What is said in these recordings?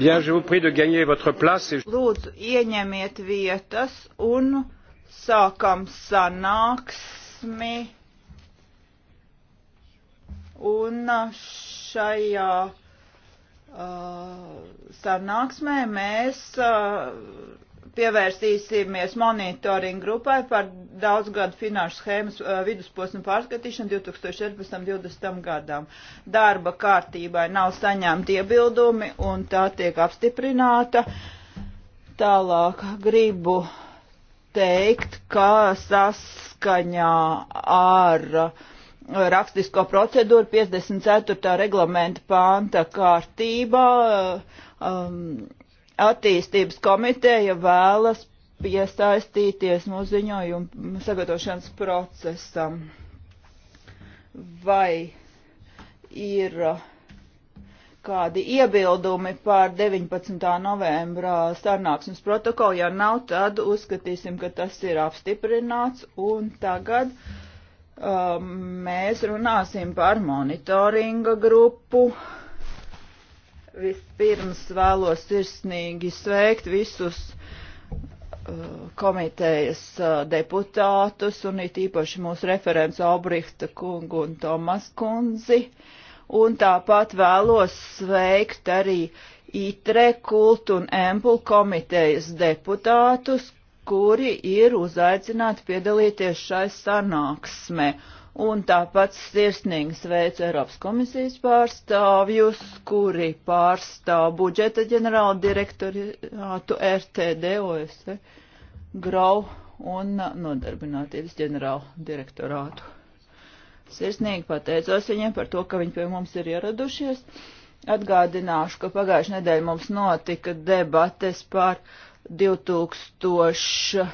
Bien, je vous prie de gagner votre place. Et... Lūdzu, ieņemiet vietas un sākam sanāksmi. Un šajā uh, sanāksmē mēs uh, pievērsīsimies monitoringu grupai par daudzgadu finanšu schēmas vidusposmu pārskatīšanu 2014-2020 gadām. Darba kārtībai nav saņemti iebildumi un tā tiek apstiprināta. Tālāk gribu teikt, ka saskaņā ar rakstisko procedūru 54. reglamenta pānta kārtībā um, attīstības komiteja vēlas piesaistīties mūsu ziņojumu sagatavošanas procesam. Vai ir uh, kādi iebildumi pār 19. novembrā sanāksmes protokolu? Ja nav, tad uzskatīsim, ka tas ir apstiprināts. Un tagad um, mēs runāsim par monitoringa grupu. Uh, Vispirms vēlos sirsnīgi sveikt visus uh, komitejas uh, deputātus un it īpaši mūsu referents Albrihta kungu un Tomas kundzi. Un tāpat vēlos sveikt arī ITRE kultu un empul komitejas deputātus, kuri ir uzaicināti piedalīties šai sanāksmē. Uh, un tāpat sirsnīgi sveicu Eiropas komisijas pārstāvjus, kuri pārstāv budžeta ģenerāla direktorātu RTD, OSE, Grau un nodarbinātības ģenerāla direktorātu. Sirsnīgi pateicos viņiem par to, ka viņi pie mums ir ieradušies. Atgādināšu, ka pagājušajā nedēļā mums notika debates par 2000.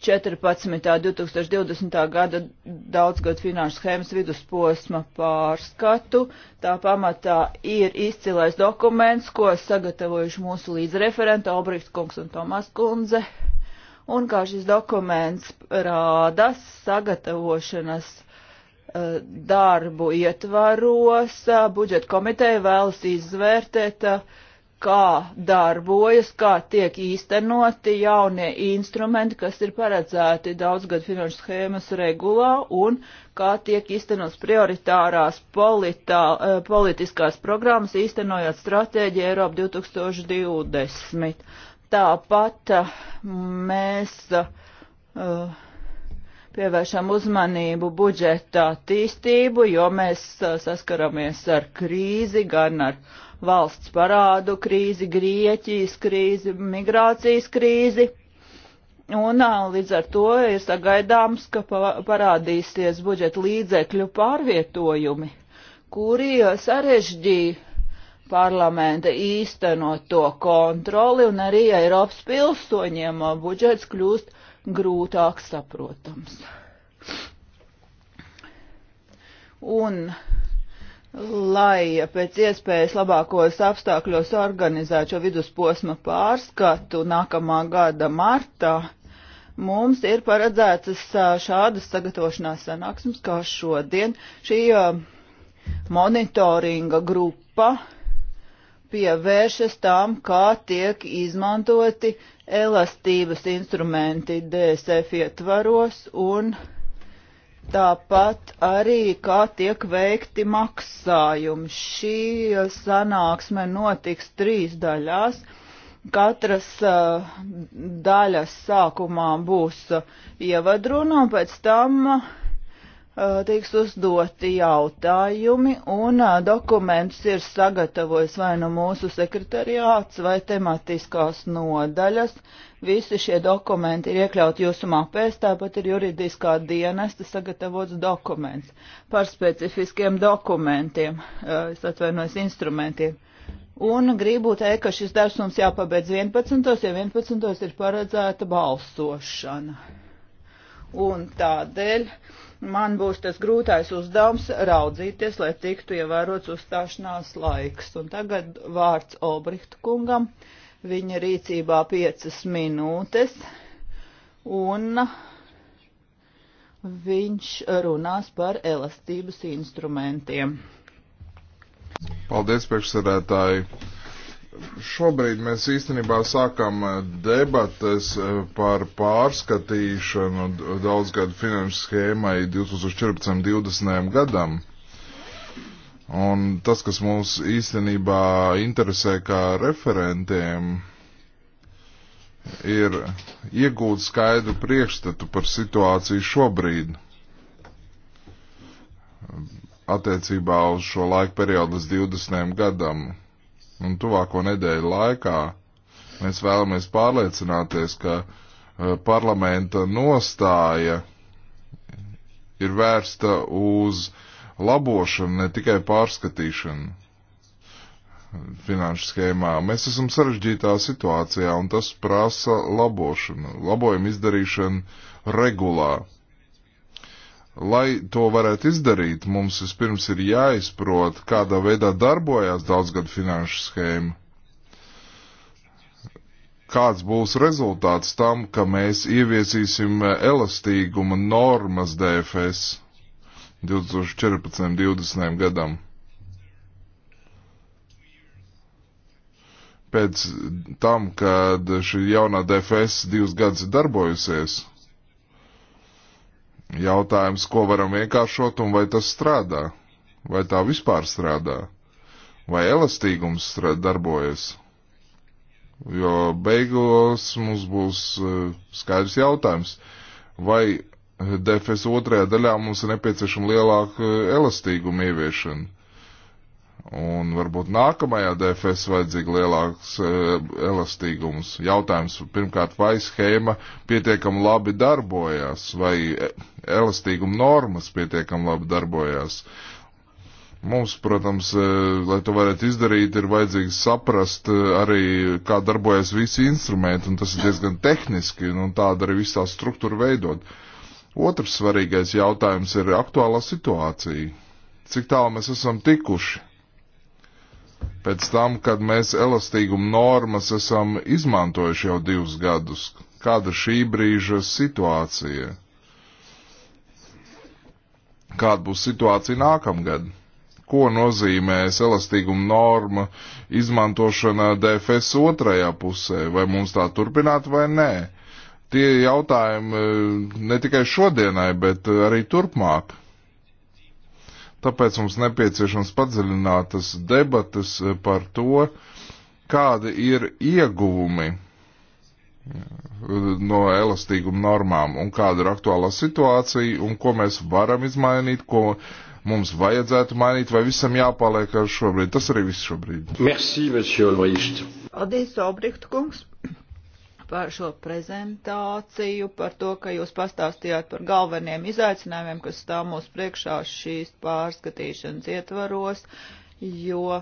14. 2020. gada daudzgad finanšu schēmas vidusposma pārskatu. Tā pamatā ir izcilais dokuments, ko sagatavojuši mūsu līdzreferenta Obrīts kungs un Tomas kundze. Un kā šis dokuments rāda sagatavošanas uh, darbu ietvaros, uh, budžeta komiteja vēlas izvērtēt uh, kā darbojas, kā tiek īstenoti jaunie instrumenti, kas ir paredzēti daudzgad finanšu schēmas regulā un kā tiek īstenos prioritārās politā, eh, politiskās programmas īstenojot stratēģiju Eiropa 2020. Tāpat eh, mēs uh, pievēršam uzmanību budžeta attīstību, jo mēs saskaramies ar krīzi, gan ar uh, valsts parādu krīzi, Grieķijas krīzi, migrācijas krīzi. Un līdz ar to ir sagaidāms, ka parādīsies budžeta līdzekļu pārvietojumi, kuri sarežģīja parlamenta īstenot to kontroli, un arī Eiropas pilsoņiem budžets kļūst grūtāk saprotams. Un lai pēc iespējas labākos apstākļos organizētu šo vidusposma pārskatu nākamā gada martā, mums ir paredzētas šādas sagatavošanās sanāksmes kā šodien. Šī monitoringa grupa pievēršas tam, kā tiek izmantoti elastības instrumenti DSF ietvaros un uh, Tāpat arī, kā tiek veikti maksājumi. Šī sanāksme notiks trīs daļās. Katras uh, daļas sākumā būs uh, ievadruna, un pēc tam uh, Eh, tiks uzdoti jautājumi, un eh, dokuments ir sagatavojis vai nu mūsu sekretariāts vai tematiskās nodaļas. Visi šie dokumenti ir iekļauti jūsu mapēs, tāpat ir juridiskā dienesta sagatavots dokuments par specifiskiem dokumentiem, eh, es atvainojos, instrumentiem. Un gribu teikt, ka šis darbs mums jāpabeidz 11. ja 11. ir paredzēta balsošana. Un tādēļ man būs tas grūtais uzdevums raudzīties, lai tiktu ievērots uzstāšanās laiks. Un tagad vārds Olbricht kungam, viņa rīcībā piecas minūtes, un viņš runās par elastības instrumentiem. Paldies, priekšsēdētāji! Šobrīd mēs īstenībā sākam eh, debates eh, par pārskatīšanu daudzgadu finanšu schēmai 2014-2020 gadam. Un tas, kas mūs īstenībā interesē kā referentiem, ir iegūt skaidru priekšstatu par situāciju šobrīd attiecībā uz šo laika periodu līdz 20 gadam un tuvāko nedēļu laikā mēs vēlamies pārliecināties, ka e, parlamenta nostāja ir vērsta uz labošanu, ne tikai pārskatīšanu finanšu schēmā. Mēs esam sarežģītā situācijā, un tas prasa labošanu, labojumu izdarīšanu regulā. Lai to varētu izdarīt, mums vispirms ir jāizprot, kādā veidā darbojās daudzgadu finanšu schēma. Kāds būs rezultāts tam, ka mēs ieviesīsim elastīguma normas DFS 2014-2020 gadam? Pēc tam, kad šī jaunā DFS divus gadus darbojusies Jautājums, ko varam vienkāršot un vai tas strādā? Vai tā vispār strādā? Vai elastīgums darbojas? Jo beigās mums būs eh, skaidrs jautājums, vai DFS otrajā daļā mums ir nepieciešama lielāka eh, elastīguma ieviešana. Un varbūt nākamajā DFS vajadzīga lielāks e, elastīgums. Jautājums pirmkārt, vai schēma pietiekam labi darbojās, vai e, elastīguma normas pietiekam labi darbojās. Mums, protams, e, lai to varētu izdarīt, ir vajadzīgs saprast e, arī, kā darbojas visi instrumenti, un tas ir diezgan tehniski, un tāda arī visā struktūra veidot. Otrs svarīgais jautājums ir aktuālā situācija. Cik tālu mēs esam tikuši? pēc tam, kad mēs elastīguma normas esam izmantojuši jau divus gadus. Kāda šī brīža situācija? Kāda būs situācija nākamgad? Ko nozīmēs elastīguma norma izmantošana DFS otrajā pusē? Vai mums tā turpināt vai nē? Tie jautājumi eh, ne tikai šodienai, bet eh, arī turpmāk. Tāpēc mums nepieciešams padziļinātas debatas eh, par to, kādi ir ieguvumi eh, no elastīguma normām un kāda ir aktuālā situācija un ko mēs varam izmainīt, ko mums vajadzētu mainīt vai visam jāpaliek ar šobrīd. Tas arī viss šobrīd. Merci, monsieur Olbricht. Paldies, Olbricht kungs par šo prezentāciju, par to, ka jūs pastāstījāt par galveniem izaicinājumiem, kas stāv mūsu priekšā šīs pārskatīšanas ietvaros, jo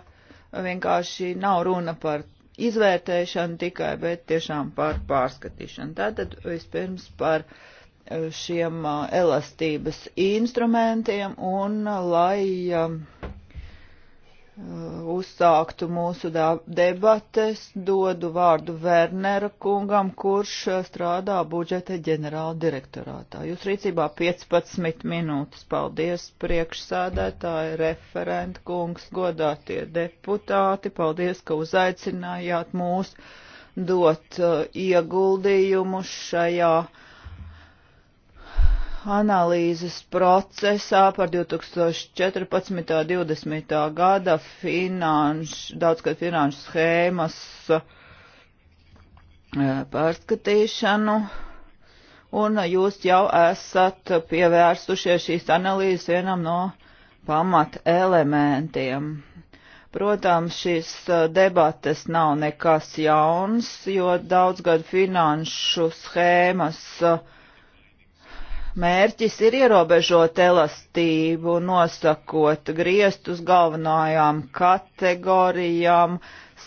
vienkārši nav runa par izvērtēšanu tikai, bet tiešām par pārskatīšanu. Tātad vispirms par eh, šiem eh, elastības instrumentiem un lai eh, uzsāktu mūsu debates, dodu vārdu Vernera kungam, kurš strādā budžeta ģenerāla direktorātā. Jūs rīcībā 15 minūtes. Paldies, priekšsēdētāji, referent kungs, godātie deputāti. Paldies, ka uzaicinājāt mūs dot uh, ieguldījumus šajā uh, analīzes procesā par 2014. un 2020. gada finanšu, daudzgad finanšu schēmas eh, pārskatīšanu, un jūs jau esat pievērsušies šīs analīzes vienam no pamat elementiem. Protams, šīs eh, debates nav nekas jauns, jo daudzgad finanšu schēmas uh, mērķis ir ierobežot elastību, nosakot griestus galvenajām kategorijām,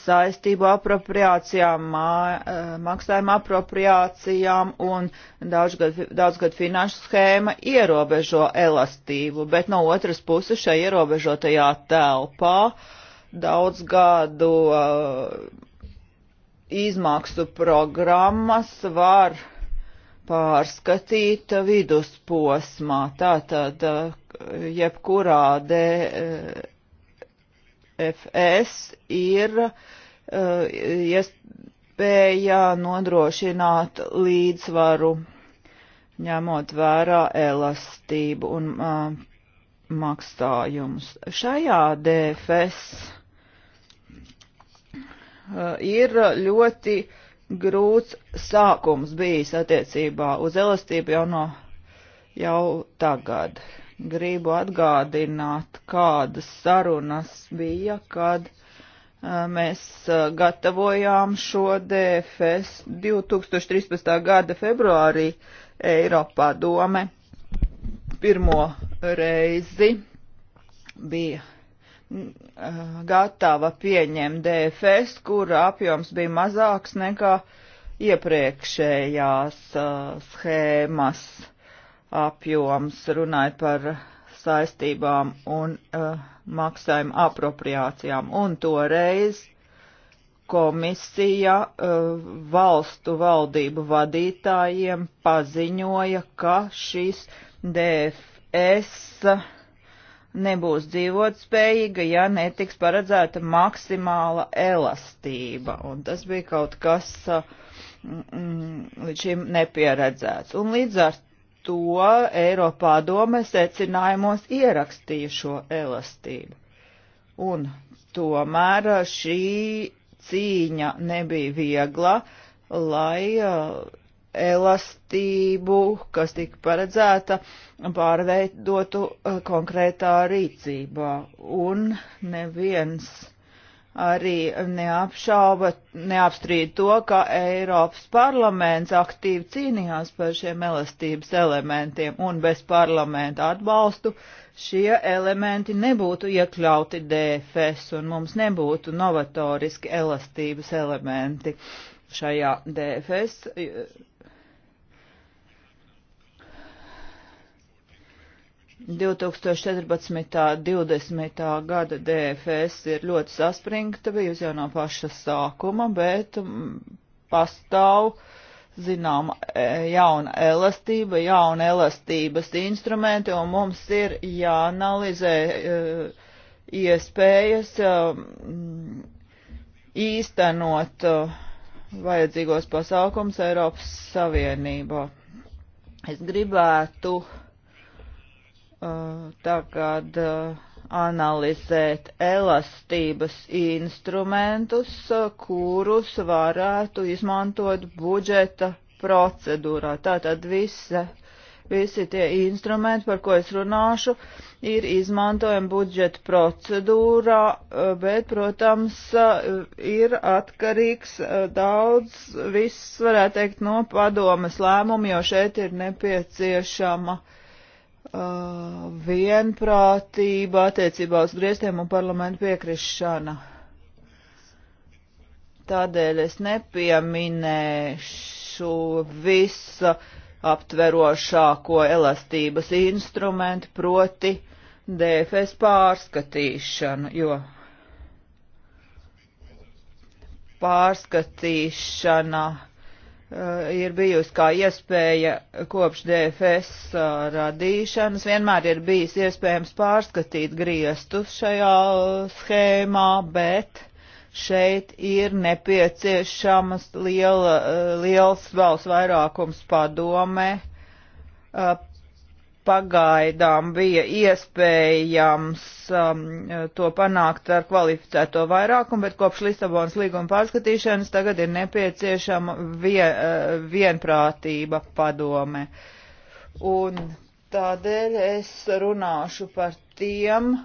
saistību apropriācijām, e, maksājuma apropriācijām un daudzgad, daudzgad finanšu schēma ierobežo elastību, bet no otras puses šai ierobežotajā telpā daudzgadu uh, e, izmaksu programmas var pārskatīt vidusposmā. Tātad eh, jebkurā DFS ir eh, iespēja nodrošināt līdzsvaru, ņemot vērā elastību un eh, maksājumus. Šajā DFS ir ļoti uh, grūts sākums bijis attiecībā uz elastību jau no jau tagad. Gribu atgādināt, kādas sarunas bija, kad mēs gatavojām šo DFS 2013. gada februārī Eiropā dome pirmo reizi bija gatava pieņemt DFS, kura apjoms bija mazāks nekā iepriekšējās uh, schēmas apjoms, runājot par saistībām un uh, maksājumu apropriācijām. Un toreiz komisija uh, valstu valdību vadītājiem paziņoja, ka šis DFS uh, nebūs dzīvotspējīga, ja netiks paredzēta maksimāla elastība. Un tas bija kaut kas mm, līdz šim nepieredzēts. Un līdz ar to Eiropā doma secinājumos ierakstīja šo elastību. Un tomēr šī cīņa nebija viegla, lai uh, elastību, kas tika paredzēta, pārveidotu eh, konkrētā rīcībā. Un neviens arī neapšauba, neapstrīd to, ka Eiropas parlaments aktīvi cīnījās par šiem elastības elementiem un bez parlamenta atbalstu šie elementi nebūtu iekļauti DFS un mums nebūtu novatoriski elastības elementi šajā DFS 2014. 20. gada DFS ir ļoti saspringta, bijusi jau no paša sākuma, bet mm, pastāv zināma e, jauna elastība, jauna elastības instrumenti, un mums ir jāanalizē e, iespējas e, mm, īstenot vajadzīgos pasākums Eiropas Savienībā. Es gribētu uh, Uh, tagad uh, analizēt elastības instrumentus, uh, kurus varētu izmantot budžeta procedūrā. Tātad visa, visi tie instrumenti, par ko es runāšu, ir izmantojami budžeta procedūrā, bet, protams, ir atkarīgs daudz, viss varētu teikt, no padomas lēmumu, jo šeit ir nepieciešama uh, Uh, vienprātība attiecībā uz griestiem un parlamentu piekrišana. Tādēļ es nepieminēšu visa aptverošāko elastības instrumentu, proti DFS pārskatīšanu, jo pārskatīšana Eh, ir bijusi kā iespēja kopš DFS eh, radīšanas. Vienmēr ir bijis iespējams pārskatīt griestus šajā schēmā, bet šeit ir nepieciešamas liela, eh, liels valsts vairākums padome pagaidām bija iespējams um, to panākt ar kvalificēto vairākumu, bet kopš Lisabonas līguma pārskatīšanas tagad ir nepieciešama vie, uh, vienprātība padome. Un tādēļ es runāšu par tiem uh,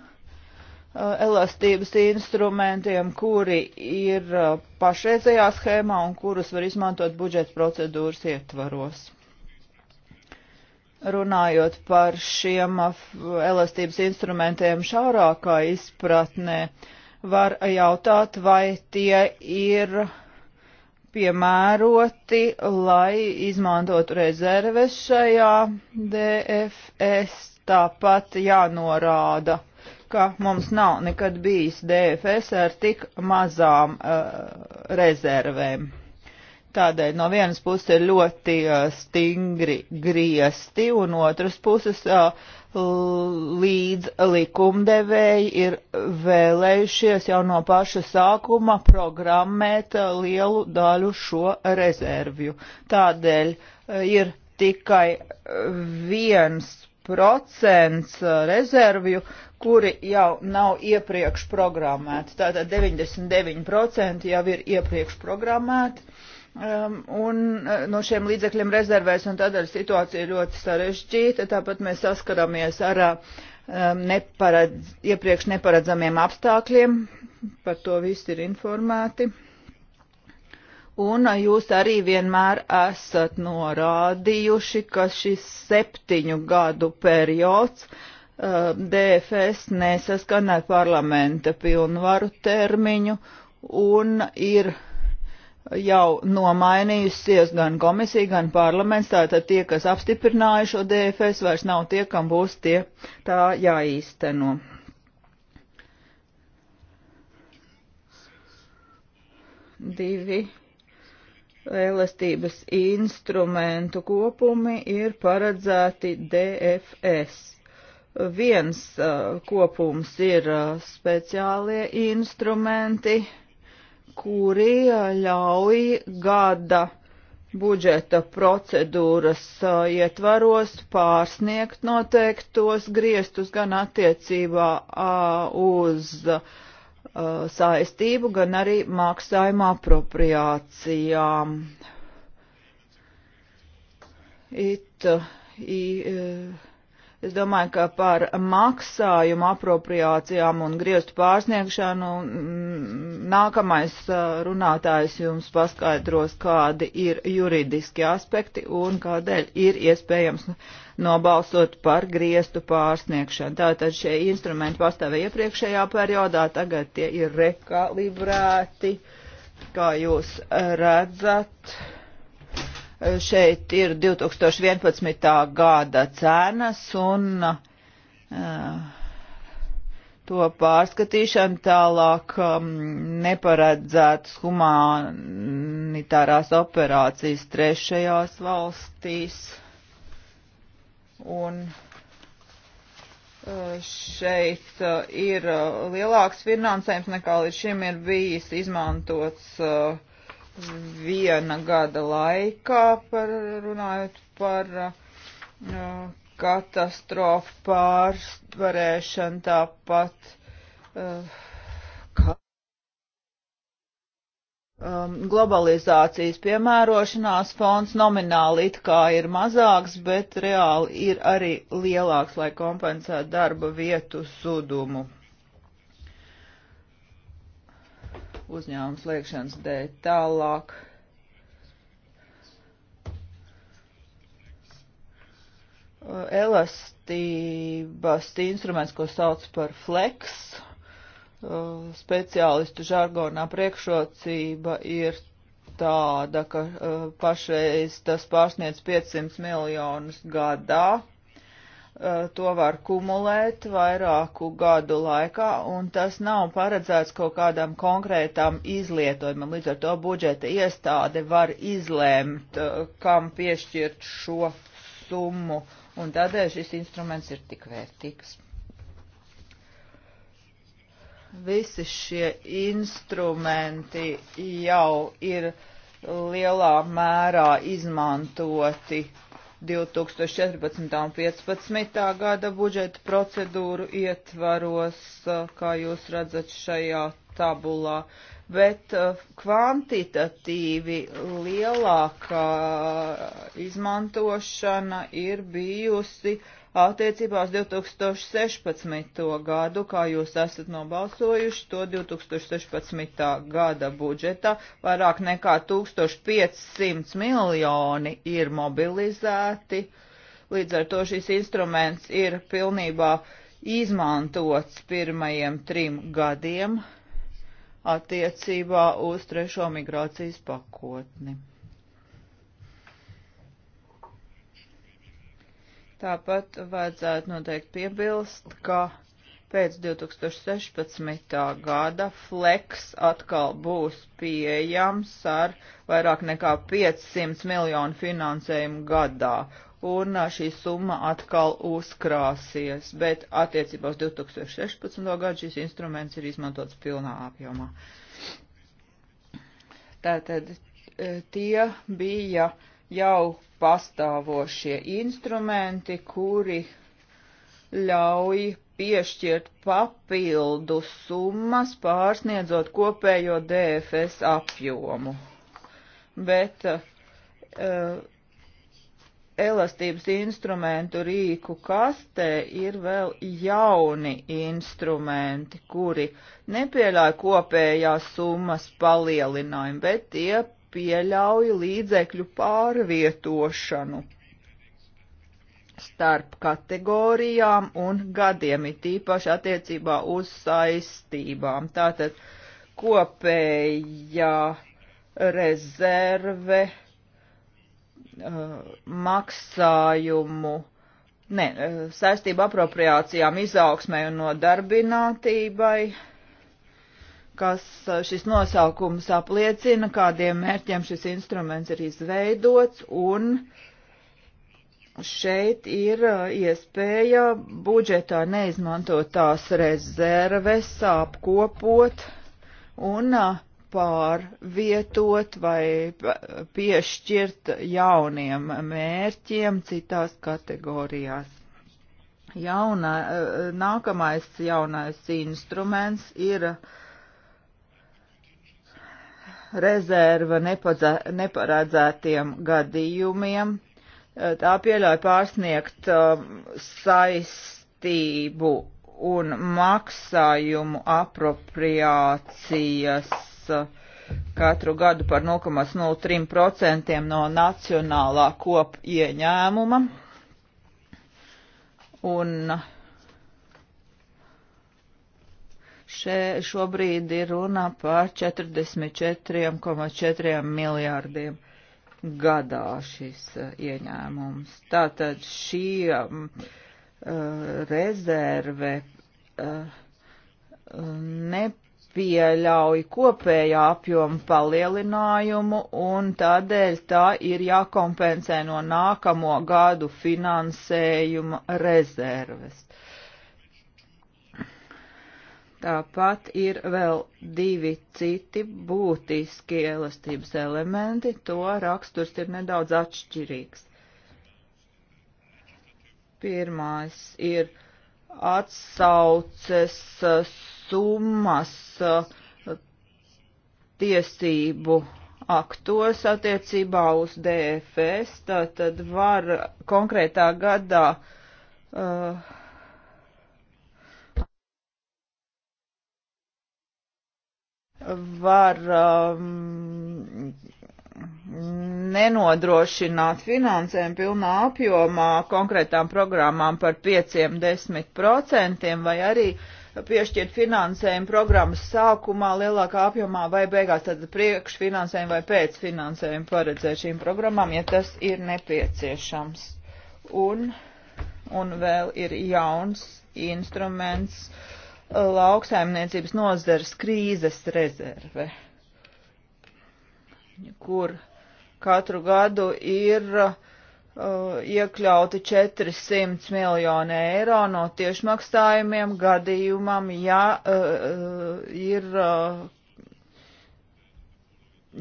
elastības instrumentiem, kuri ir uh, pašreizējā schēmā un kurus var izmantot budžeta procedūras ietvaros runājot par šiem elastības instrumentiem šaurākā izpratnē, var jautāt, vai tie ir piemēroti, lai izmantotu rezerves šajā DFS. Tāpat jānorāda, ka mums nav nekad bijis DFS ar tik mazām uh, rezervēm. Tādēļ no vienas puses ir ļoti stingri griesti, un otras puses līdz likumdevēji ir vēlējušies jau no paša sākuma programmēt lielu daļu šo rezervju. Tādēļ ir tikai viens procents rezervju, kuri jau nav iepriekš programmēti. Tātad 99% jau ir iepriekš programmēti um, un uh, no šiem līdzekļiem rezervēs, un tādēļ situācija ir ļoti sarežģīta. Tāpat mēs saskaramies ar um, neparedz, iepriekš neparedzamiem apstākļiem, par to visi ir informēti. Un uh, jūs arī vienmēr esat norādījuši, ka šis septiņu gadu periods uh, um, DFS nesaskan ar parlamenta pilnvaru termiņu un ir jau nomainījusies gan komisija, gan parlaments, tātad tie, kas apstiprināja šo DFS, vairs nav tie, kam būs tie tā jāīsteno. Divi elastības instrumentu kopumi ir paredzēti DFS. Viens uh, kopums ir uh, speciālie instrumenti, uh, kuri ļauj gada budžeta procedūras ietvaros pārsniegt noteiktos griestus gan attiecībā uz saistību, gan arī maksājuma apropriācijām. It, i, Es domāju, ka par maksājumu apropriācijām un grieztu pārsniegšanu mm, nākamais uh, runātājs jums paskaidros, kādi ir juridiski aspekti un kādēļ ir iespējams nobalsot par grieztu pārsniegšanu. Tātad šie instrumenti pastāvēja iepriekšējā periodā, tagad tie ir rekalibrēti, kā jūs redzat šeit ir 2011. gada cenas un uh, to pārskatīšana tālāk um, neparedzētas humanitārās operācijas trešajās valstīs. Un uh, šeit uh, ir lielāks finansējums nekā līdz šim ir bijis izmantots uh, viena gada laikā, par, runājot par uh, katastrofu pārvarēšanu, tāpat uh, ka, um, globalizācijas piemērošanās fonds nomināli it kā ir mazāks, bet reāli ir arī lielāks, lai kompensētu darba vietu zudumu. uzņēmumu slēgšanas dēļ. Tālāk. Elastības instruments, ko sauc par flex, speciālistu žargonā priekšrocība ir tāda, ka eh, pašreiz tas pārsniedz 500 miljonus gadā Eh, to var kumulēt vairāku gadu laikā, un tas nav paredzēts kaut kādam konkrētam izlietojumam. Līdz ar to budžeta iestāde var izlēmt, eh, kam piešķirt šo summu, un tādēļ šis instruments ir tik vērtīgs. Visi šie instrumenti jau ir lielā mērā izmantoti uh, 2014. un 2015. gada budžeta procedūru ietvaros, kā jūs redzat šajā tabulā, bet kvantitatīvi lielākā izmantošana ir bijusi uh, attiecībā uz 2016. gadu, kā jūs esat nobalsojuši to 2016. gada budžetā, vairāk nekā 1500 miljoni ir mobilizēti. Līdz ar to šis instruments ir pilnībā izmantots pirmajiem trim gadiem attiecībā uz trešo migrācijas pakotni. Tāpat vajadzētu noteikti piebilst, ka pēc 2016. gada Flex atkal būs pieejams ar vairāk nekā 500 miljonu finansējumu gadā, un šī summa atkal uzkrāsies, bet attiecībā uz 2016. gadu šis instruments ir izmantots pilnā apjomā. Tātad tie bija jau pastāvošie instrumenti, kuri ļauj piešķirt papildu summas pārsniedzot kopējo DFS apjomu. Bet uh, elastības instrumentu rīku kastē ir vēl jauni instrumenti, kuri nepieļauj kopējās summas palielinājumu, bet tie pieļauj līdzekļu pārvietošanu starp kategorijām un gadiem, it īpaši attiecībā uz saistībām. Tātad kopējā rezerve uh, maksājumu ne, uh, saistību apropriācijām izaugsmai un nodarbinātībai kas eh, šis nosaukums apliecina, kādiem mērķiem šis instruments ir izveidots, un šeit ir eh, iespēja budžetā neizmantotās rezerves apkopot un eh, pārvietot vai piešķirt jauniem mērķiem citās kategorijās. Jauna, nākamais jaunais instruments ir uh, rezerva neparedzētiem gadījumiem. Eh, tā pieļauj pārsniegt eh, saistību un maksājumu apropriācijas eh, katru gadu par 0,03% no nacionālā kopieņēmuma. Un uh, Še, šobrīd ir runa par 44,4 miljārdiem gadā šis eh, ieņēmums. Tātad šī um, rezerve uh, nepieļauj kopējā apjoma palielinājumu un tādēļ tā ir jākompensē no nākamo gadu finansējuma rezerves. Tāpat ir vēl divi citi būtiski elastības elementi, to raksturs ir nedaudz atšķirīgs. Pirmais ir atsauces summas tiesību aktos attiecībā uz DFS, tātad var konkrētā gadā uh, var um, nenodrošināt finansēm pilnā apjomā konkrētām programmām par 5-10% vai arī piešķirt finansējumu programmas sākumā lielākā apjomā vai beigās tad priekšfinansējumu vai pēcfinansējumu paredzēt šīm programmām, ja tas ir nepieciešams. Un, un vēl ir jauns instruments uh, lauksaimniecības nozares krīzes rezerve, kur katru gadu ir uh, iekļauti 400 miljoni eiro no tiešmaksājumiem gadījumam, ja uh, uh ir uh,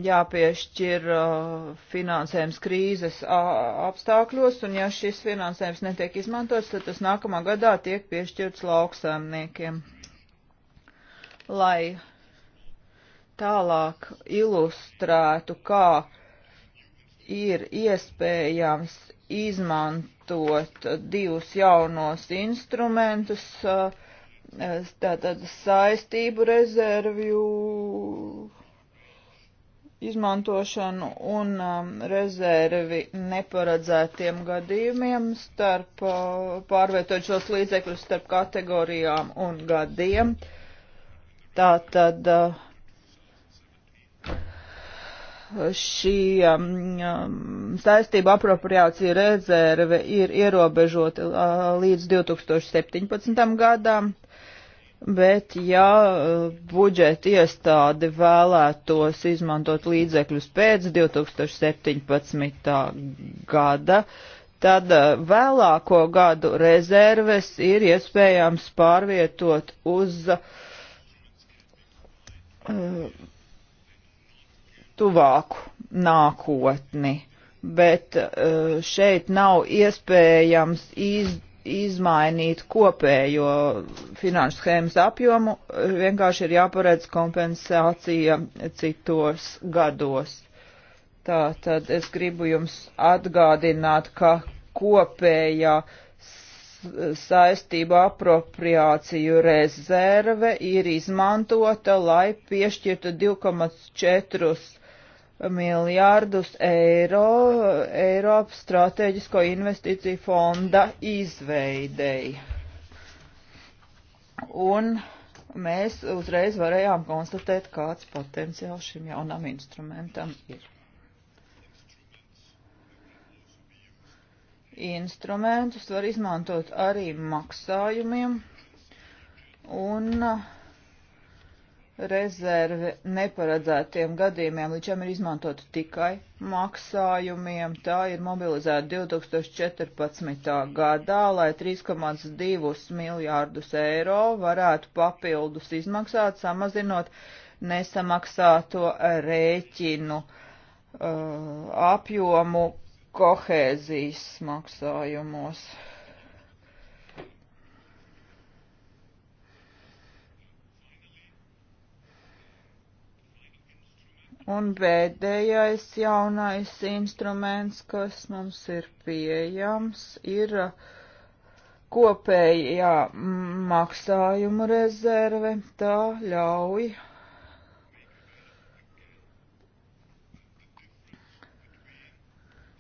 jāpiešķir uh, finansējums krīzes apstākļos, un ja šis finansējums netiek izmantots, tad tas nākamā gadā tiek piešķirts lauksaimniekiem lai tālāk ilustrētu, kā ir iespējams izmantot divus jaunos instrumentus, eh, tātad saistību rezervju izmantošanu un um, rezervi neparedzētiem gadījumiem starp uh, pārvietojot šos līdzekļus starp kategorijām un gadiem. Uh, Tā tad eh, šī um, saistība apropriācija rezerve ir ierobežota uh, līdz 2017. gadam, bet ja eh, budžeta iestāde vēlētos izmantot līdzekļus pēc 2017. gada, tad vēlāko gadu rezerves ir iespējams pārvietot uz uh, Uh, tuvāku nākotni, bet uh, šeit nav iespējams iz, izmainīt kopējo finanšu schēmas apjomu, vienkārši ir jāparedz kompensācija citos gados. Tā tad es gribu jums atgādināt, ka kopējā uh, saistību apropriāciju rezerve ir izmantota, lai piešķirtu 2,4 miljārdus eiro Eiropas strateģisko investīciju fonda izveidei. Un mēs uzreiz varējām konstatēt, kāds potenciāls šim jaunam instrumentam ir. instrumentus var izmantot arī maksājumiem un uh, rezerve neparedzētiem gadījumiem līdz šim ir izmantota tikai maksājumiem. Tā ir mobilizēta 2014. gadā, lai 3,2 miljārdus eiro varētu papildus izmaksāt, samazinot nesamaksāto rēķinu uh, apjomu kohēzijas maksājumos. Un pēdējais jaunais instruments, kas mums ir pieejams, ir kopējā maksājumu rezerve. Tā ļauj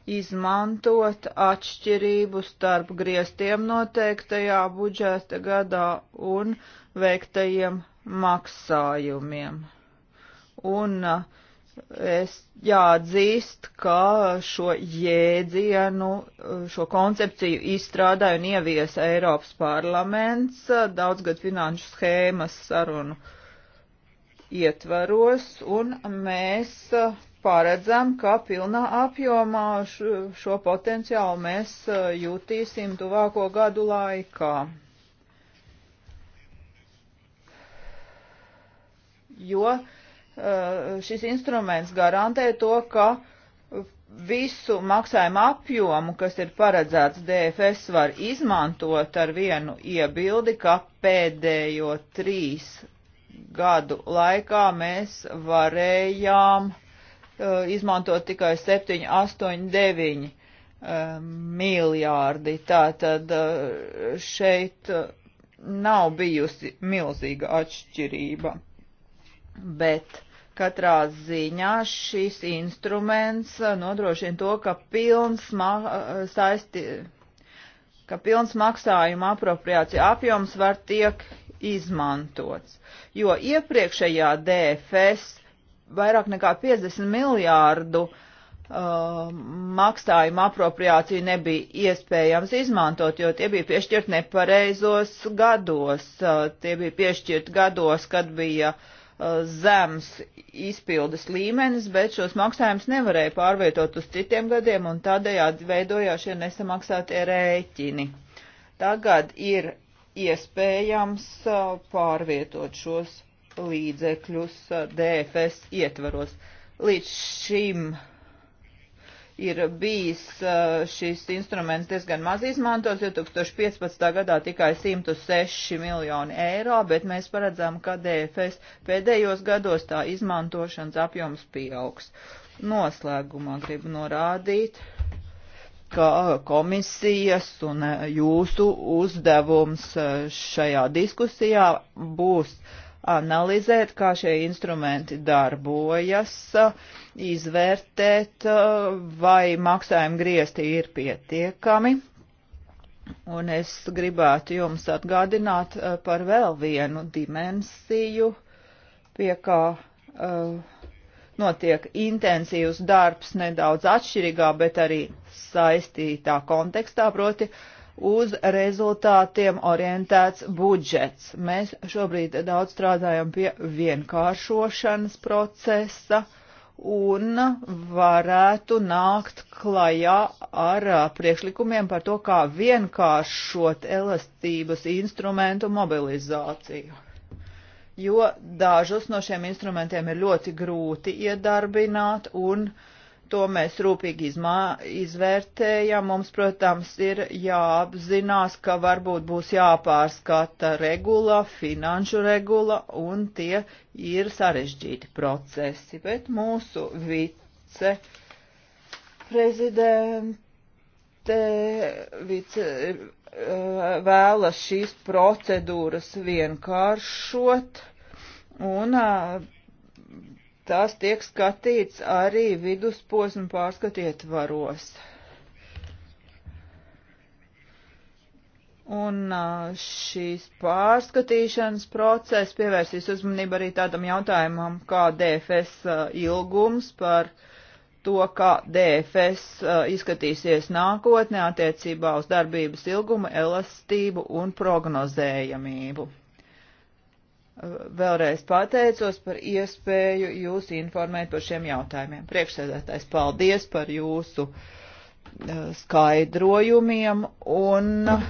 izmantot atšķirību starp griestiem noteiktajā budžeta gadā un veiktajiem maksājumiem. Un eh, es jāatzīst, ka šo jēdzienu, šo koncepciju izstrādāja un ieviesa Eiropas parlaments eh, daudzgad finanšu schēmas sarunu ietvaros, un mēs eh, paredzam, ka pilnā apjomā šo, šo potenciālu mēs jūtīsim tuvāko gadu laikā. Jo šis instruments garantē to, ka visu maksājumu apjomu, kas ir paredzēts DFS, var izmantot ar vienu iebildi, ka pēdējo trīs gadu laikā mēs varējām uh, Uh, izmantot tikai 7, 8, 9 miljārdi. Tātad uh, šeit uh, nav bijusi milzīga atšķirība. Bet katrā ziņā šis instruments nodrošina to, ka pilns saisti ka pilns maksājuma apropriācija apjoms var tiek izmantots, jo iepriekšējā DFS vairāk nekā 50 miljārdu uh, maksājumu apropriāciju nebija iespējams izmantot, jo tie bija piešķirt nepareizos gados. Uh, tie bija piešķirt gados, kad bija uh, zems izpildes līmenis, bet šos maksājumus nevarēja pārvietot uz citiem gadiem, un tādējādi veidojās šie nesamaksātie rēķini. Tagad ir iespējams uh, pārvietot šos līdzekļus eh, DFS ietvaros. Līdz šim ir bijis eh, šis instruments diezgan maz izmantos, 2015. gadā tikai 106 miljoni eiro, bet mēs paredzam, ka DFS pēdējos gados tā izmantošanas apjoms pieaugs. Noslēgumā gribu norādīt, ka eh, komisijas un jūsu uzdevums šajā diskusijā būs uh, analizēt, kā šie instrumenti darbojas, izvērtēt, vai maksājuma griezti ir pietiekami. Un es gribētu jums atgādināt eh, par vēl vienu dimensiju, pie kā uh, notiek intensīvs darbs nedaudz atšķirīgā, bet arī saistītā kontekstā, proti uh, uz rezultātiem orientēts budžets. Mēs šobrīd daudz strādājam pie vienkāršošanas procesa un varētu nākt klajā ar uh, priekšlikumiem par to, kā vienkāršot elastības instrumentu mobilizāciju. Jo dažus no šiem instrumentiem ir ļoti grūti iedarbināt un uh, to mēs rūpīgi izmā, izvērtējam. Mums, protams, ir jāapzinās, ka varbūt būs jāpārskata regula, finanšu regula, un tie ir sarežģīti procesi, bet mūsu vice prezidente, vice, eh, vēlas šīs procedūras vienkāršot un eh, tās tiek skatīts arī vidusposmu pārskatiet varos. Un šīs pārskatīšanas process pievērsīs uzmanību arī tādam jautājumam, kā DFS ilgums par to, kā DFS izskatīsies nākotnē attiecībā uz darbības ilgumu, elastību un prognozējamību vēlreiz pateicos par iespēju jūs informēt par šiem jautājumiem. Priekšsēdētājs, paldies par jūsu eh, skaidrojumiem un eh,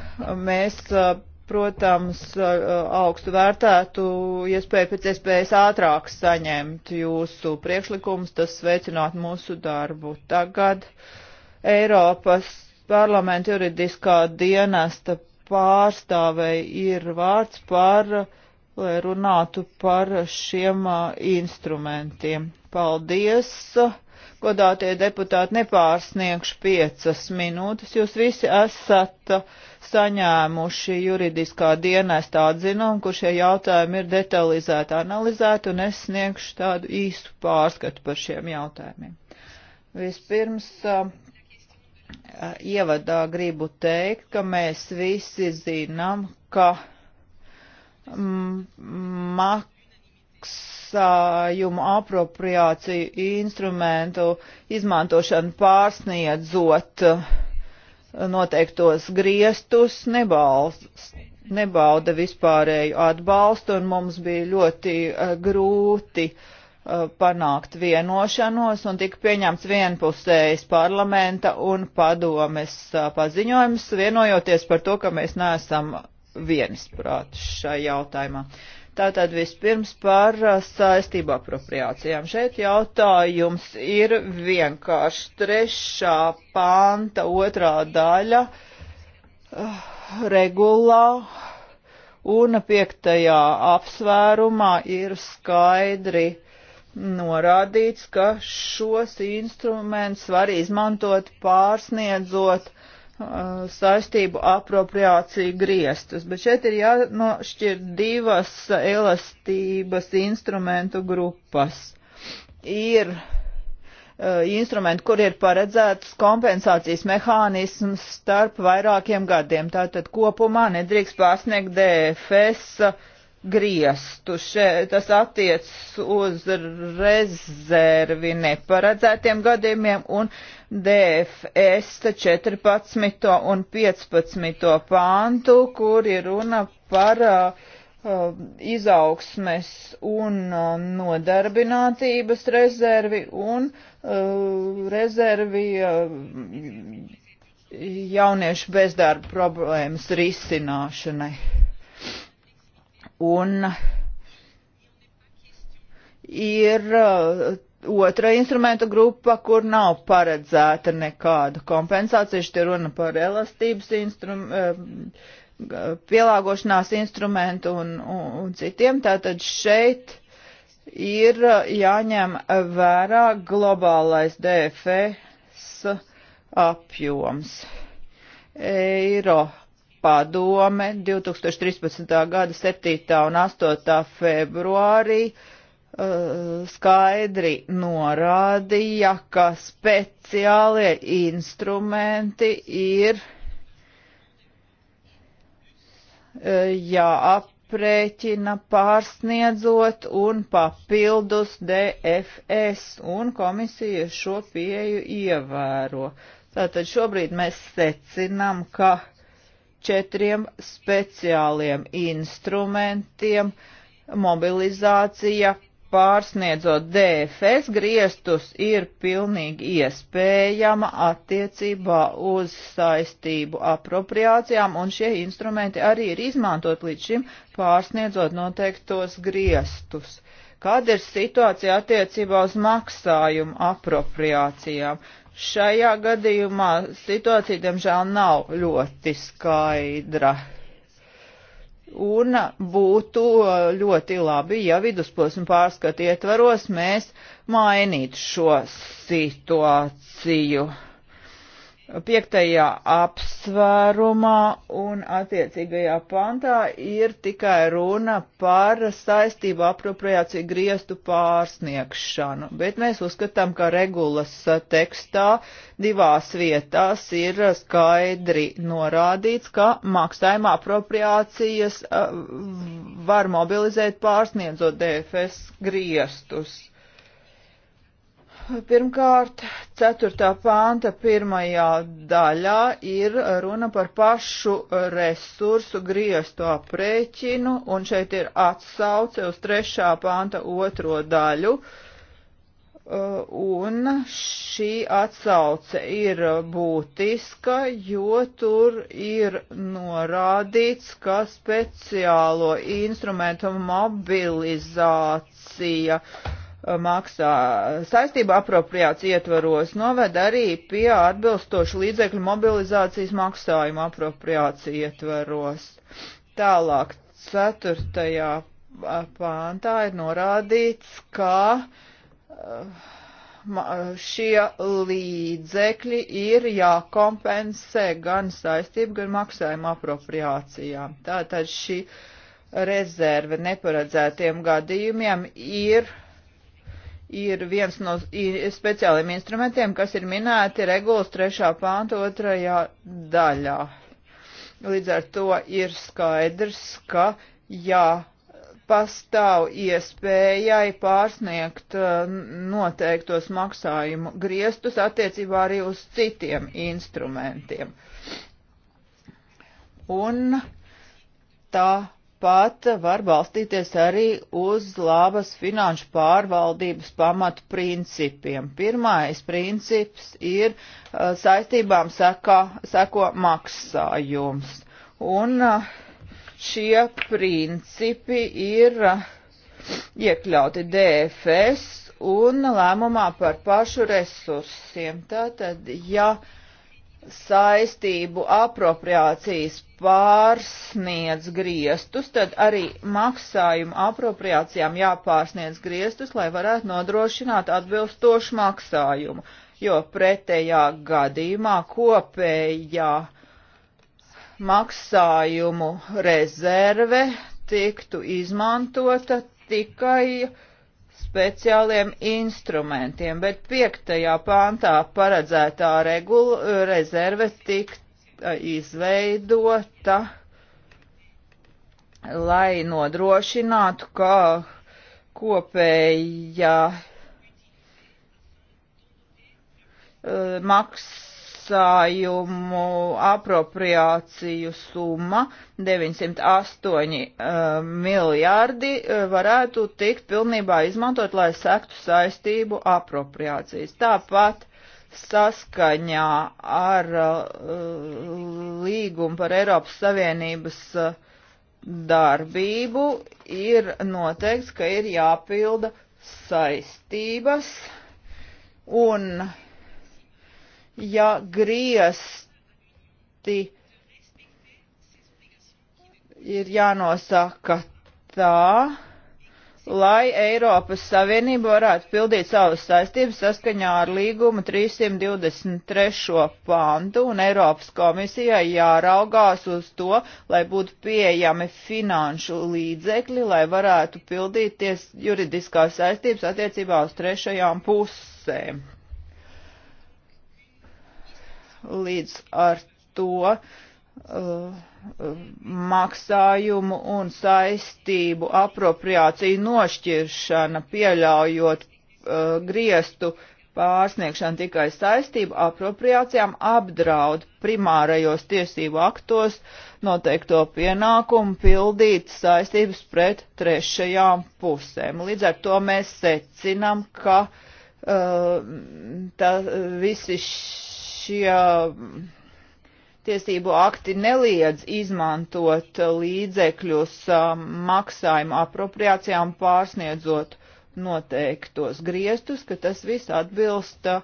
mēs, eh, protams, augstu vērtētu iespēju pēc iespējas ātrāk saņemt jūsu priekšlikumus, tas veicināt mūsu darbu. Tagad Eiropas parlamenta juridiskā dienesta pārstāvei ir vārds par uh, lai runātu par šiem instrumentiem. Paldies! Godātie deputāti, nepārsniegšu piecas minūtes. Jūs visi esat saņēmuši juridiskā dienestā atzinumu, kur šie jautājumi ir detalizēti analizēti, un es sniegšu tādu īstu pārskatu par šiem jautājumiem. Vispirms ievadā gribu teikt, ka mēs visi zinām, ka Mm, maksājumu apropriāciju instrumentu izmantošanu pārsniedzot uh, noteiktos griestus nebalst, nebauda vispārēju atbalstu, un mums bija ļoti uh, grūti uh, panākt vienošanos, un tika pieņemts vienpusējs parlamenta un padomes uh, paziņojums, vienojoties par to, ka mēs neesam viensprātis šajā jautājumā. Tātad vispirms par uh, saistību apropriācijām. Šeit jautājums ir vienkārši trešā panta otrā daļa uh, regulā un piektajā apsvērumā ir skaidri norādīts, ka šos instrumentus var izmantot pārsniedzot uh, Uh, saistību apropriāciju griestus, bet šeit ir jānošķir divas elastības instrumentu grupas. Ir uh, instrumenti, kur ir paredzēts kompensācijas mehānisms starp vairākiem gadiem. Tātad kopumā nedrīkst pārsniegt DFS uh, griestu. Še, tas attiec uz rezervi neparedzētiem gadījumiem un DFS 14. un 15. pāntu, kur ir runa par uh, um, izaugsmes un uh, nodarbinātības rezervi un uh, rezervi uh, jauniešu bezdarba problēmas risināšanai un ir uh, otra instrumentu grupa, kur nav paredzēta nekāda kompensācija. Šeit runa par elastības instrumentu, um, pielāgošanās instrumentu un, un, un citiem. Tātad šeit ir uh, jāņem vērā globālais DFS apjoms. Eiro padome 2013. gada 7. un 8. februārī uh, skaidri norādīja, ka speciālie instrumenti ir uh, jāaprēķina pārsniedzot un papildus DFS, un komisija šo pieju ievēro. Tātad šobrīd mēs secinām, ka četriem speciāliem instrumentiem mobilizācija pārsniedzot DFS griestus ir pilnīgi iespējama attiecībā uz saistību apropriācijām, un šie instrumenti arī ir izmantot līdz šim pārsniedzot noteiktos griestus. Kāda ir situācija attiecībā uz maksājumu apropriācijām? Šajā gadījumā situācija, diemžēl, nav ļoti skaidra. Un būtu ļoti labi, ja vidusposma pārskatu ietvaros mēs mainītu šo situāciju piektajā apsvērumā un attiecīgajā pantā ir tikai runa par saistību apropriāciju griestu pārsniegšanu, bet mēs uzskatām, ka regulas tekstā divās vietās ir skaidri norādīts, ka maksājuma apropriācijas eh, var mobilizēt pārsniedzot DFS griestus Pirmkārt, 4. pānta pirmajā daļā ir runa par pašu resursu griestu aprēķinu, un šeit ir atsauce uz 3. pānta otro daļu, uh, un šī atsauce ir būtiska, jo tur ir norādīts, ka speciālo instrumentu mobilizācija uh, maksā saistību apropriācija ietvaros noved arī pie atbilstošu līdzekļu mobilizācijas maksājumu apropriācija ietvaros. Tālāk, ceturtajā pāntā ir norādīts, ka šie līdzekļi ir jākompensē gan saistību, gan maksājumu apropriācijām. Tātad šī rezerve neparedzētiem gadījumiem ir uh, ir viens no speciāliem instrumentiem, kas ir minēti regulas trešā pānta otrajā daļā. Līdz ar to ir skaidrs, ka jā, pastāv iespējai pārsniegt uh, noteiktos maksājumu griestus attiecībā arī uz citiem instrumentiem. Un tā pat var balstīties arī uz labas finanšu pārvaldības pamatu principiem. Pirmais princips ir uh, saistībām seko, seko maksājums. Un uh, šie principi ir uh, iekļauti DFS un lēmumā par pašu resursiem. Tātad, ja uh, saistību apropriācijas pārsniedz griestus, tad arī maksājumu apropriācijām jāpārsniedz griestus, lai varētu nodrošināt atbilstošu maksājumu, jo pretējā gadījumā kopējā maksājumu rezerve tiktu izmantota tikai uh, speciāliem instrumentiem, bet piektajā pāntā paredzētā regula rezerve tika izveidota, lai nodrošinātu, ka kopējā maks maksājumu apropriāciju summa 908 uh, eh, miljardi eh, varētu tikt pilnībā izmantot, lai sektu saistību apropriācijas. Tāpat saskaņā ar uh, līgumu par Eiropas Savienības uh, darbību ir noteikts, ka ir jāpilda saistības un uh, ja griesti ir jānosaka tā, lai Eiropas Savienība varētu pildīt savas saistības saskaņā ar līguma 323. pantu, un Eiropas komisijai jāraugās uz to, lai būtu pieejami finanšu līdzekļi, lai varētu pildīties juridiskās saistības attiecībā uz trešajām pusēm līdz ar to uh, maksājumu un saistību apropriāciju nošķiršana, pieļaujot uh, griestu pārsniegšanu tikai saistību apropriācijām, apdraud primārajos tiesību aktos noteikto pienākumu pildīt saistības pret trešajām pusēm. Līdz ar to mēs secinam, ka uh, tā, visi š šie mm, tiesību akti neliedz izmantot līdzekļus mm, maksājuma apropriācijām pārsniedzot noteiktos griestus, ka tas viss atbilst uh,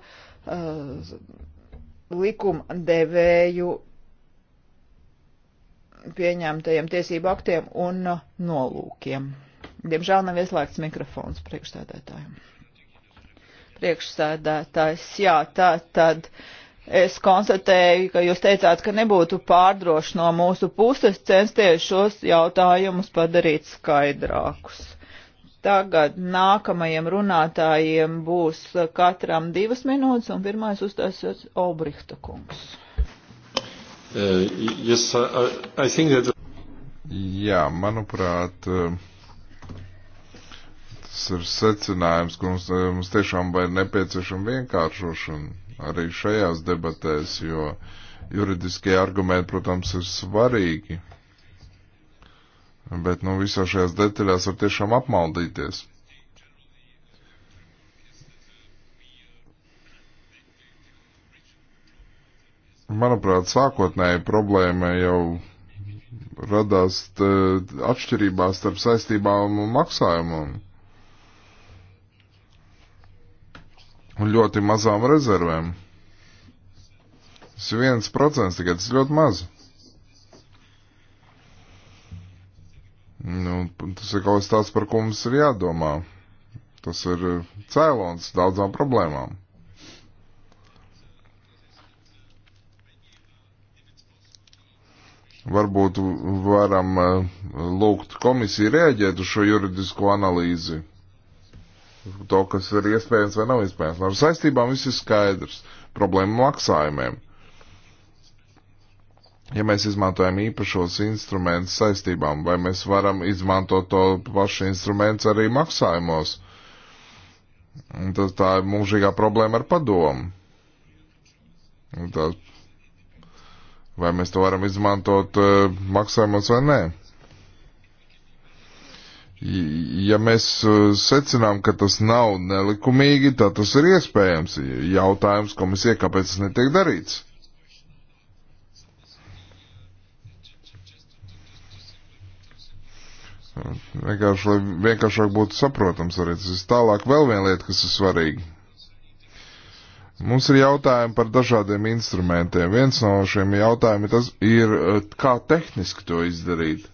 likumdevēju pieņemtajiem tiesību aktiem un nolūkiem. Diemžēl nav ieslēgts mikrofons priekšsēdētājiem. Priekšsēdētājs, jā, tā tad. Uh, Es konstatēju, ka jūs teicāt, ka nebūtu pārdroši no mūsu puses censties šos jautājumus padarīt skaidrākus. Tagad nākamajiem runātājiem būs katram divas minūtes, un pirmais uzstāsies Olbrihta kungs. Uh, yes, I, I that... Jā, manuprāt, uh, tas ir secinājums, ka mums, uh, mums tiešām ir nepieciešama vienkāršošana arī šajās debatēs, jo juridiskie argumenti, protams, ir svarīgi. Bet, nu, visā šajās detaļās var tiešām apmaldīties. Manuprāt, sākotnēji problēma jau radās eh, atšķirībās starp saistībām un maksājumam. un ļoti mazām rezervēm. Tas ir viens procents tikai, tas ir ļoti maz. Nu, tas ir kaut kas tāds, par ko mums ir jādomā. Tas ir cēlons daudzām problēmām. Varbūt varam eh, lūgt komisiju rēģēt uz šo juridisko analīzi to, kas ir iespējams vai nav iespējams. Nu, ar saistībām viss ir skaidrs. Problēma maksājumiem. Ja mēs izmantojam īpašos instrumentus saistībām, vai mēs varam izmantot to pašu instrumentu arī maksājumos? Un tas tā ir mūžīgā problēma ar padomu. Un tā, vai mēs to varam izmantot uh, maksājumos vai nē? Ja mēs uh, secinām, ka tas nav nelikumīgi, tad tas ir iespējams. Jautājums komisijai, kāpēc tas netiek darīts? Vienkārši, lai vienkāršāk būtu saprotams arī tas. Tālāk vēl viena lieta, kas ir svarīga. Mums ir jautājumi par dažādiem instrumentiem. Viens no šiem jautājumiem tas ir, uh, kā tehniski to izdarīt.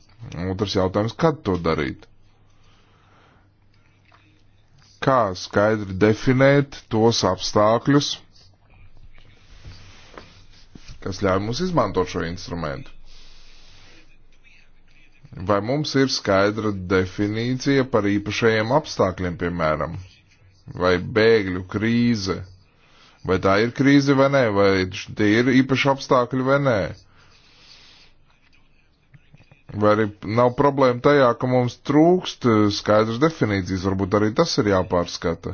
Otrs jautājums, kad to darīt kā skaidri definēt tos apstākļus, kas ļauj mums izmantot šo instrumentu. Vai mums ir skaidra definīcija par īpašajiem apstākļiem, piemēram, vai bēgļu krīze, vai tā ir krīze vai nē, vai tie ir īpaši apstākļi vai nē? Vai arī nav problēma tajā, ka mums trūkst eh, skaidrs definīcijas, varbūt arī tas ir jāpārskata.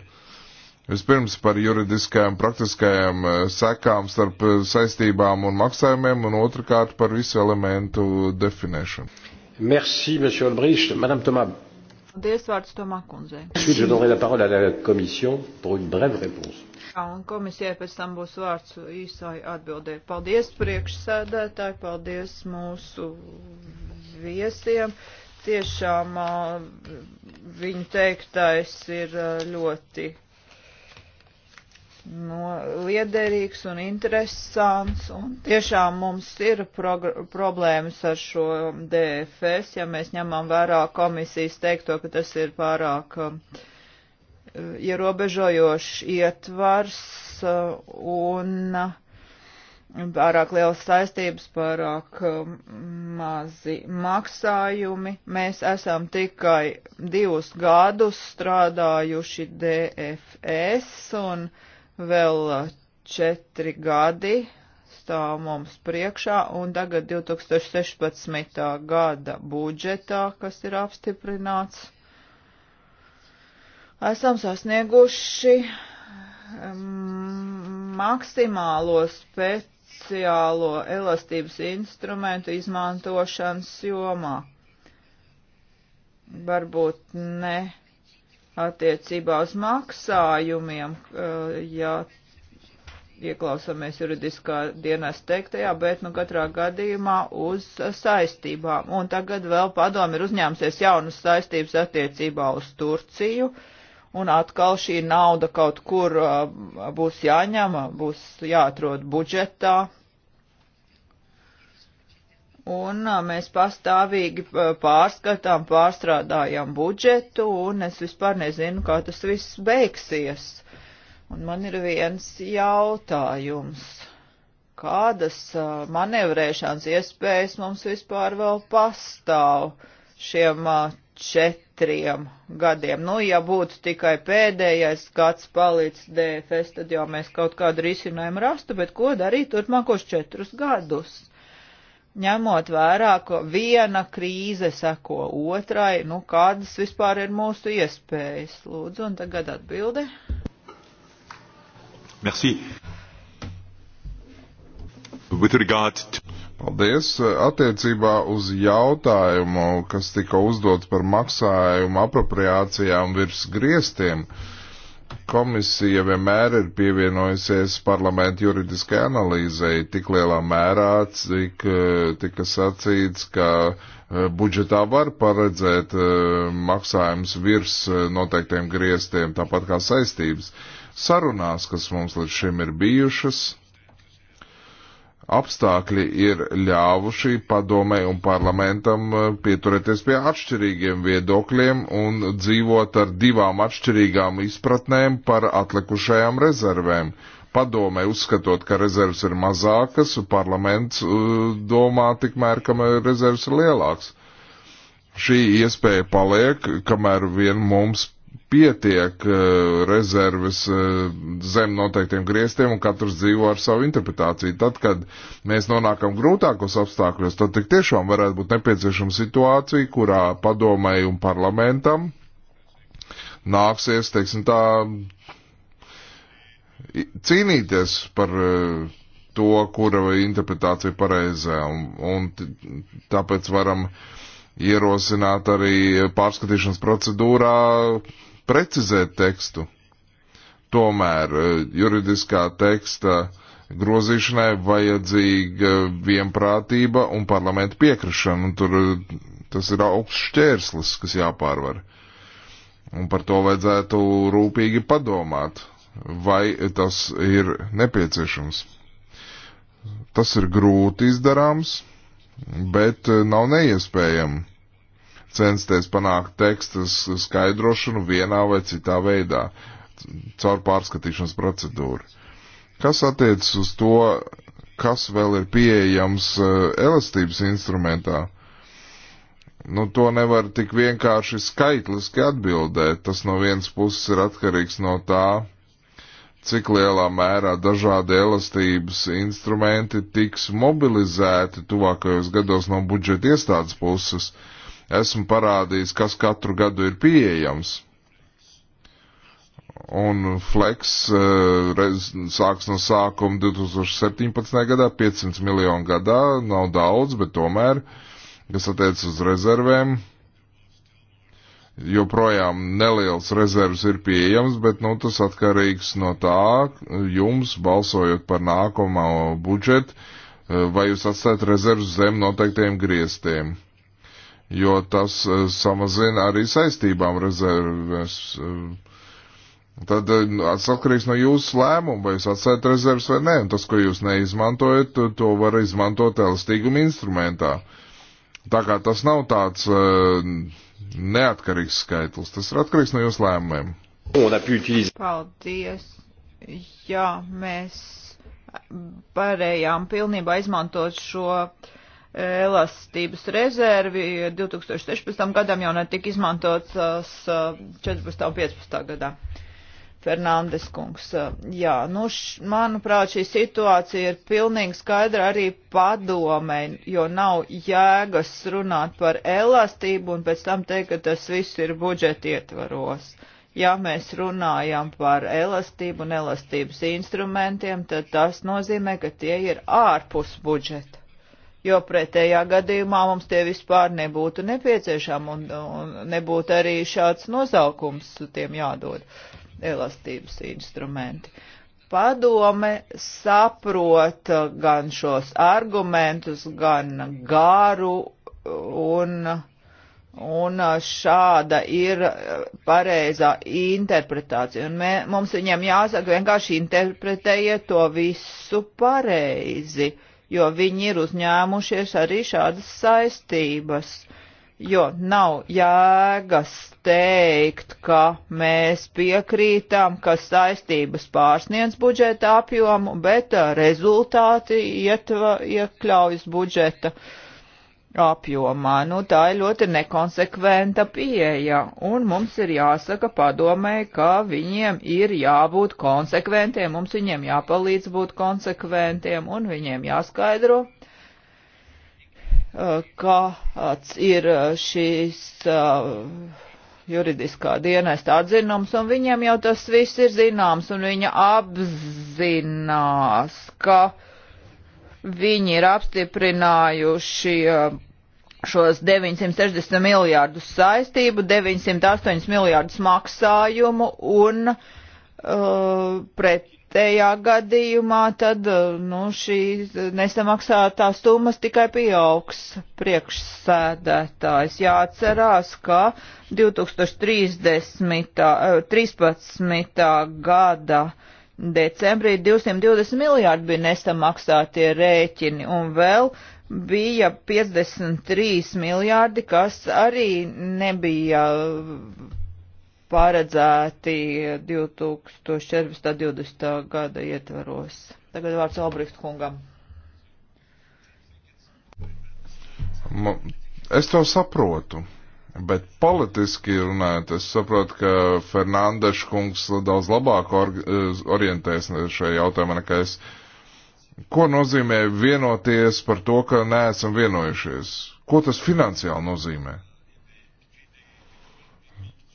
Vispirms par juridiskajām, praktiskajām eh, sekām starp eh, saistībām un maksājumiem, un otrkārt par visu elementu definēšanu. Merci, monsieur Olbricht. Madame Tomā. Paldies, vārds Tomā kundzei. Ensuite, je donnerai la parole à la commission pour une brève réponse. Jā, un komisijai pēc tam būs vārds īsai atbildē. Paldies priekšsēdētāji, paldies mūsu viesiem. Tiešām viņa teiktais ir ļoti no, liederīgs un interesants. Un tiešām mums ir problēmas ar šo DFS, ja mēs ņemam vērā komisijas teikto, ka tas ir pārāk ierobežojošs ietvars un pārāk liels saistības, pārāk um, mazi maksājumi. Mēs esam tikai divus gadus strādājuši DFS un vēl četri gadi stāv mums priekšā un tagad 2016. gada budžetā, kas ir apstiprināts, esam sasnieguši um, maksimālos pēc finansiālo elastības instrumentu izmantošanas jomā. Varbūt ne attiecībā uz maksājumiem, eh, ja ieklausāmies juridiskā dienas teiktajā, bet nu katrā gadījumā uz saistībām. Un tagad vēl padomi ir uzņēmusies jaunas saistības attiecībā uz Turciju. Uh, un atkal šī nauda kaut kur uh, būs jāņem, būs jāatrod budžetā. Un uh, mēs pastāvīgi uh, pārskatām, pārstrādājam budžetu, un es vispār nezinu, kā tas viss beigsies. Un man ir viens jautājums. Kādas manevrēšanas iespējas mums vispār vēl pastāv šiem četriem? četriem gadiem. Nu, ja būtu tikai pēdējais gads palicis DFS, tad jau mēs kaut kādu risinājumu rastu, bet ko darīt turpmākos četrus gadus? Ņemot vērā, ka viena krīze seko otrai, nu kādas vispār ir mūsu iespējas? Lūdzu, un tagad atbilde. Merci. With regard to... Paldies. Attiecībā uz jautājumu, kas tika uzdots par maksājumu apropriācijām virs griestiem, komisija vienmēr ir pievienojusies parlamentu juridiskai analīzei tik lielā mērā, cik eh, tika sacīts, ka eh, budžetā var paredzēt eh, maksājums virs noteiktiem griestiem, tāpat kā saistības. Sarunās, kas mums līdz šim ir bijušas, apstākļi ir ļāvuši padomē un parlamentam eh, pieturēties pie atšķirīgiem viedokļiem un dzīvot ar divām atšķirīgām izpratnēm par atlikušajām rezervēm. Padomē uzskatot, ka rezerves ir mazākas, parlaments eh, domā tikmēr, ka rezerves ir lielāks. Šī iespēja paliek, kamēr vien mums pietiek eh, rezerves eh, zem noteiktiem griestiem un katrs dzīvo ar savu interpretāciju. Tad, kad mēs nonākam grūtākos apstākļos, tad tik tiešām varētu būt nepieciešama situācija, kurā padomēji un parlamentam nāksies, teiksim tā, cīnīties par eh, to, kura interpretācija ir pareizā, un, un tāpēc varam ierosināt arī pārskatīšanas procedūrā precizēt tekstu. Tomēr e, juridiskā teksta grozīšanai vajadzīga vienprātība un parlamenta piekrišana, un tur e, tas ir augsts šķērslis, kas jāpārvar. Un par to vajadzētu rūpīgi padomāt, vai tas ir nepieciešams. Tas ir grūti izdarāms, bet e, nav neiespējami censties panākt teksta skaidrošanu vienā vai citā veidā caur pārskatīšanas procedūru. Kas attiecas uz to, kas vēl ir pieejams eh, elastības instrumentā? Nu, to nevar tik vienkārši skaitliski atbildēt. Tas no vienas puses ir atkarīgs no tā, cik lielā mērā dažādi elastības instrumenti tiks mobilizēti tuvākajos gados no budžeta iestādes puses. Uh, esmu parādījis, kas katru gadu ir pieejams. Un Flex uh, rez, sāks no sākuma 2017. gadā, 500 miljonu gadā, nav daudz, bet tomēr, kas attiec uz rezervēm, joprojām neliels rezervs ir pieejams, bet nu, tas atkarīgs no tā, jums balsojot par nākamo budžetu, eh, vai jūs atstājat rezervus zem noteiktiem grieztiem jo tas eh, samazina arī saistībām rezerves. Eh. Tad eh, nu, atkarīgs no jūsu lēmuma, vai jūs atstājat rezerves vai nē, un tas, ko jūs neizmantojat, to var izmantot elastīguma instrumentā. Tā kā tas nav tāds neatkarīgs skaitlis, tas ir atkarīgs no jūsu lēmumiem. Paldies! Jā, mēs varējām pilnībā izmantot šo uh, elastības rezervi 2016. gadam jau netika izmantots 14. Uh, un 15. gadā. Fernandes kungs. Uh, jā, nu, š, manuprāt, šī situācija ir pilnīgi skaidra arī padomē, jo nav jēgas runāt par elastību un pēc tam teikt, ka tas viss ir budžeti ietvaros. Ja mēs runājam par elastību un elastības instrumentiem, tad tas nozīmē, ka tie ir ārpus budžeta jo pretējā gadījumā mums tie vispār nebūtu nepieciešami un, un nebūtu arī šāds nosaukums tiem jādod elastības instrumenti. Padome saprot gan šos argumentus, gan garu un, un šāda ir pareizā interpretācija. Un mē, mums viņiem jāsaka vienkārši interpretējiet to visu pareizi. Uh, jo viņi ir uzņēmušies arī šādas saistības. Jo nav jēgas teikt, ka mēs piekrītam, ka saistības pārsniedz budžeta apjomu, bet uh, rezultāti ietva, iekļaujas budžeta uh, apjomā. Nu, tā ir ļoti nekonsekventa pieeja, un mums ir jāsaka padomē, ka viņiem ir jābūt konsekventiem, mums viņiem jāpalīdz būt konsekventiem, un viņiem jāskaidro, uh, kāds ir uh, šīs uh, juridiskā dienesta atzinums, un viņiem jau tas viss ir zināms, un viņa apzinās, ka Viņi ir apstiprinājuši eh, šos 960 miljārdus saistību, 908 miljārdus maksājumu un uh, pretējā gadījumā tad uh, nu, šīs nesamaksātās summas tikai pieaugs priekšsēdētājs. Jāatcerās, ka 2013. Uh, 13. gada uh, decembrī 220 miljārdi bija nesamaksātie rēķini un vēl bija 53 miljārdi, kas arī nebija paredzēti 2014.20. gada ietvaros. Tagad vārds Albrikt kungam. Es to saprotu. Bet politiski runājot, es saprotu, ka Fernandeša kungs daudz labāk or eh, orientēs šajā jautājumā nekā es. Ko nozīmē vienoties par to, ka neesam vienojušies? Ko tas finansiāli nozīmē?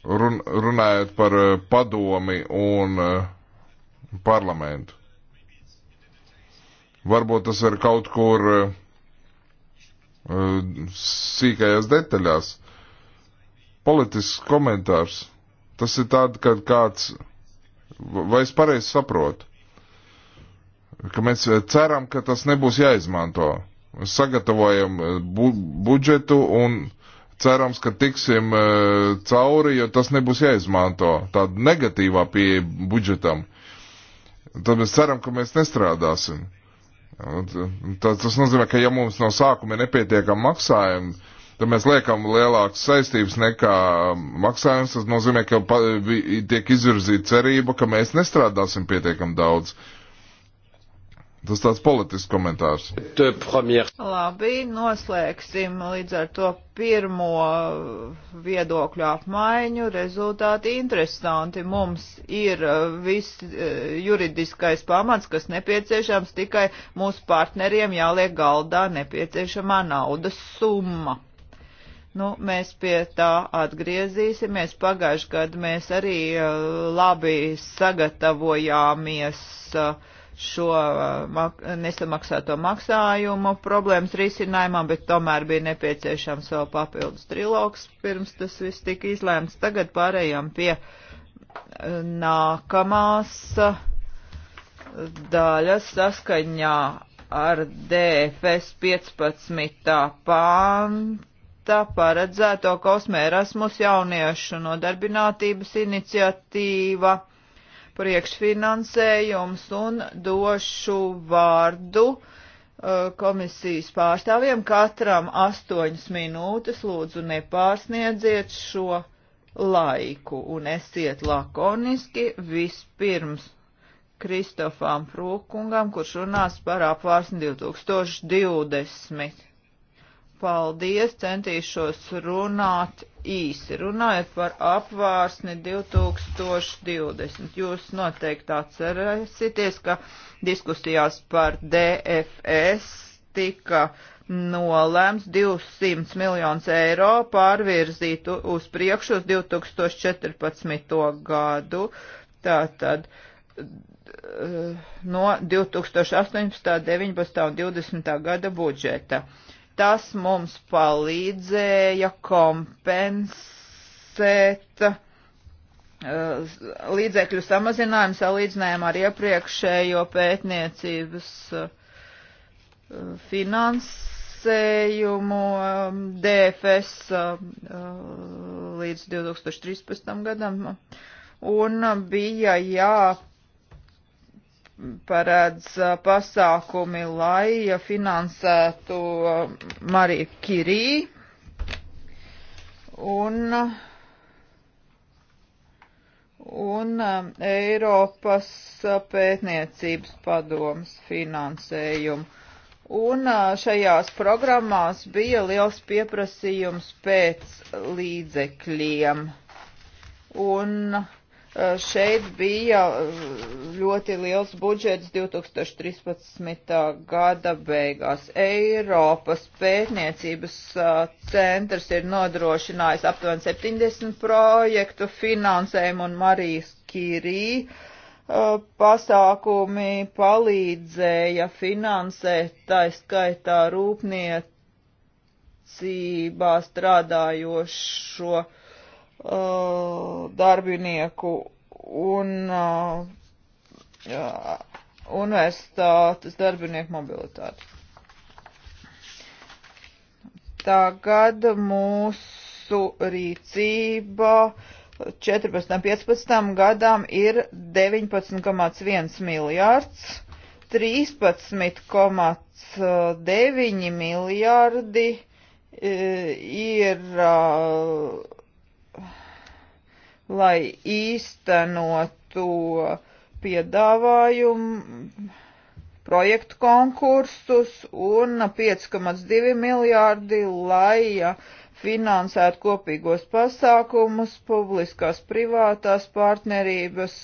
Run, runājot par eh, padomi un eh, parlamentu. Varbūt tas ir kaut kur sīkajās detaļās politisks komentārs. Tas ir tāds, kad kāds, vai es pareizi saprotu, ka mēs ceram, ka tas nebūs jāizmanto. Sagatavojam eh, bu budžetu un cerams, ka tiksim eh, cauri, jo tas nebūs jāizmanto. Tāda negatīvā pieeja budžetam. Tad mēs ceram, ka mēs nestrādāsim. Tā, tas nozīmē, ka ja mums no sākuma ir nepietiekami maksājumi, tad mēs liekam lielākas saistības nekā maksājums. Tas nozīmē, ka tiek izvirzīta cerība, ka mēs nestrādāsim pietiekam daudz. Tas tāds politisks komentārs. Labi, noslēgsim līdz ar to pirmo viedokļu apmaiņu. Rezultāti interesanti. Mums ir uh, viss uh, juridiskais pamats, kas nepieciešams tikai mūsu partneriem jāliek galdā nepieciešamā naudas summa. Nu, mēs pie tā atgriezīsimies. Pagājuši gadu mēs arī eh, labi sagatavojāmies eh, šo eh, nesamaksāto maksājumu problēmas risinājumam, bet tomēr bija nepieciešams vēl papildus trilogs, pirms tas viss tika izlēmts. Tagad pārējām pie nākamās daļas saskaņā ar DFS 15. pāntu atbalsta paredzēto kosmē Erasmus jauniešu nodarbinātības iniciatīva priekšfinansējums un došu vārdu uh, komisijas pārstāvjiem katram astoņas minūtes. Lūdzu, nepārsniedziet šo laiku un esiet lakoniski vispirms Kristofām Prūkungam, kurš runās par apvārsni 2020. Paldies, centīšos runāt īsi. Runājot par apvārsni 2020, jūs noteikti atcerēsieties, ka diskusijās par DFS tika nolēms 200 miljonus eiro pārvirzīt uz priekšu uz 2014. gadu. Tātad no 2018., 19. un 20. gada budžeta. Uh, Tas mums palīdzēja kompensēt uh, līdzekļu samazinājumu salīdzinājumu ar iepriekšējo pētniecības uh, finansējumu um, DFS um, uh, līdz 2013. gadam. Un uh, bija jā paredz uh, pasākumi, lai uh, finansētu uh, Mariju Kirī. Un, un Eiropas pētniecības padomas finansējumu. Un šajās programmās bija liels pieprasījums pēc līdzekļiem. Un uh, šeit bija ļoti liels budžets 2013. gada beigās. Eiropas pētniecības centrs ir nodrošinājis aptuveni 70 projektu finansējumu un Marijas Kirī pasākumi palīdzēja finansēt, tā skaitā rūpniecībā strādājošo Uh, darbinieku un uh, universitātes darbinieku mobilitāti. Tagad mūsu rīcība 14. un 15. gadam ir 19,1 miljārds, 13,9 miljārdi ir eh, lai īstenotu piedāvājumu projektu konkursus un 5,2 miljārdi, lai finansētu kopīgos pasākumus, publiskās privātās partnerības,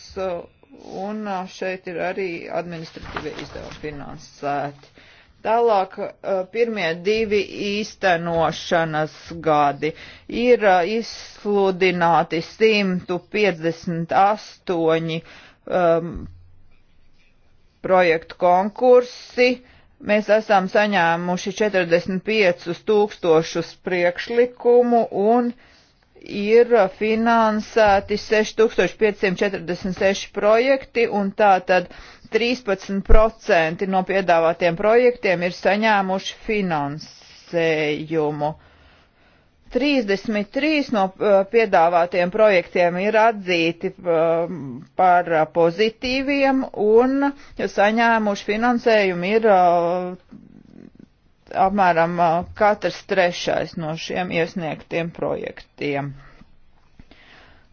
un šeit ir arī administratīvie izdevumi finansēti. Tālāk eh, pirmie divi īstenošanas gadi ir eh, izsludināti 158 um, ehm, projektu konkursi. Mēs esam saņēmuši 45 tūkstošus priekšlikumu un uh, ir finansēti 6546 projekti un tātad 13% no piedāvātiem projektiem ir saņēmuši finansējumu. 33 no uh, piedāvātiem projektiem ir atzīti um, par uh, pozitīviem un saņēmuši finansējumu ir uh, apmēram katrs trešais no šiem iesniegtiem projektiem.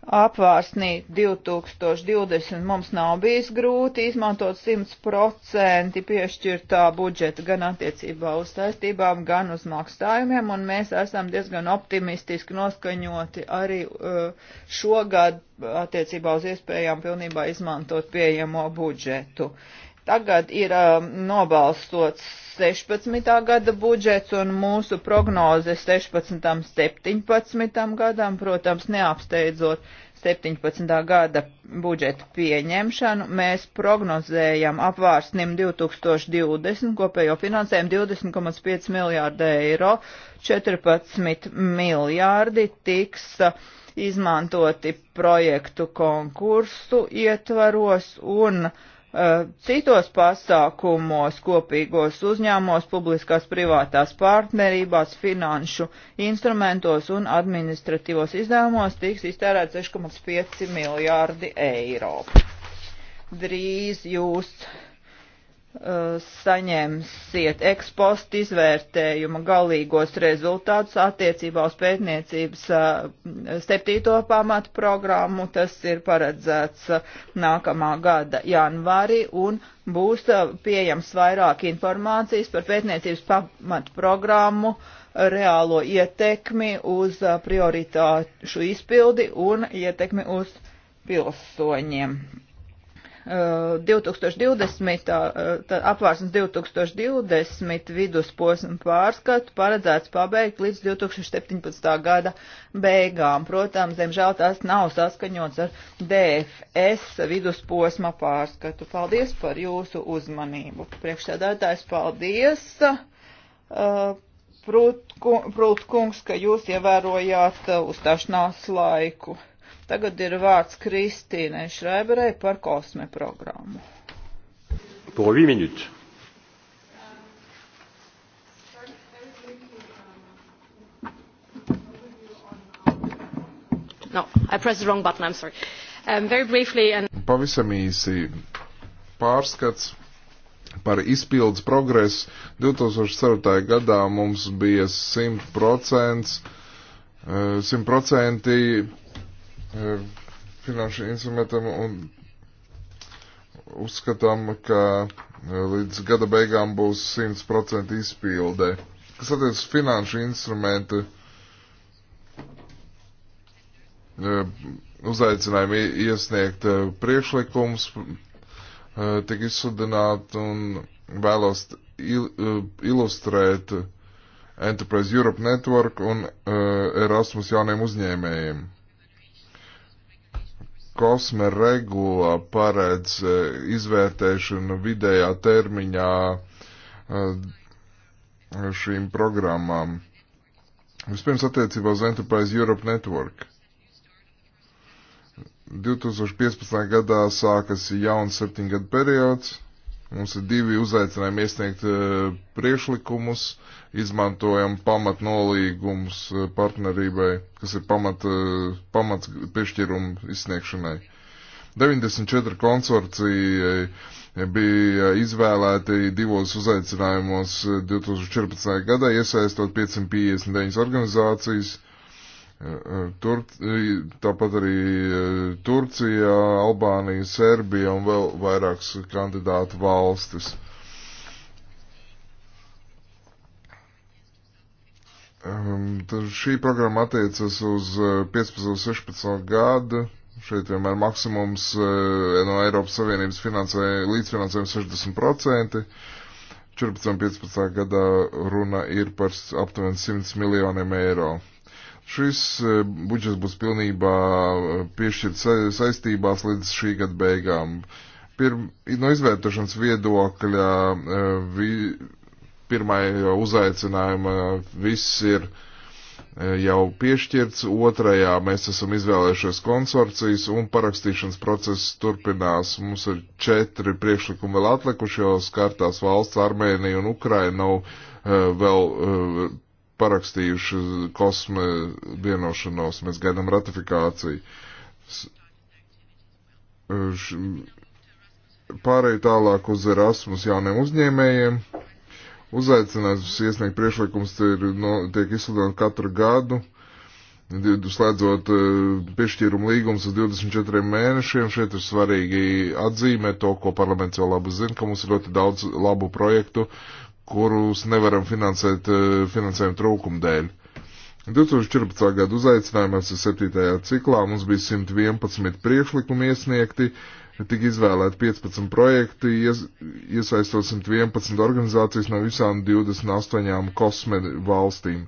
Apvārsnī 2020 mums nav bijis grūti izmantot 100% piešķirtā budžeta gan attiecībā uz saistībām, gan uz maksājumiem, un mēs esam diezgan optimistiski noskaņoti arī šogad attiecībā uz iespējām pilnībā izmantot pieejamo budžetu. Tagad ir um, nobalstots 16. gada budžets un mūsu prognoze 16. 17. gadam, protams, neapsteidzot 17. gada budžeta pieņemšanu, mēs prognozējam apvārsnim 2020 kopējo finansējumu 20,5 miljārdu eiro, 14 miljārdi tiks uh, izmantoti projektu konkursu ietvaros un uh, Eh, citos pasākumos, kopīgos uzņēmumos, publiskās privātās partnerībās, finanšu instrumentos un administratīvos izdevumos tiks iztērēt 6,5 miljārdi eiro. Drīz jūs Uh, saņemsiet ekspostu izvērtējuma galīgos rezultātus attiecībā uz pētniecības uh, septīto pamatu programmu. Tas ir paredzēts uh, nākamā gada janvārī un būs pieejams vairāk informācijas par pētniecības pamatu programmu reālo ietekmi uz prioritāšu izpildi un ietekmi uz pilsoņiem. 2020, uh, uh, uh, apvārsnes 2020 vidusposma pārskatu paredzēts pabeigt līdz 2017. gada beigām. Protams, diemžēl tas nav saskaņots ar DFS vidusposma pārskatu. Paldies par jūsu uzmanību. Priekšsēdētājs, paldies. Prūtkungs, ka jūs ievērojāt uzstāšanās laiku. Tagad ir vārds Kristīnai Šrēberei par kosme programmu. Pour 8 minūtes. No, I pressed the wrong button, I'm sorry. Um, very briefly and... Pavisam īsi pārskats par izpildes progresu. 2004. gadā mums bija 100%, 100 uh, finanšu instrumentam un uzskatām, ka e, līdz gada beigām būs 100% izpilde. Kas attiec uz finanšu instrumentu e, uzaicinājumu iesniegt e, priekšlikums, tik izsudināt un vēlos il ilustrēt Enterprise Europe Network un Erasmus jauniem uzņēmējiem kosme regula paredz e, izvērtēšanu vidējā termiņā e, šīm programmām. Vispirms attiecībā uz Enterprise Europe Network. 2015. gadā sākas jauns septiņgada periods. Mums ir divi uzaicinājumi iesniegt e, priešlikumus izmantojam pamatnolīgums eh, partnerībai, kas ir pamat, eh, pamats piešķirumu izsniegšanai. 94 konsorcija eh, bija izvēlēti divos uzaicinājumos 2014. gadā, iesaistot 559 organizācijas. Tur, tāpat arī Turcija, Albānija, Serbija un vēl vairākas kandidātu valstis. Um, šī programma attiecas uz 15 eh, un 16 gadu. Šeit vienmēr maksimums uh, no Eiropas Savienības finansē, līdzfinansējums 60%. 14. 15. gadā runa ir par aptuveni 100 miljoniem eiro. Šis uh, budžets būs pilnībā piešķirts sa saistībās līdz šī gada beigām. Pirm, no izvērtēšanas viedokļa uh, vi, pirmā uzaicinājuma viss ir e, jau piešķirts, otrajā mēs esam izvēlējušies konsorcijas un parakstīšanas process turpinās. Mums ir četri priekšlikumi vēl atlikuši, jo skartās valsts Armēnija un Ukraina nav e, vēl e, parakstījuši kosme vienošanos. Mēs gaidām ratifikāciju. Pārēj tālāk uz Erasmus jauniem uzņēmējiem Uzaicinājums iesniegt priekšlikums ir, no, nu, tiek izsludināts katru gadu, slēdzot eh, piešķīrumu līgums uz 24 mēnešiem. Šeit ir svarīgi atzīmēt to, ko parlaments jau labi zina, ka mums ir ļoti daudz labu projektu, kurus nevaram finansēt eh, finansējuma trūkuma dēļ. 2014. gada uzaicinājumos 7. ciklā mums bija 111 priekšlikumi iesniegti, Tik izvēlēt 15 projektu, ies, iesaistot 111 organizācijas no visām 28 kosme valstīm.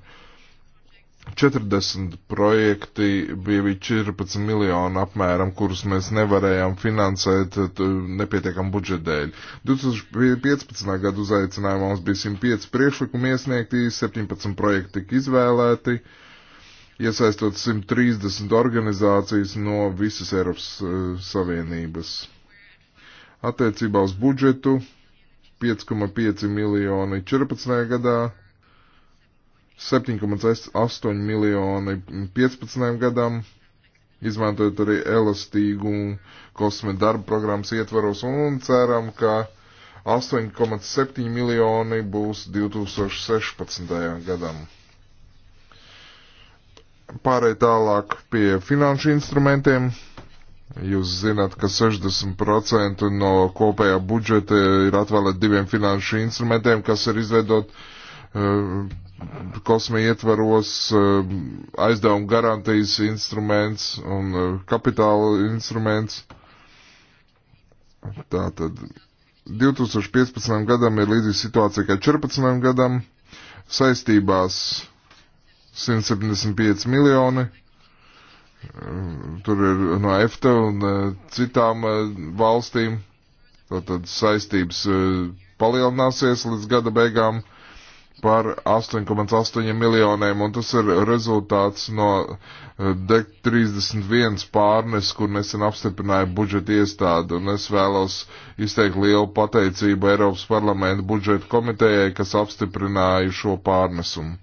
40 projekti bija 14 miljonu apmēram, kurus mēs nevarējām finansēt eh, nepietiekam budžeta dēļ. 2015. gada uzaicinājumā mums bija 105 priekšlikumi iesniegti, 17 projekti tika izvēlēti, uh, iesaistot 130 organizācijas no visas Eiropas uh, Savienības. Attiecībā uz budžetu 5,5 miljoni 14. gadā, 7,8 miljoni 15. gadam, izmantojot arī elastīgu kosmēta darba programmas ietvaros un ceram, ka 8,7 miljoni būs 2016. gadam. Pārēj tālāk pie finanšu instrumentiem. Jūs zināt, ka 60% no kopējā budžeta ir atvēlēt diviem finanšu instrumentiem, kas ir izveidot uh, kosmē ietvaros uh, aizdevuma garantijas instruments un uh, kapitāla instruments. Tātad 2015. gadam ir līdzīga situācija kā 14. gadam saistībās 175 miljoni. Tur ir no EFTA un eh, citām eh, valstīm. Tātad saistības eh, palielināsies līdz gada beigām par 8,8 miljoniem, un tas ir rezultāts no DEC 31 pārnes, kur nesen apstiprināja budžeta iestādi, un es vēlos izteikt lielu pateicību Eiropas parlamenta budžeta komitejai, kas apstiprināja šo pārnesumu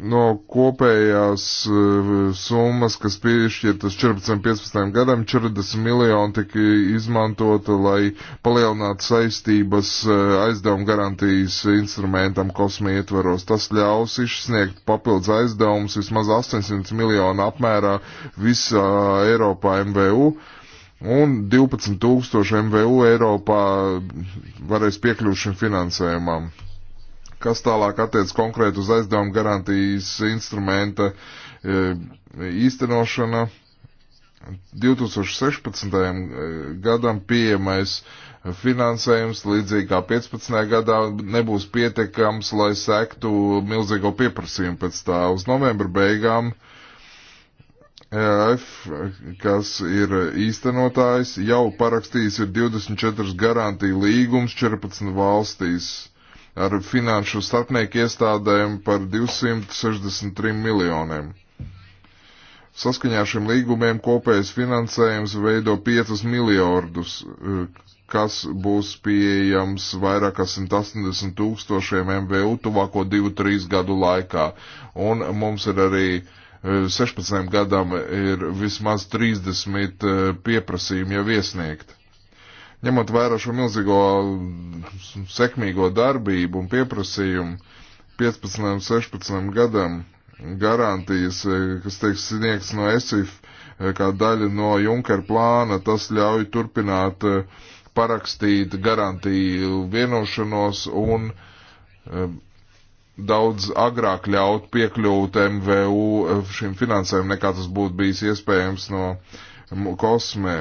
no kopējās eh, summas, kas piešķirtas 14-15 gadam, 40 miljoni tika izmantota, lai palielinātu saistības eh, aizdevuma garantijas instrumentam kosmē ietvaros. Tas ļaus izsniegt papildus aizdevumus vismaz 800 miljonu apmērā visā Eiropā MVU. Un 12 tūkstoši MVU Eiropā varēs piekļūt šim finansējumam kas tālāk attiec konkrēt uz aizdevuma garantijas instrumenta e, īstenošana. 2016. E, gadam pieejamais finansējums, līdzīgi kā 15. gadā, nebūs pietiekams, lai sektu milzīgo pieprasījumu pēc tā. Uz novembra beigām EF, kas ir īstenotājs, jau parakstījis ir 24 garantiju līgums 14 valstīs ar finanšu starpnieku iestādēm par 263 miljoniem. Saskaņā ar šiem līgumiem kopējais finansējums veido 5 miljardus, kas būs pieejams vairāk kā 180 tūkstošiem MVU tuvāko 2-3 gadu laikā. Un mums ir arī 16 e, gadam ir vismaz 30 e, pieprasījumi jau iesniegti. Ņemot vērā šo milzīgo sekmīgo darbību un pieprasījumu 15. un 16. gadam garantijas, eh, kas tiek sniegts no ESIF eh, kā daļa no Junker plāna, tas ļauj turpināt eh, parakstīt garantiju vienošanos un daudz agrāk ļaut piekļūt MVU šim finansēm, nekā tas būtu bijis iespējams no kosmē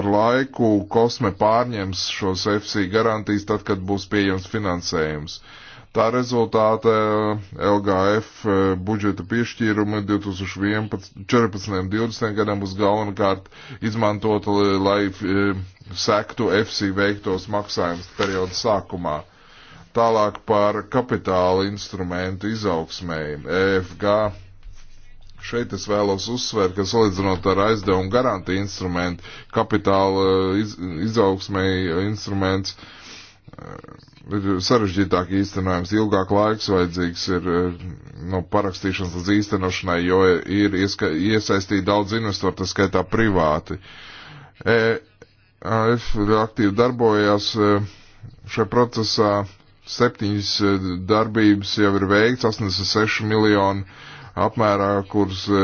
ar laiku kosme pārņems šos FC garantijas tad, kad būs pieejams finansējums. Tā rezultātā LGF eh, budžeta piešķīruma 2014-2020 gadam būs galvenokārt izmantota, lai eh, sektu FC veiktos maksājumus perioda sākumā. Tālāk par kapitāla instrumentu izaugsmēju EFG Šeit es vēlos uzsvērt, ka salīdzinot ar aizdevumu garantiju instrumentu, kapitāla eh, iz, izaugsmēji instruments eh, ir sarežģītāk īstenojams, ilgāk laiks vajadzīgs ir eh, no parakstīšanas līdz īstenošanai, jo ir ieska, iesaistīti daudz investoru, tas skaitā privāti. EF aktīvi darbojās šajā procesā, septiņas darbības jau ir veikts, 86 miljonu apmērā, kuras e,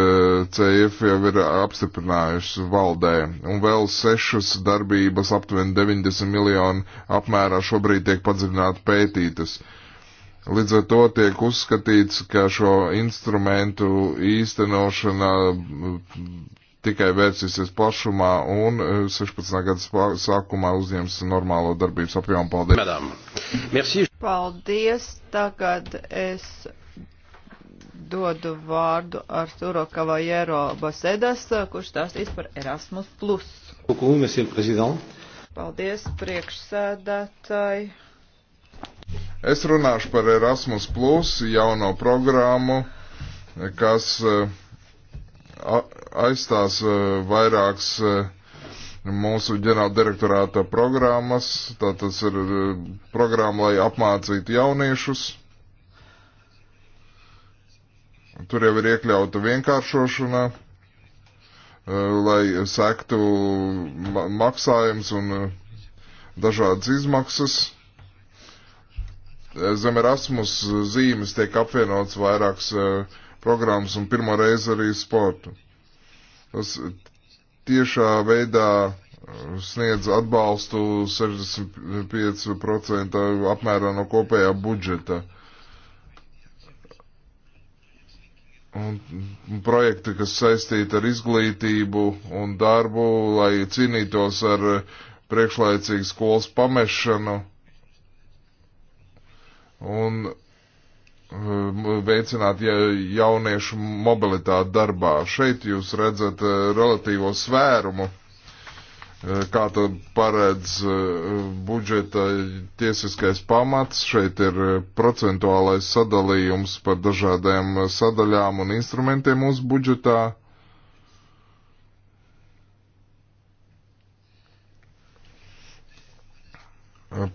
CF jau ir apstiprinājušas valdē. Un vēl sešas darbības aptuveni 90 miljonu apmērā šobrīd tiek padziļināti pētītas. Līdz ar to tiek uzskatīts, ka šo instrumentu īstenošana tikai vērsīsies plašumā un 16. E, gada sākumā uzņems normālo darbības apjomu. Paldies! Paldies! Tagad es dodu vārdu Arturo Cavallero Basedas, kurš stāstīs par Erasmus. Paldies, priekšsēdētāji. Es runāšu par Erasmus, jauno programmu, kas eh, aizstās eh, vairākas eh, mūsu ģenerāldirektorāta programmas. Tā tas ir programma, lai apmācītu jauniešus Tur jau ir iekļauta vienkāršošana, eh, lai sektu maksājums un eh, dažādas izmaksas. Eh, zem Erasmus zīmes tiek apvienots vairākas programmas un pirmo reizi arī sportu. Tas tiešā veidā sniedz atbalstu 65% apmērā no kopējā budžeta. Uh, un projekti, kas saistīti ar izglītību un darbu, lai cīnītos ar priekšlaicīgu skolas pamešanu un um, veicināt jauniešu mobilitāti darbā. Šeit jūs redzat uh, relatīvo svērumu Eh, kā to paredz eh, budžeta tiesiskais pamats. Šeit ir eh, procentuālais sadalījums par dažādiem sadaļām un instrumentiem mūsu budžetā.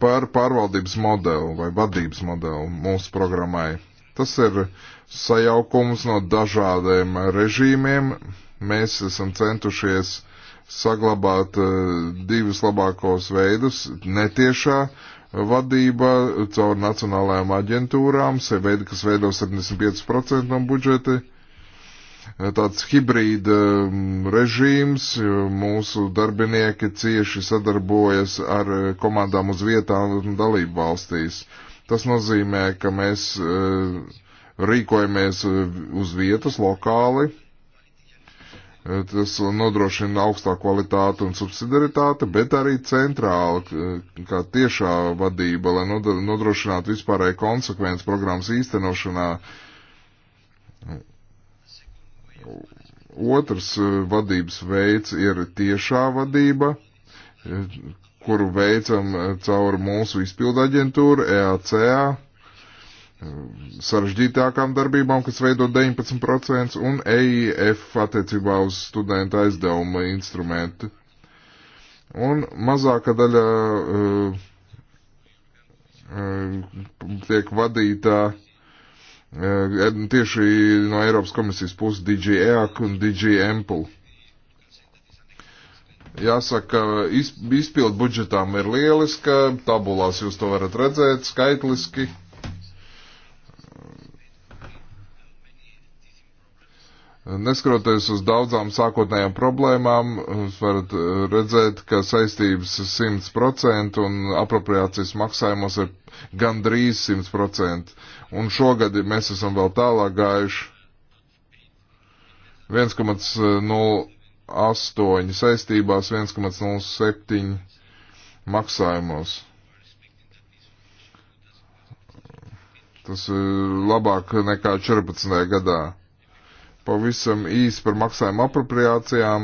Par pārvaldības modeli vai vadības modeli mūsu programmai. Tas ir sajaukums no dažādiem režīmiem. Mēs esam centušies saglabāt eh, divus labākos veidus - netiešā vadība caur nacionālajām aģentūrām, veidi, kas veido 75% no budžeta, eh, tāds hibrīda eh, režīms, mūsu darbinieki cieši sadarbojas ar komandām uz vietām un dalību valstīs. Tas nozīmē, ka mēs rīkojamies uz vietas lokāli, Tas nodrošina augstā kvalitāte un subsidiaritāte, bet arī centrāla, kā tiešā vadība, lai nodrošinātu vispārēju konsekvenci programmas īstenošanā. Otrs e, vadības veids ir tiešā vadība, e, kuru veicam e, caur mūsu izpildu aģentūru EACA sarežģītākām darbībām, kas veido 19%, un EIF attiecībā uz studenta aizdevuma instrumenti. Un mazāka daļa uh, uh, tiek vadīta uh, tieši no Eiropas komisijas puses DG EAC un DG Ample. Jāsaka, izpildu budžetām ir lieliska, tabulās jūs to varat redzēt skaitliski. Uh, Neskatoties uz daudzām sākotnējām problēmām, jūs varat eh, redzēt, ka saistības 100% un apropriācijas maksājumos ir gandrīz 100%. Un šogad mēs esam vēl tālāk gājuši 1,08 eh, saistībās, 1,07 maksājumos. Tas ir eh, labāk nekā 14. gadā. Pavisam īsi par maksājumu apropriācijām.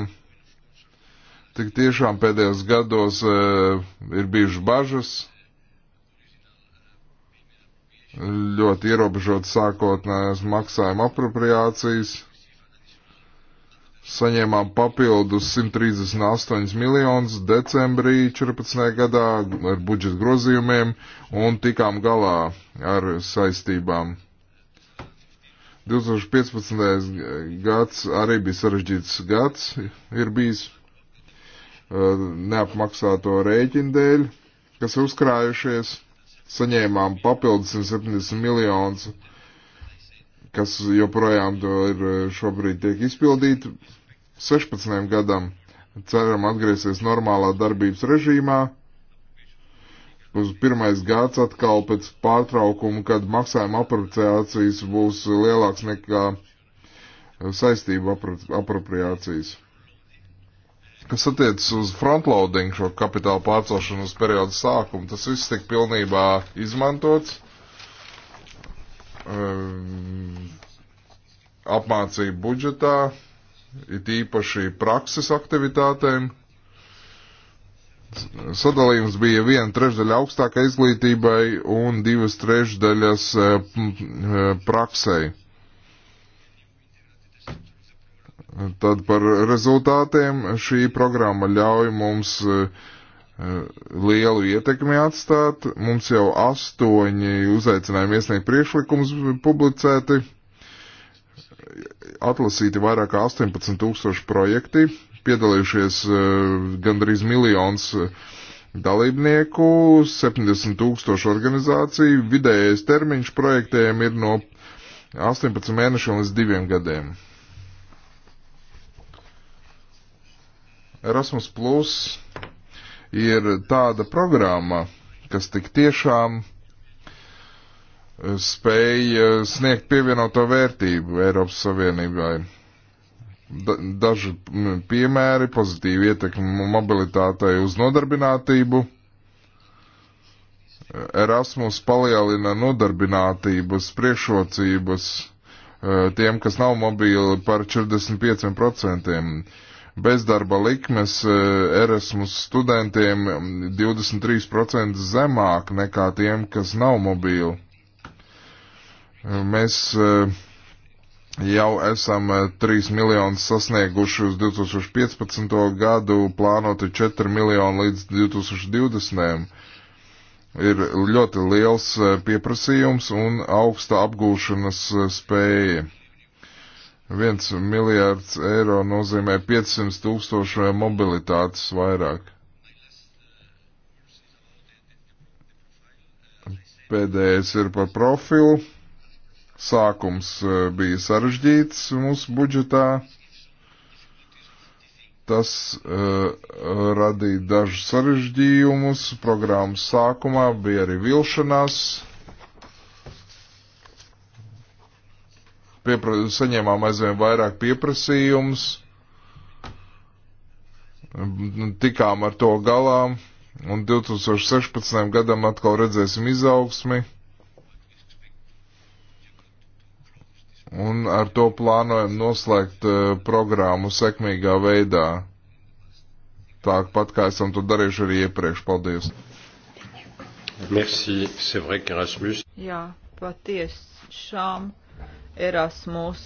Tik tiešām pēdējos gados uh, ir bijušas bažas. Ļoti ierobežot sākotnējās maksājuma apropriācijas. Saņēmām papildus 138 miljonus decembrī 14. gadā ar budžeta grozījumiem un tikām galā ar saistībām 2015. gads arī bija sarežģīts gads, ir bijis e, neapmaksāto rēķinu dēļ, kas ir uzkrājušies, saņēmām papildus 170 miljonus, kas joprojām ir e, šobrīd tiek izpildīti 16. gadam. Ceram atgriezties normālā darbības režīmā Uz pirmais gads atkal pēc pārtraukuma, kad maksājuma apropriācijas būs lielāks nekā saistību apropriācijas. Kas attiecas uz frontloading šo kapitāla pārcelšanu uz periodu sākumu, tas viss tik pilnībā izmantots. Um, apmācību budžetā, it īpaši prakses aktivitātēm sadalījums bija viena trešdaļa augstākai izglītībai un divas trešdaļas eh, eh, praksei. Tad par rezultātiem šī programma ļauj mums eh, lielu ietekmi atstāt. Mums jau astoņi uzaicinājumi iesniegt priekšlikums publicēti, atlasīti vairāk kā 18 tūkstoši projekti piedalījušies e, gandrīz miljons e, dalībnieku, 70 tūkstošu organizāciju. Vidējais termiņš projektējiem ir no 18 mēnešiem līdz 2 gadiem. Erasmus Plus ir tāda programma, kas tik tiešām e, spēj sniegt pievienoto vērtību Eiropas Savienībai daži piemēri, pozitīvi ietekmi mobilitātei uz nodarbinātību. Erasmus palielina nodarbinātības priekšrocības e, tiem, kas nav mobīli par 45%. Bezdarba likmes e, Erasmus studentiem 23% zemāk nekā tiem, kas nav mobīli. E, mēs uh, jau esam 3 eh, miljonus sasnieguši uz 2015. gadu, plānoti 4 miljoni līdz 2020. Ir ļoti liels eh, pieprasījums un augsta apgūšanas eh, spēja. 1 miljārds eiro nozīmē 500 tūkstošu mobilitātes vairāk. Pēdējais ir par profilu. Sākums eh, bija sarežģīts mūsu budžetā. Tas uh, radīja dažus sarežģījumus. Programmas sākumā bija arī vilšanās. Piepra saņēmām aizvien vairāk pieprasījumus. Tikām ar to galām. Un 2016. gadam atkal redzēsim izaugsmi un ar to plānojam noslēgt uh, programmu sekmīgā veidā. Tāpat kā esam to darījuši arī iepriekš. Paldies! Merci, c'est vrai qu'Erasmus. Jā, patiešām Erasmus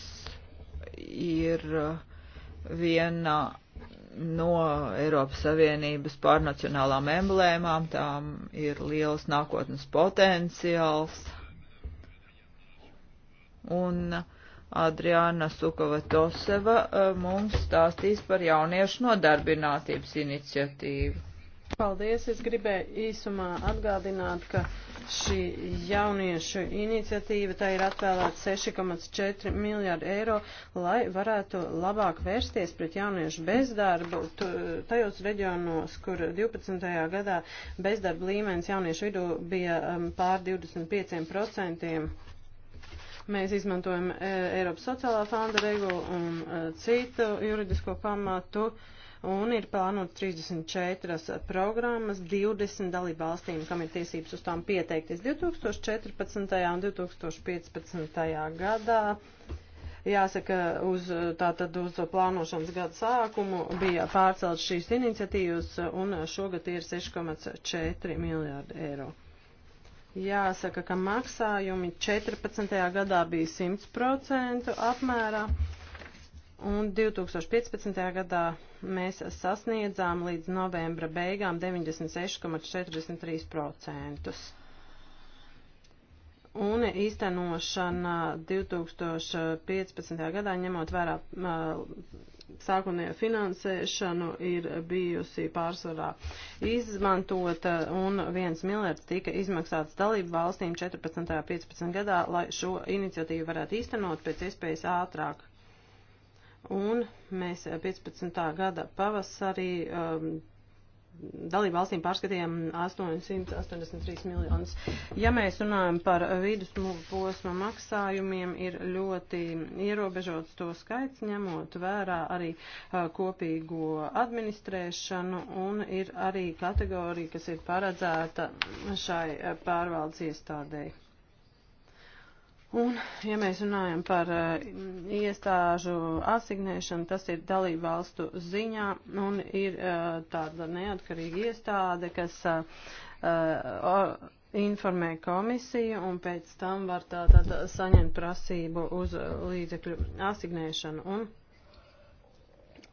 ir eh, viena no Eiropas Savienības pārnacionālām emblēmām, tām ir liels nākotnes potenciāls un Adriāna Sukova Toseva eh, mums stāstīs par jauniešu nodarbinātības iniciatīvu. Paldies! Es gribēju īsumā atgādināt, ka šī jauniešu iniciatīva, tai ir atvēlēta 6,4 miljārdi eiro, lai varētu labāk vērsties pret jauniešu bezdarbu tajos reģionos, kur 12. gadā bezdarba līmenis jauniešu vidū bija um, pār 25%. Mēs izmantojam e, Eiropas sociālā fonda regulu un e, citu juridisko pamatu. Un ir plānot 34 programmas 20 dalībvalstīm, kam ir tiesības uz tām pieteikties 2014. un 2015. gadā jāsaka, uz, tātad uz plānošanas gada sākumu bija pārcelt šīs iniciatīvas un šogad ir 6,4 miljārdi eiro. Jāsaka, ka maksājumi 14. gadā bija 100% apmērā, un 2015. gadā mēs sasniedzām līdz novembra beigām 96,43% un īstenošana 2015. gadā ņemot vērā sākotnējo finansēšanu ir bijusi pārsvarā izmantota un viens miljards tika izmaksāts dalību valstīm 14. un 15. gadā, lai šo iniciatīvu varētu īstenot pēc iespējas ātrāk. Un mēs 15. gada pavasarī um, dalību valstīm pārskatījām 883 miljonus. Ja mēs runājam par vidusmūgu posma maksājumiem, ir ļoti ierobežots to skaits, ņemot vērā arī kopīgo administrēšanu un ir arī kategorija, kas ir paredzēta šai pārvaldes iestādēji. Un, ja mēs runājam par uh, iestāžu asignēšanu, tas ir dalību valstu ziņā un ir uh, tāda neatkarīga iestāde, kas uh, uh, informē komisiju un pēc tam var tātad saņemt prasību uz līdzekļu asignēšanu. Un,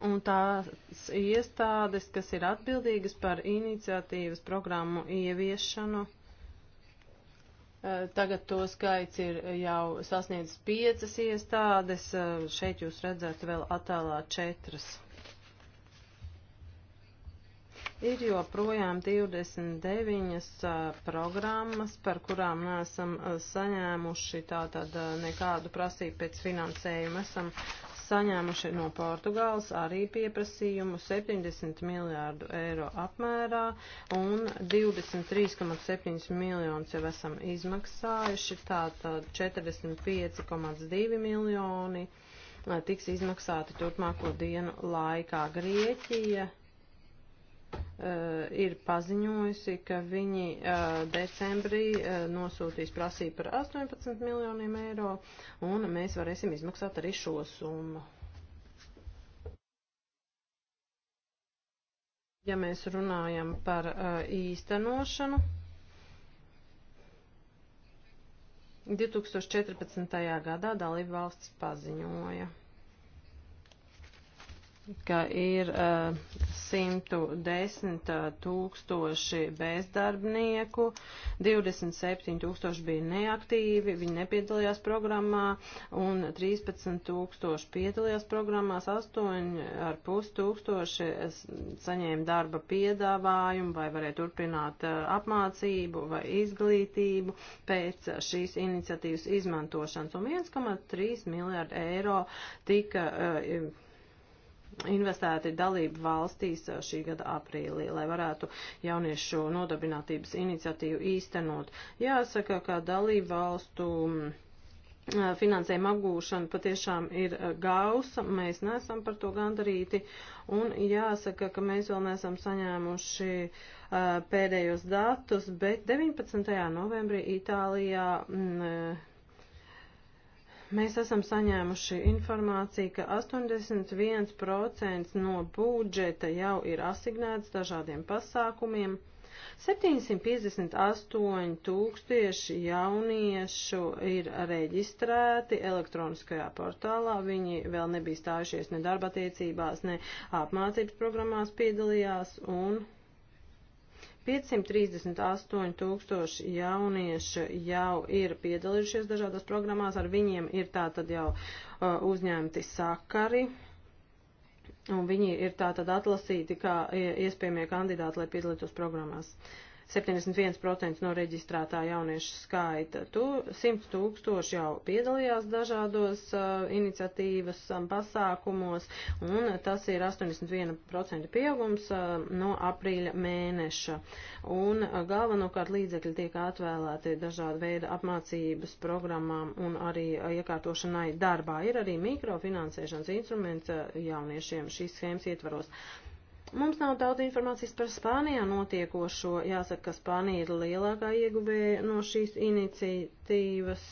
un tās iestādes, kas ir atbildīgas par iniciatīvas programmu ieviešanu, Eh, tagad to skaits ir jau sasniedzis piecas iestādes, eh, šeit jūs redzat vēl attālā četras. Ir joprojām 29 eh, programmas, par kurām neesam saņēmuši tātad nekādu prasību pēc finansējuma. Esam saņēmuši no Portugāles arī pieprasījumu 70 miljārdu eiro apmērā un 23,7 miljonus jau esam izmaksājuši, tātad 45,2 miljoni tiks izmaksāti turpmāko dienu laikā Grieķija Eh, ir paziņojusi, ka viņi eh, decembrī eh, nosūtīs prasību par 18 miljoniem eiro, un mēs varēsim izmaksāt arī šo summu. Ja mēs runājam par īstenošanu, 2014. gadā dalību valsts paziņoja ka ir uh, eh, 110 eh, tūkstoši bezdarbnieku, 27 tūkstoši bija neaktīvi, viņi nepiedalījās programmā un 13 tūkstoši piedalījās programmās, 8,5 tūkstoši saņēma darba piedāvājumu vai varēja turpināt uh, apmācību vai izglītību pēc šīs iniciatīvas izmantošanas un 1,3 miljārdu eiro tika uh, investēti dalību valstīs uh, šī gada aprīlī, lai varētu jauniešu nodarbinātības iniciatīvu īstenot. Jāsaka, ka dalību valstu mm, uh, finansējuma apgūšana patiešām ir uh, gausa, mēs neesam par to gandarīti, un jāsaka, ka mēs vēl neesam saņēmuši uh, pēdējos datus, bet 19. novembrī Itālijā. Mm, Mēs esam saņēmuši informāciju, ka 81% no budžeta jau ir asignēts dažādiem pasākumiem. 758 tūkstieši jauniešu ir reģistrēti elektroniskajā portālā. Viņi vēl nebija stājušies ne darba attiecībās, ne apmācības programmās piedalījās un 538 tūkstoši jaunieši jau ir piedalījušies dažādās programmās, ar viņiem ir tā tad jau uh, uzņemti sakari. Un viņi ir tā tad atlasīti kā iespējamie kandidāti, lai piedalītos programmās. Uh, 71% no reģistrētā jauniešu skaita. Tu 100 tūkstoši jau piedalījās dažādos uh, iniciatīvas um, pasākumos, un tas ir 81% pieaugums uh, no aprīļa mēneša. Un uh, galvenokārt līdzekļi tiek atvēlēti dažādu veidu apmācības programmām un arī uh, iekārtošanai darbā. Ir arī mikrofinansēšanas instruments uh, jauniešiem šīs schēmas ietvaros. Uh, Mums nav daudz informācijas par Spānijā notiekošo. Jāsaka, ka Spānija ir lielākā ieguvēja no šīs iniciatīvas,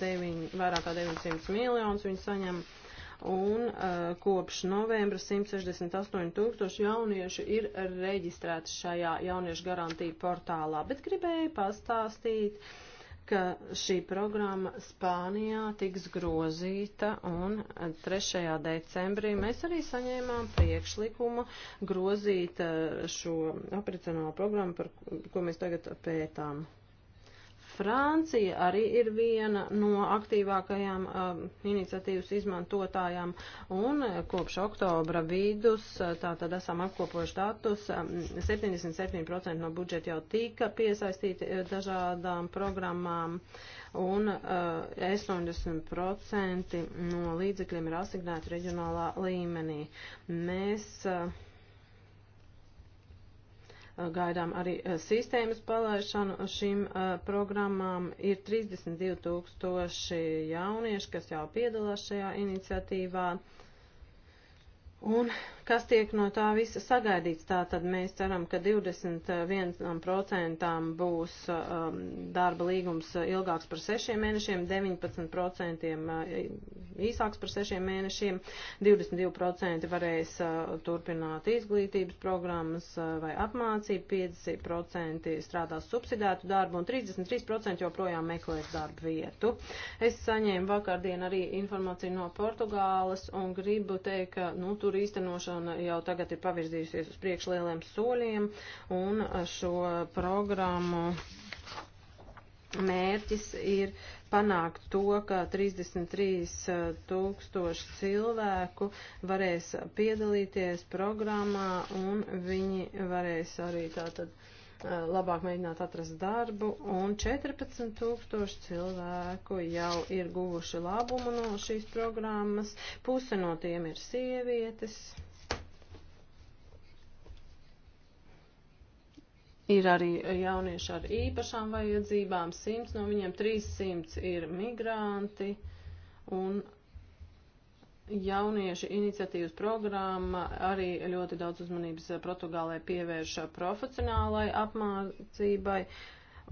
deviņ, vairāk kā 900 miljonus viņi saņem, un kopš novembra 168 tūkstoši jaunieši ir reģistrēti šajā jauniešu garantiju portālā, bet gribēju pastāstīt ka šī programma Spānijā tiks grozīta, un 3. decembrī mēs arī saņēmām priekšlikumu grozīt eh, šo operacionālo programmu, par ko mēs tagad pētām. Francija arī ir viena no aktīvākajām um, iniciatīvas izmantotājām, un eh, kopš oktobra vidus eh, tātad esam apkopojuši datus. 77% um, no budžeta jau tika piesaistīti eh, dažādām programmām, un uh, 80% no līdzekļiem ir asignēti reģionālā līmenī. Mēs uh, gaidām arī eh, sistēmas palaišanu. Šīm eh, programmām ir 32 tūkstoši jaunieši, kas jau piedalās šajā iniciatīvā. Un kas tiek no tā visa sagaidīts. Tātad mēs ceram, ka 21% būs um, darba līgums ilgāks par 6 mēnešiem, 19% uh, īsāks par 6 mēnešiem, 22% varēs uh, turpināt izglītības programmas uh, vai apmācību, 50% strādās subsidētu darbu un 33% joprojām meklēs darbu vietu. Es saņēmu vakardien arī informāciju no Portugāles un gribu teikt, ka nu, tur īstenošana likumdošana jau tagad ir pavirzījusies uz priekšlieliem soļiem un šo programmu mērķis ir panākt to, ka 33 tūkstoši cilvēku varēs piedalīties programmā un viņi varēs arī tātad labāk mēģināt atrast darbu, un 14 tūkstoši cilvēku jau ir guvuši labumu no šīs programmas, puse no tiem ir sievietes. Ir arī jaunieši ar īpašām vajadzībām, 100 no viņiem 300 ir migranti, un jauniešu iniciatīvas programma arī ļoti daudz uzmanības Portugālē pievērš profesionālai apmācībai,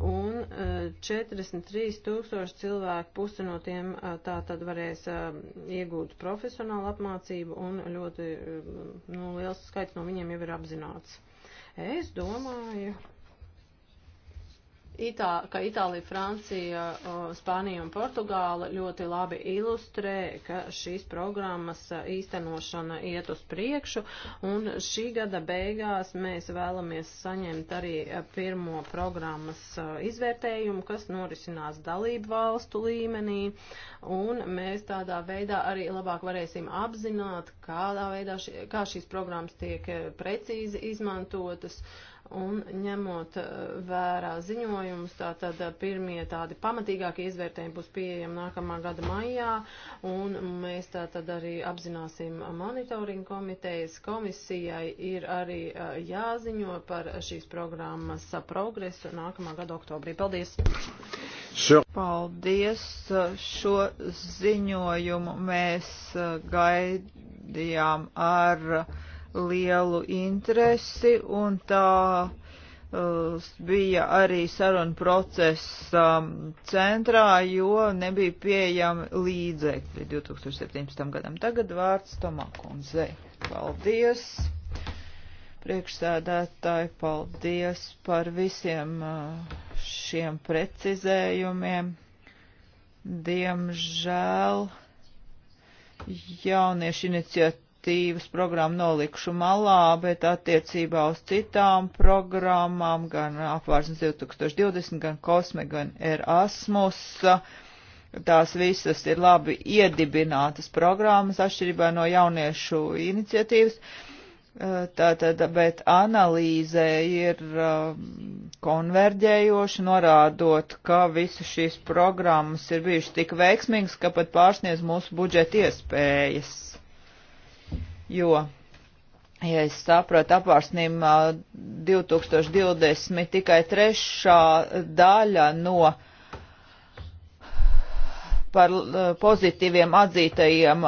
un 43 e, tūkstoši cilvēku pusi no tiem e, tā tad varēs e, iegūt profesionālu apmācību, un ļoti nu, liels skaits no viņiem jau ir apzināts. Es domāju, Itā, ka Itālija, Francija, Spānija un Portugāla ļoti labi ilustrē, ka šīs programmas e, īstenošana iet uz priekšu, un šī gada beigās mēs vēlamies saņemt arī e, pirmo programmas e, izvērtējumu, kas norisinās dalību valstu līmenī, un mēs tādā veidā arī labāk varēsim apzināt, kādā veidā šī, kā šīs programmas tiek precīzi izmantotas. Uh, un ņemot eh, vērā ziņojumus, tātad eh, pirmie tādi pamatīgākie izvērtējumi būs pieejami nākamā gada maijā, un mēs tātad arī apzināsim monitoringu komitejas. Komisijai ir arī eh, jāziņo par šīs programmas progresu nākamā gada oktobrī. Paldies! Sure. Paldies! Šo ziņojumu mēs gaidījām ar lielu interesi un tā uh, bija arī saruna procesa um, centrā, jo nebija pieejami līdzekļi 2017. gadam. Tagad vārds Tomakundzei. Paldies! priekšsēdētāji, paldies par visiem uh, šiem precizējumiem. Diemžēl jauniešu iniciatīva attīstības programmu nolikšu malā, bet attiecībā uz citām programmām, gan apvārsnes 2020, gan kosme, gan Erasmus, tās visas ir labi iedibinātas programmas atšķirībā no jauniešu iniciatīvas. Tātad, bet analīzē ir um, konverģējoši, norādot, ka visas šīs programmas ir bijušas tik veiksmīgas, ka pat pārsniedz mūsu budžeta iespējas jo, ja es saprotu, apvārsnīm 2020 tikai trešā daļa no par pozitīviem atzītajiem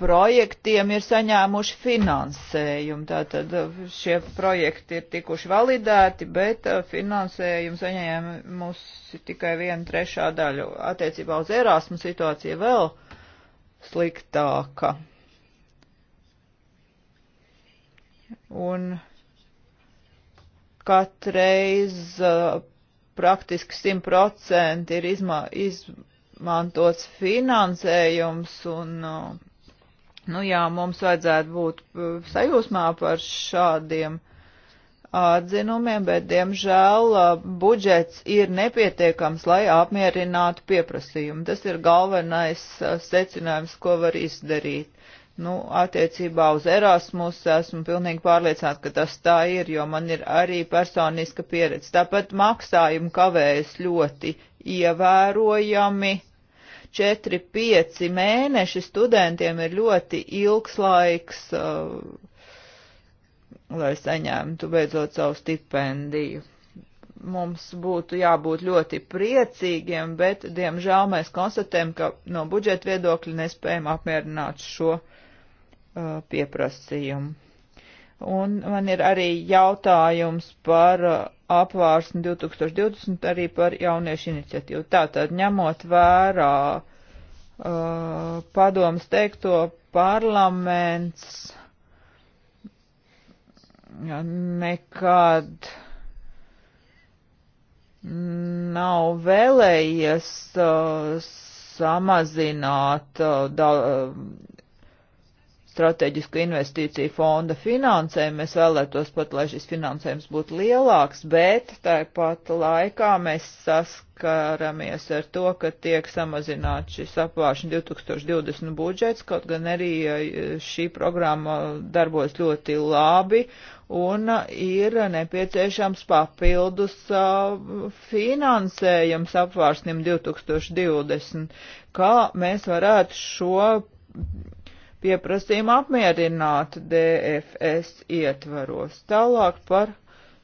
projektiem ir saņēmuši finansējumu. Tātad šie projekti ir tikuši validēti, bet finansējumu saņēmusi tikai viena trešā daļa. Attiecībā uz Erasmu situācija vēl sliktāka. un katreiz uh, praktiski 100% ir izma izmantots finansējums un, uh, nu jā, mums vajadzētu būt uh, sajūsmā par šādiem atzinumiem, bet, diemžēl, uh, budžets ir nepietiekams, lai apmierinātu pieprasījumu. Tas ir galvenais uh, secinājums, ko var izdarīt Nu, attiecībā uz Erasmus esmu pilnīgi pārliecināta, ka tas tā ir, jo man ir arī personiska pieredze. Tāpat maksājumi kavējas ļoti ievērojami. 4-5 mēneši studentiem ir ļoti ilgs laiks, uh, lai saņemtu beidzot savu stipendiju. Mums būtu jābūt ļoti priecīgiem, bet, diemžēl, mēs konstatējam, ka no budžeta viedokļa nespējam apmierināt šo uh, Uh, pieprasījumu. Un man ir arī jautājums par uh, apvārsni 2020, arī par jauniešu iniciatīvu. Tātad, ņemot vērā uh, padomas teikto, parlaments nekad nav vēlējies uh, samazināt uh, da, strateģisku investīciju fonda finansējumu. Mēs vēlētos pat, lai šis finansējums būtu lielāks, bet tāpat laikā mēs saskaramies ar to, ka tiek samazināts šis apvāršana 2020 budžets, kaut gan arī šī programma darbojas ļoti labi un ir nepieciešams papildus finansējums apvārsnim 2020. Kā mēs varētu šo pieprasījumu apmierināt DFS ietvaros. Tālāk par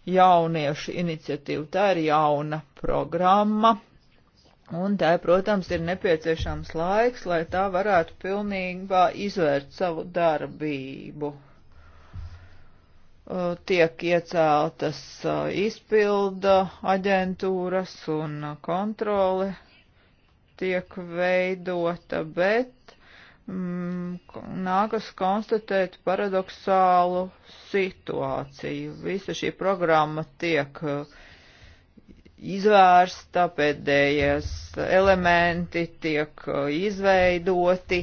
jauniešu iniciatīvu. Tā ir jauna programma, un tā, protams, ir nepieciešams laiks, lai tā varētu pilnībā izvērt savu darbību. Uh, tiek ieceltas uh, izpilda aģentūras un kontrole tiek veidota, bet Mm, nākas konstatēt paradoxālu situāciju. Visa šī programma tiek uh, izvērsta, pēdējais elementi tiek uh, izveidoti,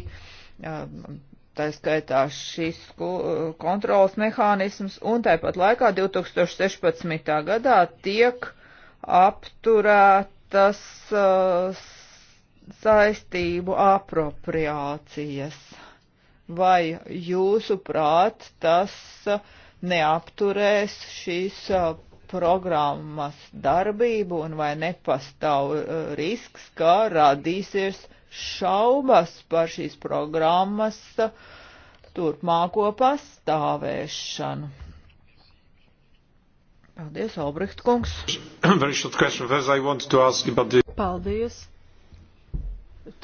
um, tā skaitā šis uh, kontrols mehānisms, un tāpat laikā 2016. gadā tiek apturētas saistību apropriācijas. Vai jūsuprāt tas uh, neapturēs šīs uh, programmas darbību un vai nepastāv uh, risks, ka radīsies šaubas par šīs programmas turpmāko pastāvēšanu? Paldies, Albrecht kungs. Paldies.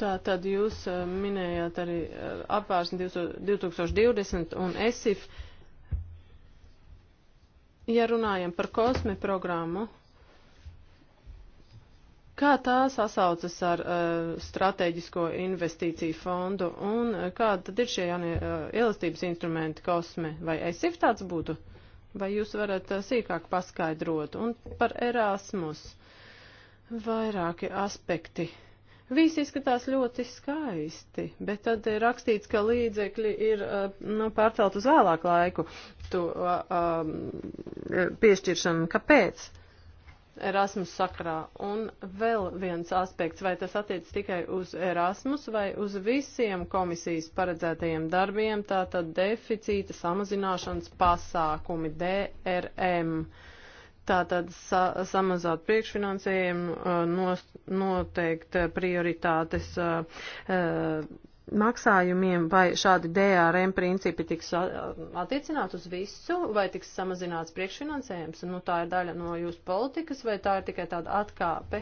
Tā tad jūs eh, minējāt arī eh, apvērsni 2020 un ESIF. Ja runājam par kosmi programmu, kā tā sasaucas ar uh, strateģisko investīciju fondu un uh, kāda tad ir šie jaunie uh, elastības instrumenti kosme? Vai ESIF tāds būtu? Vai jūs varat uh, sīkāk paskaidrot? Un par Erasmus vairāki aspekti. Uh, Viss izskatās ļoti skaisti, bet tad ir rakstīts, ka līdzekļi ir eh, nu, pārcelt uz vēlāku laiku to um, piešķiršanu. Kāpēc? Erasmus sakrā. Un vēl viens aspekts, vai tas attiec tikai uz Erasmus vai uz visiem komisijas paredzētajiem darbiem, tātad deficīta samazināšanas pasākumi DRM. Uh, Tātad sa samazināt priekšfinansējumu, uh, nos, noteikt uh, prioritātes uh, maksājumiem, vai šādi DRM principi tiks attiecināt uz visu, vai tiks samazināts priekšfinansējums. Nu, tā ir daļa no jūsu politikas, vai tā ir tikai tāda atkāpe?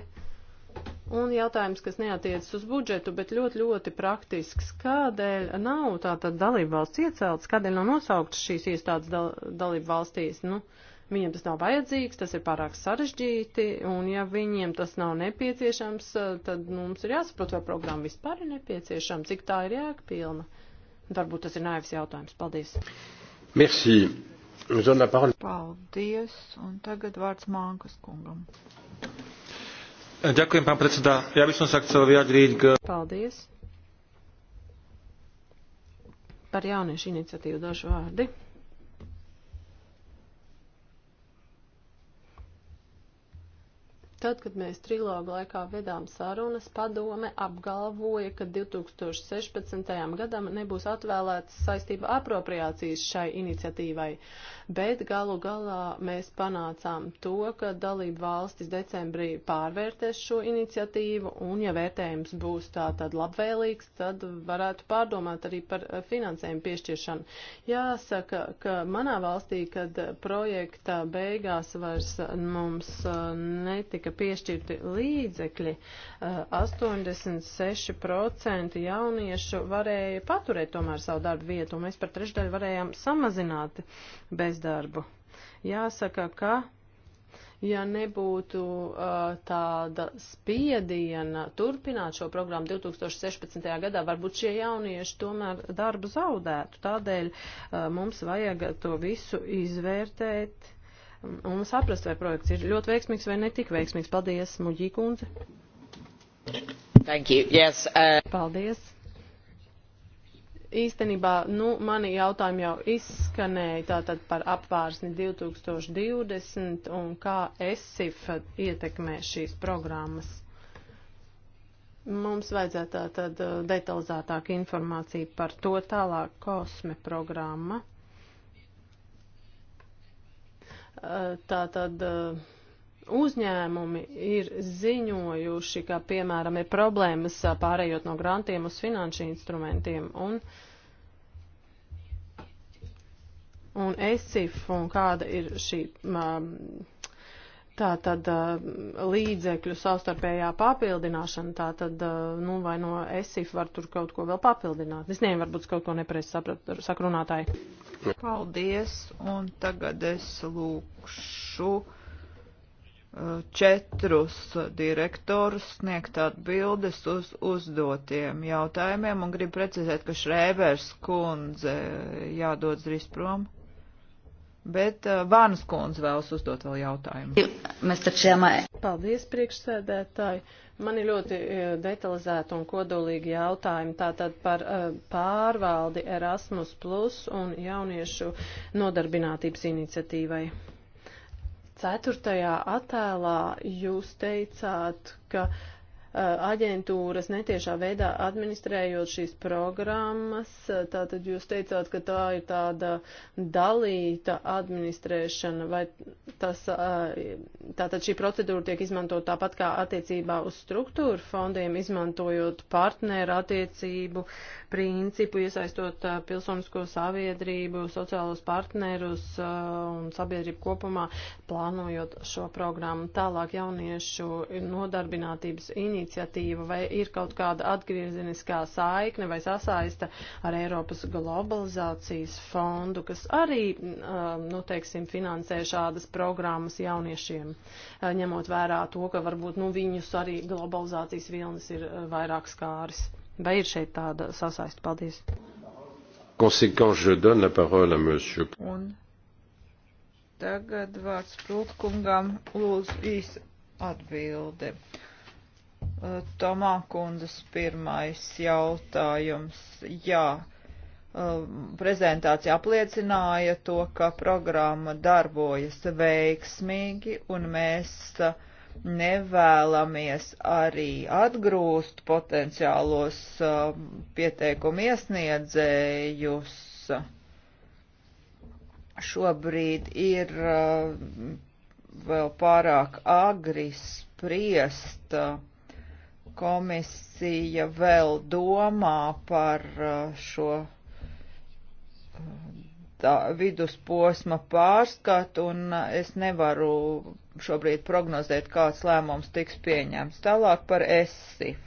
Un jautājums, kas neatiecas uz budžetu, bet ļoti, ļoti praktisks. Kādēļ nav tātad dalība valsts iecelts, kādēļ nav nosauktas šīs iestādes dal dalība valstīs? Nu, uh, Viņiem tas nav vajadzīgs, tas ir pārāk sarežģīti, un ja viņiem tas nav nepieciešams, eh, tad mums ir jāsaprot, vai programma vispār ir nepieciešama, cik tā ir jēgpilna. Varbūt tas ir naivs jautājums. Paldies. Merci. Paldies, un tagad vārds Mankas kungam. Ďakujem, pán predseda. Ja by som sa chcel vyjadriť k... Paldies. Par jauniešu iniciatīvu dažu vārdi. Tad, kad mēs trilogu laikā vedām sarunas, padome apgalvoja, ka 2016. gadam nebūs atvēlētas saistība apropriācijas šai iniciatīvai, bet galu galā mēs panācām to, ka dalību valstis decembrī pārvērtēs šo iniciatīvu, un ja vērtējums būs tā tad labvēlīgs, tad varētu pārdomāt arī par eh, finansējumu piešķiršanu. Jāsaka, ka manā valstī, kad projekta beigās vairs eh, mums eh, netika tika piešķirti līdzekļi, 86% eh, jauniešu varēja paturēt tomēr savu darbu vietu, un mēs par trešdaļu varējām samazināt bezdarbu. Jāsaka, ka ja nebūtu uh, tāda spiediena turpināt šo programmu 2016. gadā, varbūt šie jaunieši tomēr darbu zaudētu. Tādēļ uh, mums vajag to visu izvērtēt un saprast, vai projekts ir ļoti veiksmīgs vai netik veiksmīgs. Paldies, Muģī kundze. Thank you. Yes, uh... Paldies. Īstenībā, nu, mani jautājumi jau izskanēja tātad par apvārsni 2020 un kā ESIF ietekmē šīs programmas. Mums vajadzētu tātad uh, detalizētāk informāciju par to tālāk kosme programma tā tad uh, uzņēmumi ir ziņojuši, ka, piemēram, ir problēmas uh, pārējot no grantiem uz finanšu instrumentiem. Un, un ESIF un kāda ir šī. Um, Tā tad eh, līdzekļu savstarpējā papildināšana, tā tad, eh, nu, vai no ESIF var tur kaut ko vēl papildināt. Es nezinu, varbūt kaut ko nepareizi sapratu, saka runātāji. Paldies, un tagad es lūkšu eh, četrus direktorus sniegt atbildes uz uzdotiem jautājumiem, un gribu precizēt, ka Šrēvers kundze jādodas drīz prom. Bet uh, Vānas kundze vēlas uzdot vēl jautājumu. Mēs taču jāmāja. Paldies, priekšsēdētāji. Man ir ļoti uh, detalizēti un kodolīgi jautājumi tātad par uh, pārvaldi Erasmus Plus un jauniešu nodarbinātības iniciatīvai. Ceturtajā attēlā jūs teicāt, ka uh, aģentūras netiešā veidā administrējot šīs programmas. Tātad jūs teicāt, ka tā ir tāda dalīta administrēšana, vai tas, tātad šī procedūra tiek izmantot tāpat kā attiecībā uz struktūru fondiem, izmantojot partneru attiecību principu, iesaistot pilsonisko saviedrību, sociālos partnerus un sabiedrību kopumā, plānojot šo programmu tālāk jauniešu nodarbinātības iniciatīvu iniciatīva, vai ir kaut kāda atgriezeniskā saikne vai sasaista ar Eiropas globalizācijas fondu, kas arī, um, nu, teiksim, finansē šādas programmas jauniešiem, uh, ņemot vērā to, ka varbūt, nu, viņus arī globalizācijas vilnis ir uh, vairāk skāris. Vai ir šeit tāda sasaista? Paldies. Conséquent, je donne la parole à monsieur. Un tagad vārds Prūtkungam lūdzu īsa atbilde. Eh, Tomā kundzes pirmais jautājums. Jā, eh, prezentācija apliecināja to, ka programma darbojas veiksmīgi un mēs eh, nevēlamies arī atgrūst potenciālos pieteikumu iesniedzējus. Šobrīd ir vēl pārāk agri spriest, uh, komisija vēl domā par uh, šo uh, tā, vidusposma pārskatu, un uh, es nevaru šobrīd prognozēt, kāds lēmums tiks pieņemts. Tālāk par ESIF.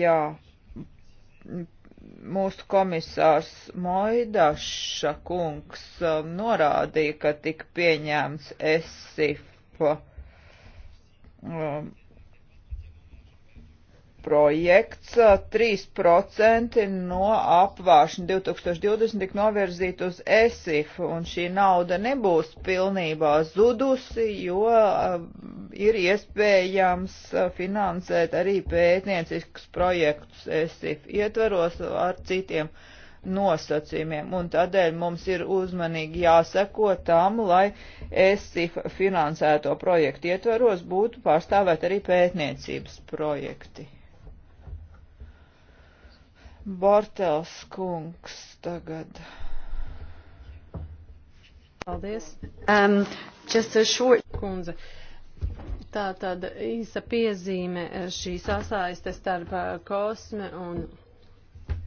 Jā, mūsu komisārs Moidaša kungs um, norādīja, ka tika pieņemts ESIF. Um, projekts 3% no apvāršana 2020 tik novirzīt uz ESIF, un šī nauda nebūs pilnībā zudusi, jo ir iespējams finansēt arī pētnieciskus projektus ESIF ietveros ar citiem nosacījumiem, un tādēļ mums ir uzmanīgi jāseko tam, lai ESIF finansēto projektu ietveros būtu pārstāvēt arī pētniecības projekti. Bortels kungs tagad. Paldies. Um, just a short... Kundze. Tā tad īsa piezīme eh, šī sasaiste starp eh, kosme un.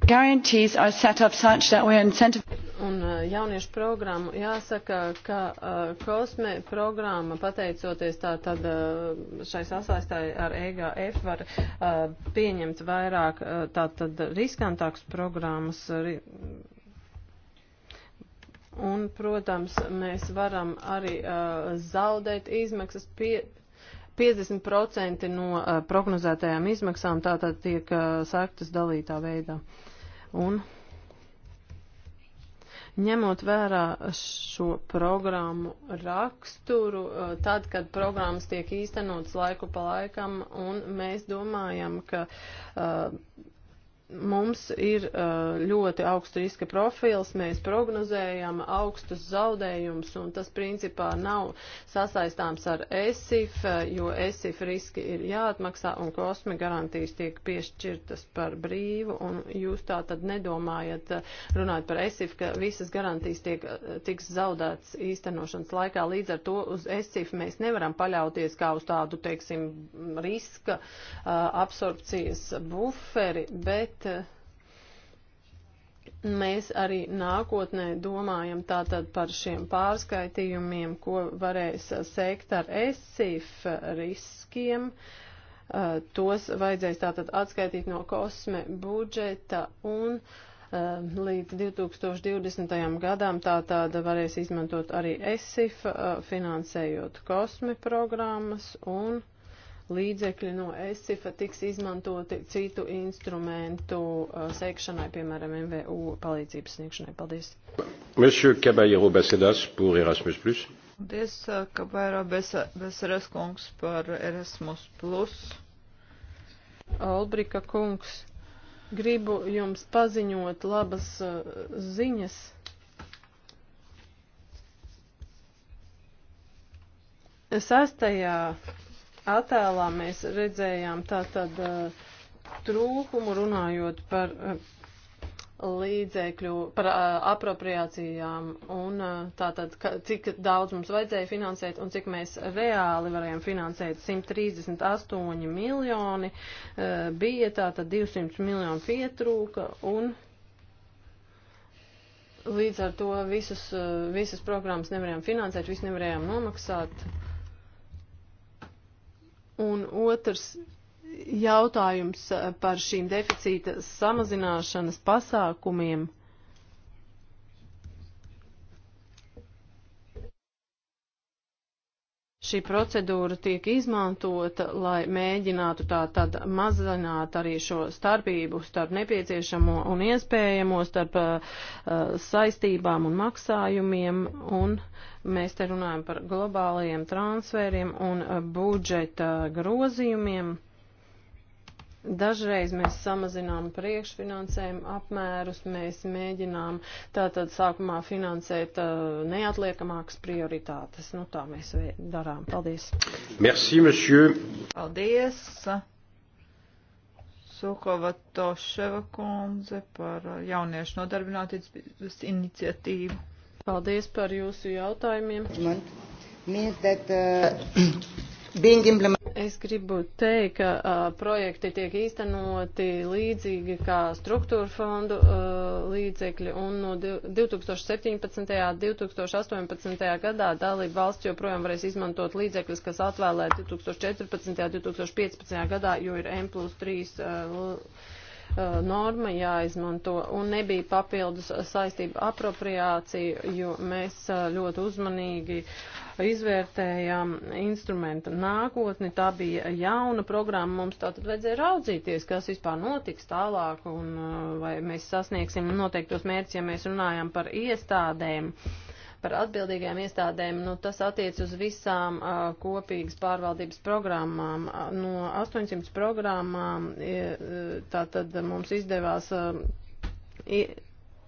Guarantees are set up such that we are incentive un uh, jauniešu programmu. Jāsaka, ka uh, kosme programma, pateicoties tā tad uh, šai sasaistāji ar EGF, var uh, pieņemt vairāk uh, tā tad riskantāks programmas. Uh, un, protams, mēs varam arī uh, zaudēt izmaksas pie, 50% no uh, prognozētajām izmaksām, tātad tiek uh, sektas dalītā veidā. Un Ņemot vērā šo programmu raksturu, eh, tad, kad programmas tiek īstenotas laiku pa laikam, un mēs domājam, ka uh, mums ir uh, ļoti augsts riska profils, mēs prognozējam augstus zaudējumus, un tas principā nav sasaistāms ar ESIF, uh, jo ESIF riski ir jāatmaksā, un kosmi garantijas tiek piešķirtas par brīvu, un jūs tā tad nedomājat, uh, runājot par ESIF, ka visas garantijas tiek, tiks zaudētas īstenošanas laikā, līdz ar to uz ESIF mēs nevaram paļauties kā uz tādu, teiksim, riska absorpcijas buferi, bet bet eh, mēs arī nākotnē domājam tātad par šiem pārskaitījumiem, ko varēs eh, sekt ar ESIF riskiem. Eh, tos vajadzēs tātad atskaitīt no kosme budžeta un līdz 2020. gadam tā tāda varēs izmantot arī ESIF, finansējot kosme programmas un līdzekļi no ESIFA tiks izmantoti citu instrumentu uh, sekšanai, piemēram, MVU palīdzības sniegšanai. Paldies. Monsieur Caballero Bacedas pour Erasmus. Paldies, uh, Caballero Bacedas kungs par Erasmus. Albrika kungs, gribu jums paziņot labas uh, ziņas. Sastajā attēlā mēs redzējām tātad uh, trūkumu runājot par uh, līdzēkļu, par uh, apropriācijām un tātad, ka, cik daudz mums vajadzēja finansēt un cik mēs reāli varējām finansēt. 138 miljoni bija, tātad 200 miljoni pietrūka un līdz ar to visus, visas programmas nevarējām finansēt, visu nevarējām nomaksāt. Un otrs jautājums eh, par šīm deficīta samazināšanas pasākumiem. šī procedūra tiek izmantota, lai mēģinātu tā tad mazināt arī šo starpību starp nepieciešamo un iespējamo, starp uh, uh saistībām un maksājumiem. Un mēs te runājam par globālajiem transferiem un uh, budžeta grozījumiem. Uh, Dažreiz mēs samazinām priekšfinansējumu apmērus, mēs mēģinām tātad sākumā finansēt uh, neatliekamākas prioritātes. Nu, tā mēs darām. Paldies. Merci, monsieur. Paldies. Sukova Toševa kundze par jauniešu nodarbinātības iniciatīvu. Paldies par jūsu jautājumiem. Man, means that, uh, being implemented. Es gribu teikt, ka uh, projekti tiek īstenoti līdzīgi kā struktūra fondu uh, līdzekļi, un no 2017. 2018. gadā dalība valsts joprojām varēs izmantot līdzekļus, kas atvēlē 2014. 2015. gadā, jo ir M plus 3. Uh, norma jāizmanto un nebija papildus saistība apropriācija, jo mēs ļoti uzmanīgi uh, izvērtējām instrumenta nākotni. Tā bija jauna programma, mums tātad vajadzēja raudzīties, kas vispār notiks tālāk un uh, vai mēs sasniegsim noteiktos mērķus, ja mēs runājam par iestādēm. Par atbildīgajām iestādēm, nu, tas attiec uz visām uh, kopīgas pārvaldības programmām. Uh, no 800 programmām uh, tātad mums izdevās uh,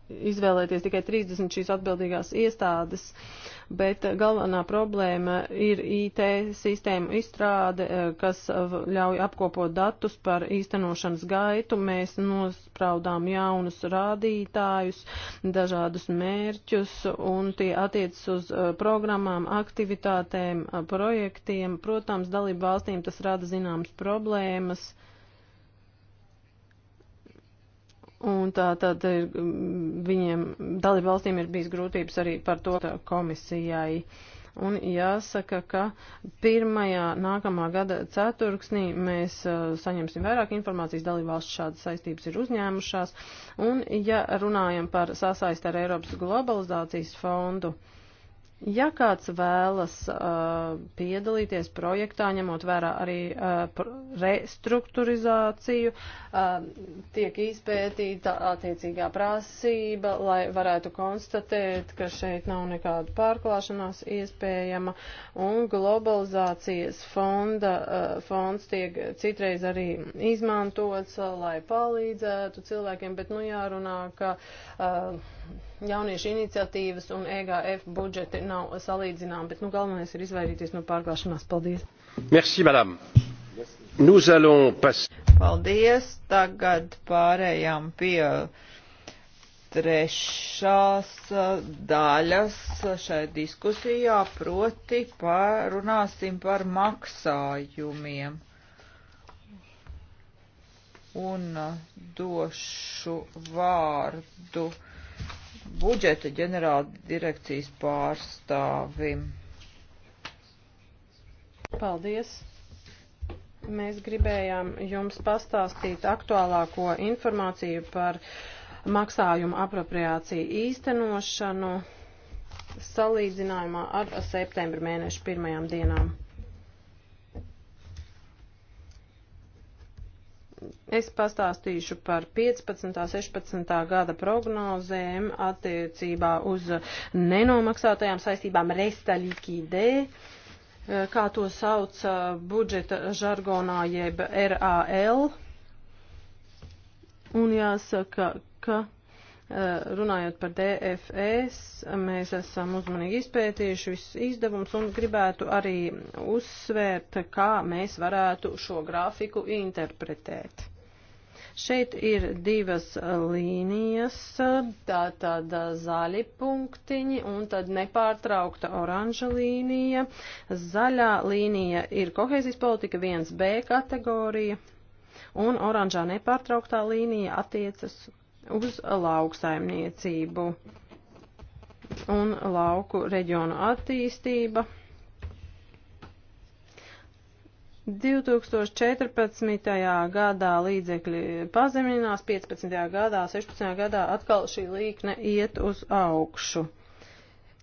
izvēlēties tikai 30 šīs atbildīgās iestādes. Uh, bet eh, galvenā problēma ir IT sistēma izstrāde, eh, kas eh, ļauj apkopot datus par īstenošanas gaitu. Mēs nospraudām jaunus rādītājus, dažādus mērķus, un tie attiecas uz programmām, aktivitātēm, projektiem. Protams, dalību valstīm tas rada zināmas problēmas. Un tā tad ir, mm, viņiem, dalībvalstīm ir bijis grūtības arī par to komisijai. Un jāsaka, ka pirmajā nākamā gada ceturksnī mēs uh, saņemsim vairāk informācijas, dalībvalsts šādas saistības ir uzņēmušās. Un ja runājam par sasaist ar Eiropas globalizācijas fondu, uh, Ja kāds vēlas uh, piedalīties projektā, ņemot vērā arī uh, restruktūrizāciju, uh, tiek izpētīta attiecīgā prasība, lai varētu konstatēt, ka šeit nav nekāda pārklāšanās iespējama, un globalizācijas fonda, uh, fonds tiek citreiz arī izmantots, uh, lai palīdzētu cilvēkiem, bet nu jārunā, ka. Uh, jauniešu iniciatīvas un EGF budžeti nav salīdzināmi, bet nu, galvenais ir izvairīties no pārklāšanās. Paldies! Merci, madame! Nous allons passer. Paldies! Tagad pārējām pie trešās daļas šai diskusijā, proti parunāsim par maksājumiem un došu vārdu budžeta ģenerāla direkcijas pārstāvim. Paldies! Mēs gribējām jums pastāstīt aktuālāko informāciju par maksājumu apropriāciju īstenošanu salīdzinājumā ar septembra mēneša pirmajām dienām. Es pastāstīšu par 15. 16. gada prognozēm attiecībā uz nenomaksātajām saistībām resta likidē, eh, kā to sauc eh, budžeta žargonā jeb RAL. Un jāsaka, ka Eh, runājot par DFS, mēs esam uzmanīgi izpētījuši visus izdevumus un gribētu arī uzsvērt, kā mēs varētu šo grafiku interpretēt. Šeit ir divas līnijas, tā tad zaļi punktiņi un tad nepārtraukta oranža līnija. Zaļā līnija ir kohēzijas politika 1B kategorija un oranžā nepārtrauktā līnija attiecas uz lauksaimniecību un lauku reģionu attīstība. 2014. gadā līdzekļi pazeminās, 15. gadā, 16. gadā atkal šī līkne iet uz augšu.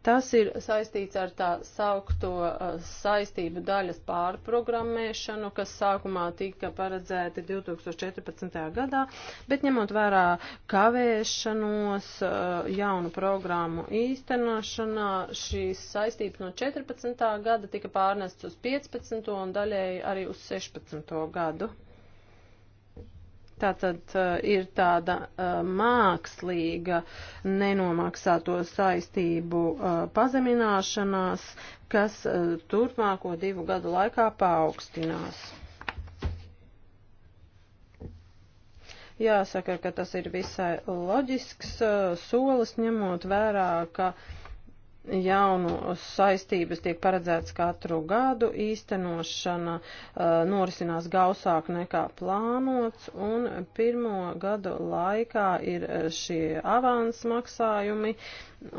Tas ir saistīts ar tā saukto eh, saistību daļas pārprogrammēšanu, kas sākumā tika paredzēti 2014. gadā, bet ņemot vērā kavēšanos eh, jaunu programmu īstenošanā, šīs saistības no 14. gada tika pārnestas uz 15. un daļēji arī uz 16. gadu. Tātad eh, ir tāda eh, mākslīga nenomaksāto saistību eh, pazemināšanās, kas turpmāko divu gadu laikā paaugstinās. Jāsaka, ka tas ir visai loģisks solis, ņemot vērā, ka uh, jaunu saistības tiek paredzēts katru gadu, īstenošana uh, norisinās gausāk nekā plānots, un pirmo gadu laikā ir uh, šie avans maksājumi,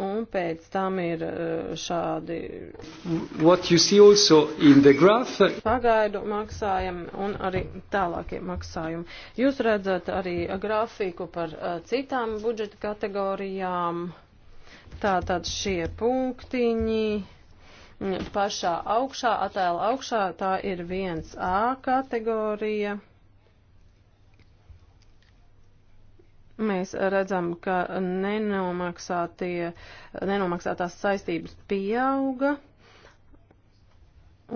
un pēc tam ir uh, šādi graph... pagaidu maksājumi un arī tālākie maksājumi. Jūs redzat arī grafiku par uh, citām budžeta kategorijām. Tātad šie punktiņi mm, pašā augšā, attēla augšā, tā ir 1A kategorija. Mēs redzam, ka nenomaksātās saistības pieauga.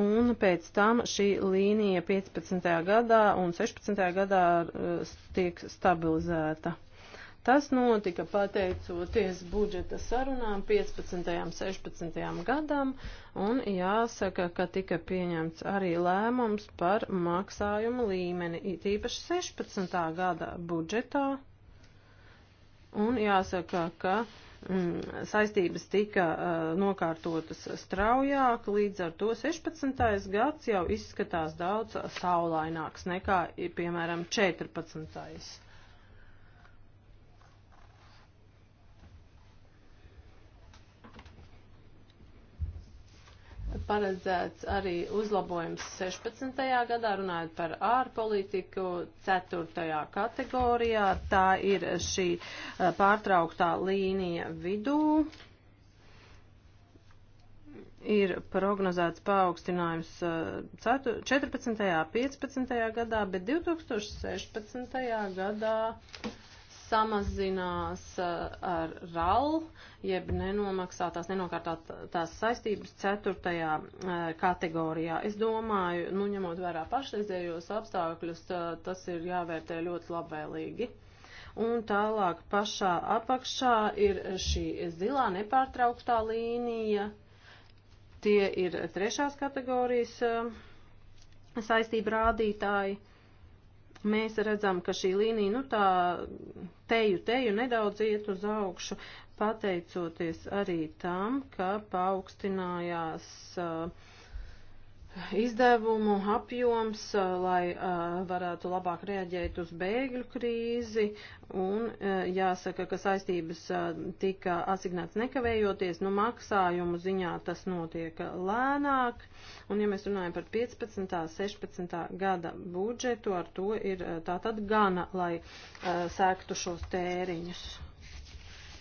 Un pēc tam šī līnija 15. gadā un 16. gadā eh, tiek stabilizēta. Tas notika pateicoties budžeta sarunām 15. un 16. gadam, un jāsaka, ka tika pieņemts arī lēmums par maksājumu līmeni, it īpaši 16. gada budžetā. Un jāsaka, ka mm, saistības tika uh, nokārtotas straujāk, līdz ar to 16. gads jau izskatās daudz saulaināks nekā, piemēram, 14. paredzēts arī uzlabojums 16. gadā, runājot par ārpolitiku, 4. kategorijā. Tā ir šī eh, pārtrauktā līnija vidū. Ir prognozēts paaugstinājums 14. Eh, 15. gadā, bet 2016. gadā samazinās eh, ar RAL, jeb nenomaksātās, nenokārtātās saistības ceturtajā eh, kategorijā. Es domāju, nu ņemot vērā pašreizējos apstākļus, eh, tas ir jāvērtē ļoti labvēlīgi. Un tālāk pašā apakšā ir šī zilā nepārtrauktā līnija. Tie ir trešās kategorijas saistību rādītāji mēs redzam, ka šī līnija, nu tā teju, teju nedaudz iet uz augšu, pateicoties arī tam, ka paaugstinājās uh, izdevumu apjoms, lai varētu labāk reaģēt uz bēgļu krīzi. Un jāsaka, ka saistības tika asignēts nekavējoties, nu maksājumu ziņā tas notiek lēnāk. Un ja mēs runājam par 15. 16. gada budžetu, ar to ir tātad gana, lai sēktu šos tēriņus.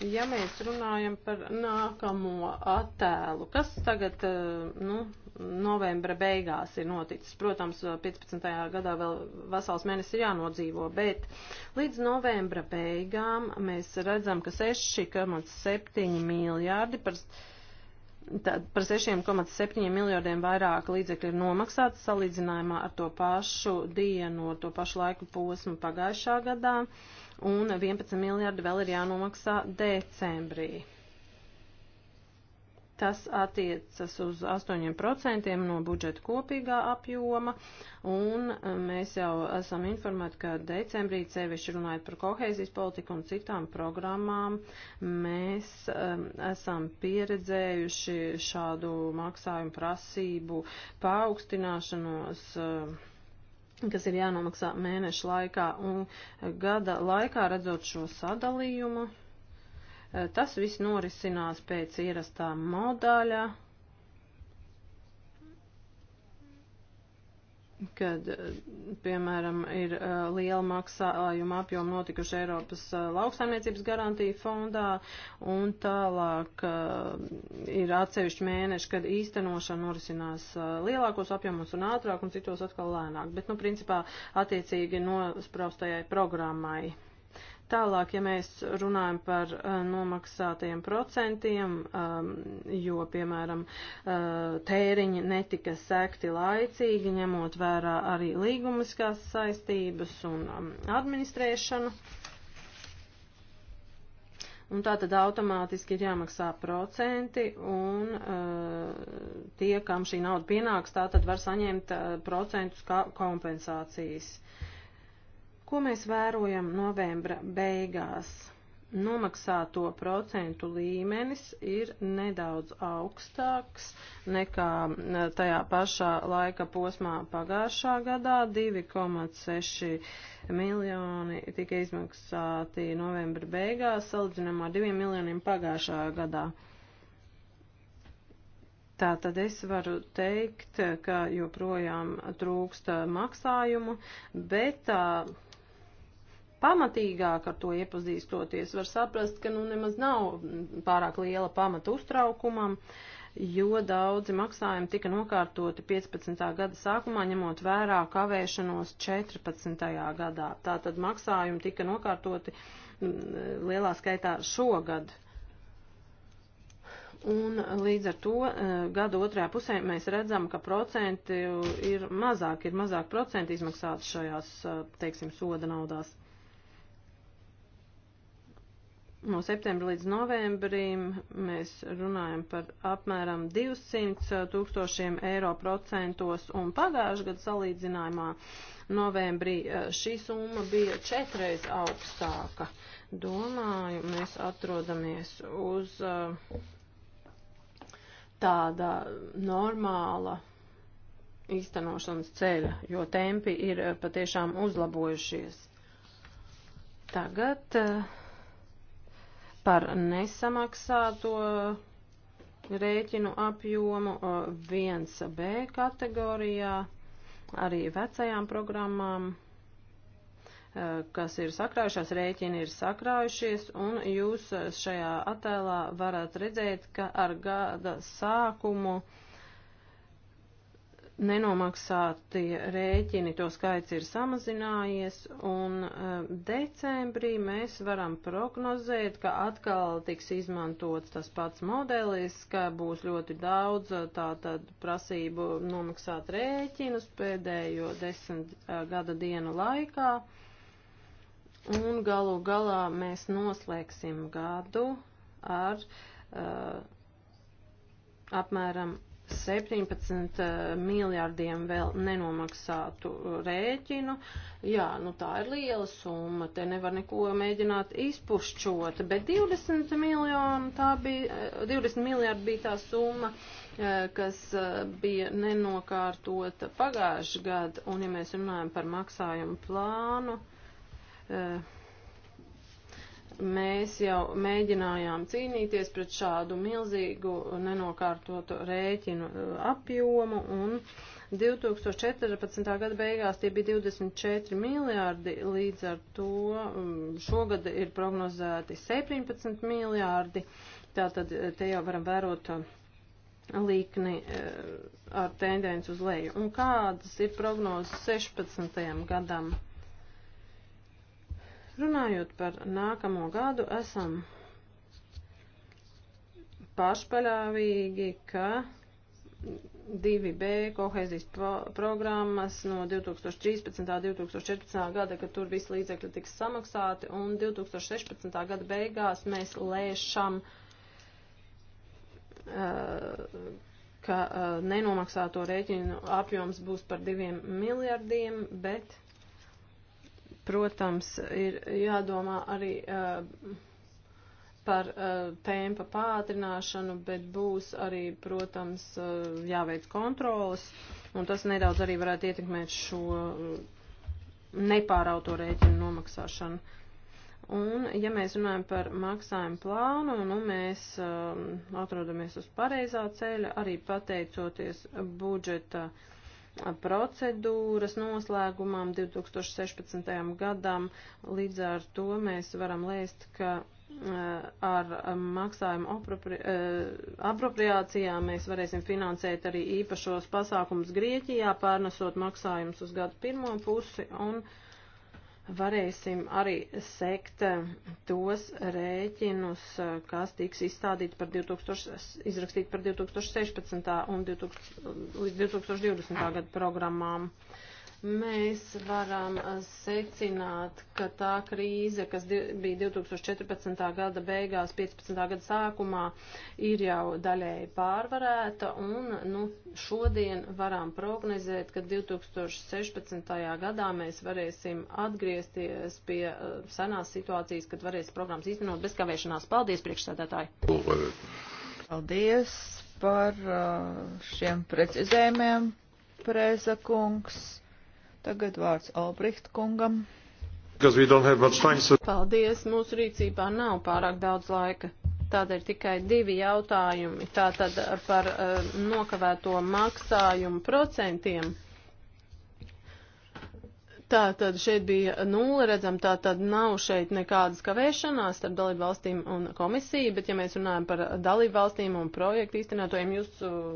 Ja mēs runājam par nākamo attēlu, kas tagad, eh, nu, novembra beigās ir noticis. Protams, 15. Eh, gadā vēl vesels mēnesis ir jānodzīvo, bet līdz novembra beigām mēs redzam, ka 6,7 miljārdi par Tad par 6,7 miljardiem vairāk līdzekļu ir nomaksāts salīdzinājumā ar to pašu dienu, to pašu laiku posmu pagājušā gadā, un 11 miljardi vēl ir jānomaksā decembrī. Tas attiecas uz 8% no budžeta kopīgā apjoma, un e, mēs jau esam informēti, ka decembrī sevišķi runājot par kohēzijas politiku un citām programmām, mēs um, esam pieredzējuši šādu maksājumu prasību paaugstināšanos. Um, kas ir jānomaksā mēneša laikā un gada laikā, redzot šo sadalījumu, Eh, tas viss norisinās pēc ierastā modaļa, kad, eh, piemēram, ir eh, liela maksājuma apjoma notikuši Eiropas lauksaimniecības garantija fondā, un tālāk ir atsevišķi mēneši, kad īstenošana norisinās lielākos apjomos un ātrāk, un citos atkal lēnāk, bet, nu, principā, attiecīgi nospraustajai programmai. Tālāk, ja mēs runājam par uh, nomaksātiem procentiem, um, jo, piemēram, uh, tēriņi netika sekti laicīgi, ņemot vērā arī līgumiskās saistības un um, administrēšanu. Un tā tad automātiski ir jāmaksā procenti, un uh, tie, kam šī nauda pienāks, tā tad var saņemt uh, procentus kā kompensācijas. Uh, Ko mēs vērojam novembra beigās? Nomaksāto procentu līmenis ir nedaudz augstāks nekā eh, tajā pašā laika posmā pagājušā gadā. 2,6 miljoni tika izmaksāti novembra beigās, salīdzinām ar 2 miljoniem pagājušā gadā. Tā tad es varu teikt, ka joprojām trūksta maksājumu, bet tā pamatīgāk ar to iepazīstoties, var saprast, ka nu nemaz nav pārāk liela pamata uztraukumam, jo daudzi maksājumi tika nokārtoti 15. gada sākumā, ņemot vērā kavēšanos 14. gadā. Tātad maksājumi tika nokārtoti mm, lielā skaitā šogad. Un līdz ar to eh, gada otrajā pusē mēs redzam, ka procenti ir mazāk, ir mazāk procenti izmaksāts šajās, eh, teiksim, soda naudās. No septembra līdz novembrim mēs runājam par apmēram 200 eh, tūkstošiem eiro procentos un pagājušajā gadu salīdzinājumā novembrī eh, šī summa bija četreiz augstāka. Domāju, mēs atrodamies uz eh, tāda normāla īstenošanas ceļa, jo tempi ir patiešām uzlabojušies. Tagad uh, par nesamaksāto rēķinu apjomu 1B kategorijā, arī vecajām programmām kas ir sakrājušās, rēķini ir sakrājušies, un jūs šajā attēlā varat redzēt, ka ar gada sākumu uh, nenomaksātie rēķini, to skaits ir samazinājies, un eh, decembrī mēs varam prognozēt, ka atkal tiks izmantots tas pats modelis, ka būs ļoti daudz eh, tātad prasību nomaksāt rēķinus pēdējo desmit eh, gada dienu laikā, un galu galā mēs noslēgsim gadu ar uh, apmēram 17 eh, miljārdiem vēl nenomaksātu eh, rēķinu. Jā, nu tā ir liela summa, te nevar neko mēģināt izpušķot, bet 20 miljoni tā bija, 20 eh, miljārdi bija tā summa, kas bija nenokārtota pagājuši gadu, un ja mēs runājam par maksājumu plānu, uh, mēs jau mēģinājām cīnīties pret šādu milzīgu nenokārtotu rēķinu uh, apjomu un 2014. gada beigās tie bija 24 miljārdi, līdz ar to um, šogad ir prognozēti 17 miljārdi, tātad uh, te jau varam vērot uh, līkni ar tendenci uz leju. Un kādas ir prognozes 16. gadam? Runājot par nākamo gadu, esam pašpaļāvīgi, ka 2B kohēzijas pro programmas no 2013. un 2014. gada, ka tur visi līdzekļi tiks samaksāti, un 2016. gada beigās mēs lēšam, ka nenomaksāto rēķinu apjoms būs par diviem miljardiem, bet Protams, ir jādomā arī uh, par uh, tempa pātrināšanu, bet būs arī, protams, uh, jāveic kontrolas, un tas nedaudz arī varētu ietekmēt šo nepārauto rēķinu nomaksāšanu. Un, ja mēs runājam par maksājumu plānu, nu, mēs um, atrodamies uz pareizā ceļa, arī pateicoties budžeta uh, procedūras noslēgumam 2016. gadam. Līdz ar to mēs varam lēst, ka eh, ar um, maksājumu apropri, eh, apropriācijām mēs varēsim finansēt arī īpašos pasākumus Grieķijā, pārnesot maksājumus uz gadu pirmo pusi un uh, varēsim arī sekt eh, tos rēķinus, eh, kas tiks izstādīti par 2000, izrakstīti par 2016. un 2000, līdz 2020. gadu programmām. Uh, mēs varam uh, secināt, ka tā krīze, kas bija 2014. gada beigās, 15. gada sākumā, ir jau daļēji pārvarēta, un nu, šodien varam prognozēt, ka 2016. gadā mēs varēsim atgriezties pie uh, senās situācijas, kad varēs programmas īstenot bez kavēšanās. Paldies, priekšsēdētāji! Paldies par uh, šiem precizējumiem, Preza kungs. Tagad vārds Albrecht kungam. Paldies, mūsu rīcībā nav pārāk daudz laika. Tādēļ tikai divi jautājumi. Tātad par uh, nokavēto maksājumu procentiem. Tātad šeit bija nulle, redzam, tātad nav šeit nekādas kavēšanās starp dalību valstīm un komisiju, bet ja mēs runājam par dalību valstīm un projektu īstenētojiem, jūs uh,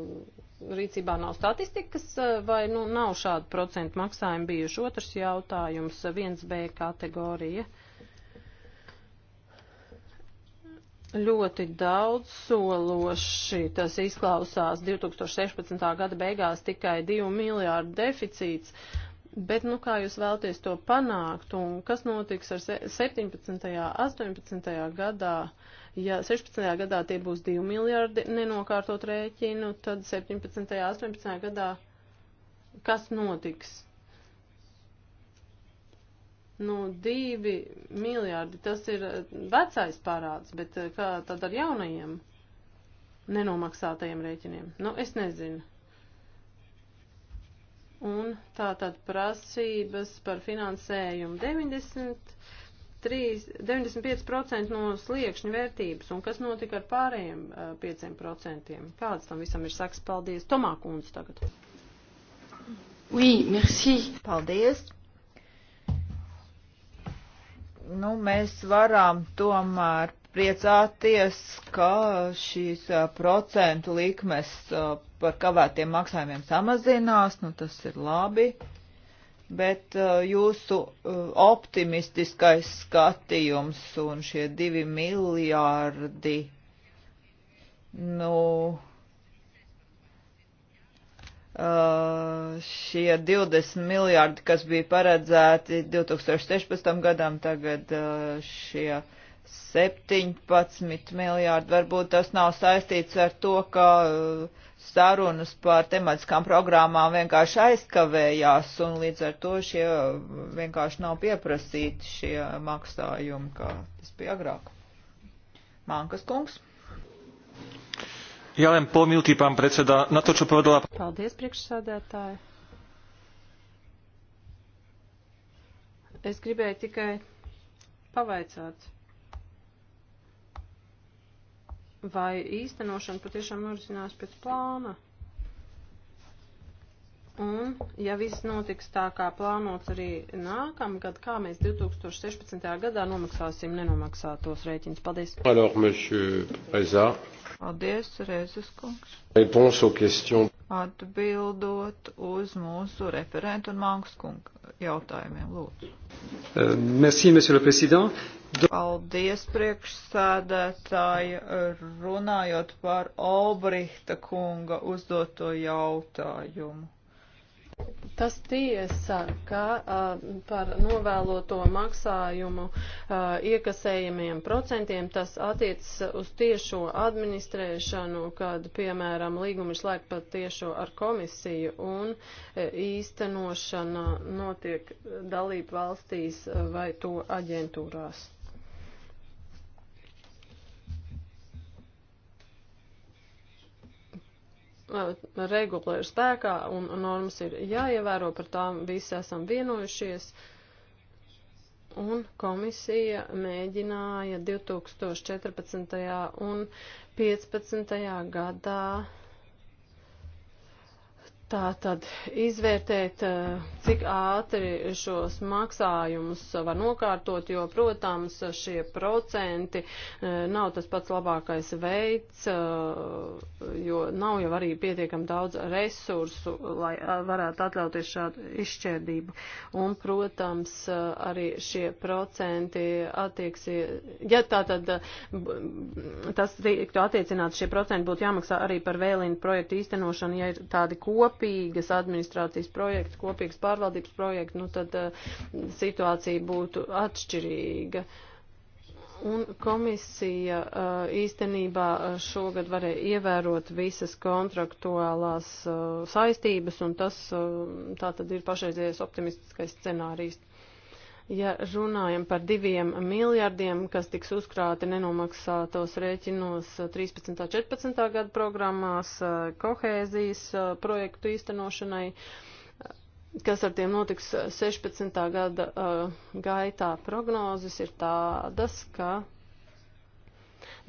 rīcībā nav statistikas, eh, vai nu, nav šādu procentu maksājumu bijuši? Otrs jautājums eh, - 1B kategorija. Ļoti daudz sološi tas izklausās 2016. gada beigās tikai 2 miljārdu deficīts, bet nu kā jūs vēlties to panākt un kas notiks ar 17. 18. gadā? Uh, Ja 16. gadā tie būs 2 miljardi nenokārtot rēķinu, tad 17. un 18. gadā kas notiks? Nu, divi miljardi, tas ir eh, vecais parāds, bet eh, kā tad ar jaunajiem nenomaksātajiem rēķiniem? Nu, es nezinu un tātad prasības par finansējumu 90 3, 95% no sliekšņa vērtības, un kas notika ar pārējiem uh, 5%? Kāds tam visam ir saks? Paldies. Tomā kundze tagad. Oui, merci. Paldies. Nu, mēs varam tomēr priecāties, ka šīs procentu likmes par kavētiem maksājumiem samazinās, nu tas ir labi. Uh, bet uh, jūsu uh, optimistiskais skatījums un šie divi miljārdi, nu, uh, šie 20 miljārdi, kas bija paredzēti 2016. gadam, tagad šie 17 miljārdi, varbūt tas nav saistīts ar to, ka uh, sarunas par tematiskām programmām vienkārši aizkavējās, un līdz ar to šie vienkārši nav pieprasīti šie maksājumi, kā tas bija agrāk. Mankas kungs. Jā, len pol minūtī, pán predsedā, na to, čo povedala. Paldies, priekšsādētāji. Es gribēju tikai pavaicāt vai īstenošana patiešām norisinās pēc plāna. Un, ja viss notiks tā, kā plānots arī nākamgad, kā mēs 2016. gadā nomaksāsim nenomaksātos rēķinus? Paldies. Alors, monsieur Reza. Paldies, Rezes kungs. Réponse aux questions. Atbildot uz mūsu referentu un mākslas kungu jautājumiem, lūdzu. Uh, merci, monsieur le président. Paldies, priekšsēdētāji, runājot par Olbrihta kunga uzdoto jautājumu. Tas tiesa, ka uh, par novēloto maksājumu uh, iekasējamiem procentiem tas attiecas uz tiešo administrēšanu, kad, piemēram, līgumi slēgt pat tiešo ar komisiju un uh, īstenošana notiek dalību valstīs vai to aģentūrās. Eh, regula ir spēkā un normas ir jāievēro, par tām visi esam vienojušies. Un komisija mēģināja 2014. un 2015. gadā Tā tad izvērtēt, eh, cik ātri šos maksājumus var nokārtot, jo, protams, šie procenti eh, nav tas pats labākais veids, eh, jo nav jau arī pietiekam daudz resursu, lai varētu atļauties šādu izšķērdību. Un, protams, arī šie procenti attieksi, ja tā tad tas tiktu attiecināts, šie procenti būtu jāmaksā arī par vēlīnu projektu īstenošanu, ja ir tādi kopi kopīgas administrācijas projekts, kopīgas pārvaldības projekts, nu tad uh, situācija būtu atšķirīga. Un komisija uh, īstenībā eh, šogad varēja ievērot visas kontraktuālās uh, saistības, un tas uh, tā tad ir pašreizējais optimistiskais scenārijs. Ja runājam par diviem miljardiem, kas tiks uzkrāti nenomaksātos rēķinos 13. un 14. gada programmās, eh, kohēzijas eh, projektu īstenošanai, kas ar tiem notiks 16. gada eh, gaitā prognozes ir tādas, ka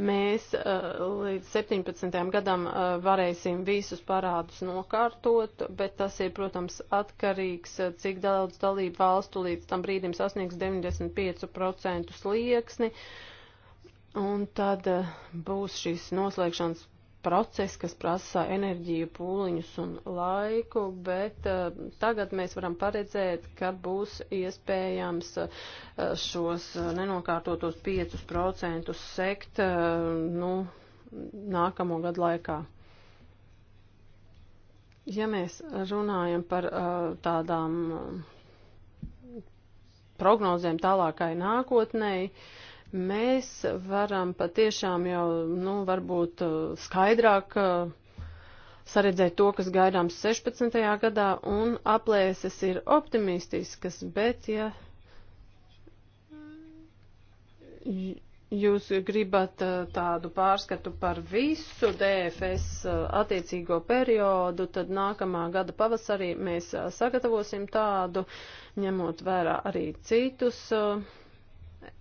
Mēs uh, līdz 17. gadam uh, varēsim visus parādus nokārtot, bet tas ir, protams, atkarīgs, uh, cik daudz dalību valstu līdz tam brīdim sasniegs 95% slieksni. Un tad būs šis noslēgšanas process, kas prasa enerģiju, pūliņus un laiku, bet uh, tagad mēs varam paredzēt, ka būs iespējams uh, šos uh, nenokārtotos 5% sekt uh, nu, nākamo gadu laikā. Ja mēs runājam par uh, tādām uh, prognozēm tālākai nākotnēji, uh, mēs varam patiešām jau, nu, varbūt uh, skaidrāk uh, saredzēt to, kas gaidāms 16. gadā, un aplēses ir optimistiskas, bet, ja jūs gribat uh, tādu pārskatu par visu DFS attiecīgo periodu, tad nākamā gada pavasarī mēs sagatavosim tādu, ņemot vērā arī citus uh,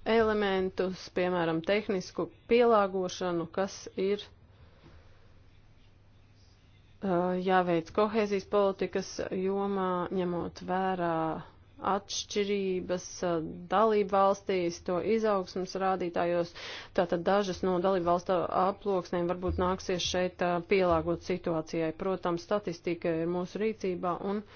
elementus, piemēram, tehnisku pielāgošanu, kas ir uh, jāveic kohēzijas politikas jomā, ņemot vērā atšķirības uh, dalību valstīs, to izaugsmas rādītājos. Tātad dažas no dalību valstu aploksnēm varbūt nāksies šeit uh, pielāgot situācijai. Protams, statistika ir mūsu rīcībā un. Uh,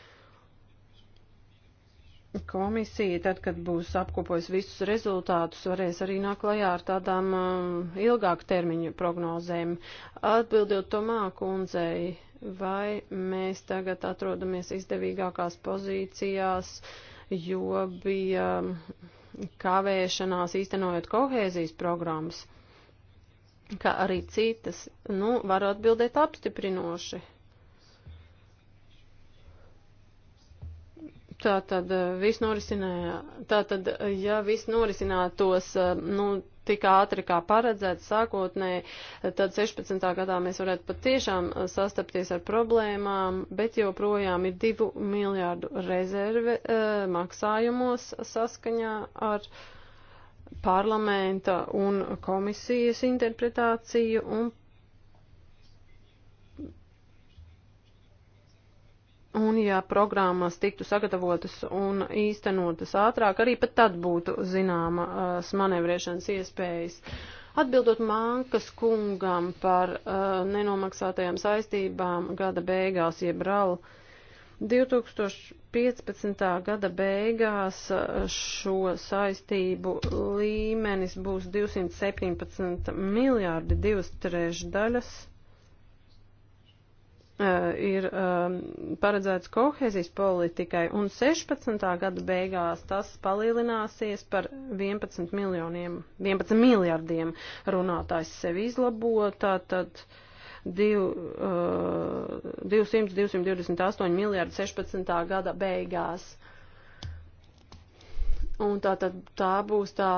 komisija, tad, kad būs apkopojis visus rezultātus, varēs arī nāk klajā ar tādām uh, ilgāk termiņu prognozēm. Atbildot Tomā kundzei, vai mēs tagad atrodamies izdevīgākās pozīcijās, jo bija um, kavēšanās īstenojot kohēzijas programmas, kā arī citas, nu, var atbildēt apstiprinoši. Tā tad eh, viss norisinājā, tā tad, eh, ja viss norisinātos, eh, nu, tik ātri kā paredzēts sākotnēji, tad 16. gadā mēs varētu patiešām sastapties ar problēmām, bet joprojām ir 2 miljārdu rezerve maksājumos saskaņā ar parlamenta un komisijas interpretāciju un Un ja programmas tiktu sagatavotas un īstenotas ātrāk, arī pat tad būtu zināmas uh, manevriešanas iespējas. Atbildot Mankas kungam par uh, nenomaksātajām saistībām gada beigās, jeb RAL, 2015. gada beigās uh, šo saistību līmenis būs 217 miljārdi, divas trešdaļas Eh, ir ehm, paredzēts kohēzijas politikai, un 16. gada beigās tas palielināsies par 11 miljoniem, 11 miljardiem runātājs sevi izlabo, tātad 200-228 eh, miljardi 16. gada beigās. Uh, Un tā, tad, tā būs tā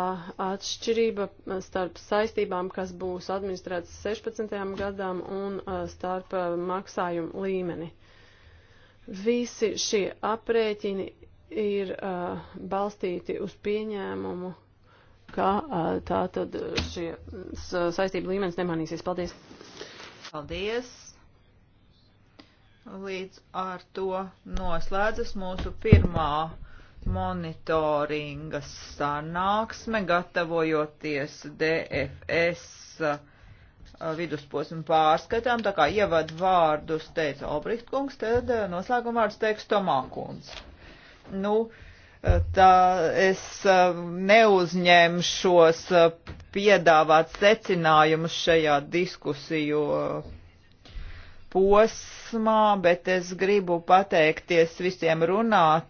atšķirība starp saistībām, kas būs administrētas 16. gadam un starp maksājumu līmeni. Visi šie aprēķini ir uh, balstīti uz pieņēmumu, ka uh, tā tad šie saistību līmenis nemanīsies. Paldies! Paldies! Līdz ar to noslēdzas mūsu pirmā monitoringa sanāksme, gatavojoties DFS vidusposmu pārskatām, tā kā ievad vārdus teica Obricht kungs, tad noslēguma vārdus teiks Tomā kungs. Nu, tā es neuzņemšos piedāvāt secinājumus šajā diskusiju posmā, bet es gribu pateikties visiem runāt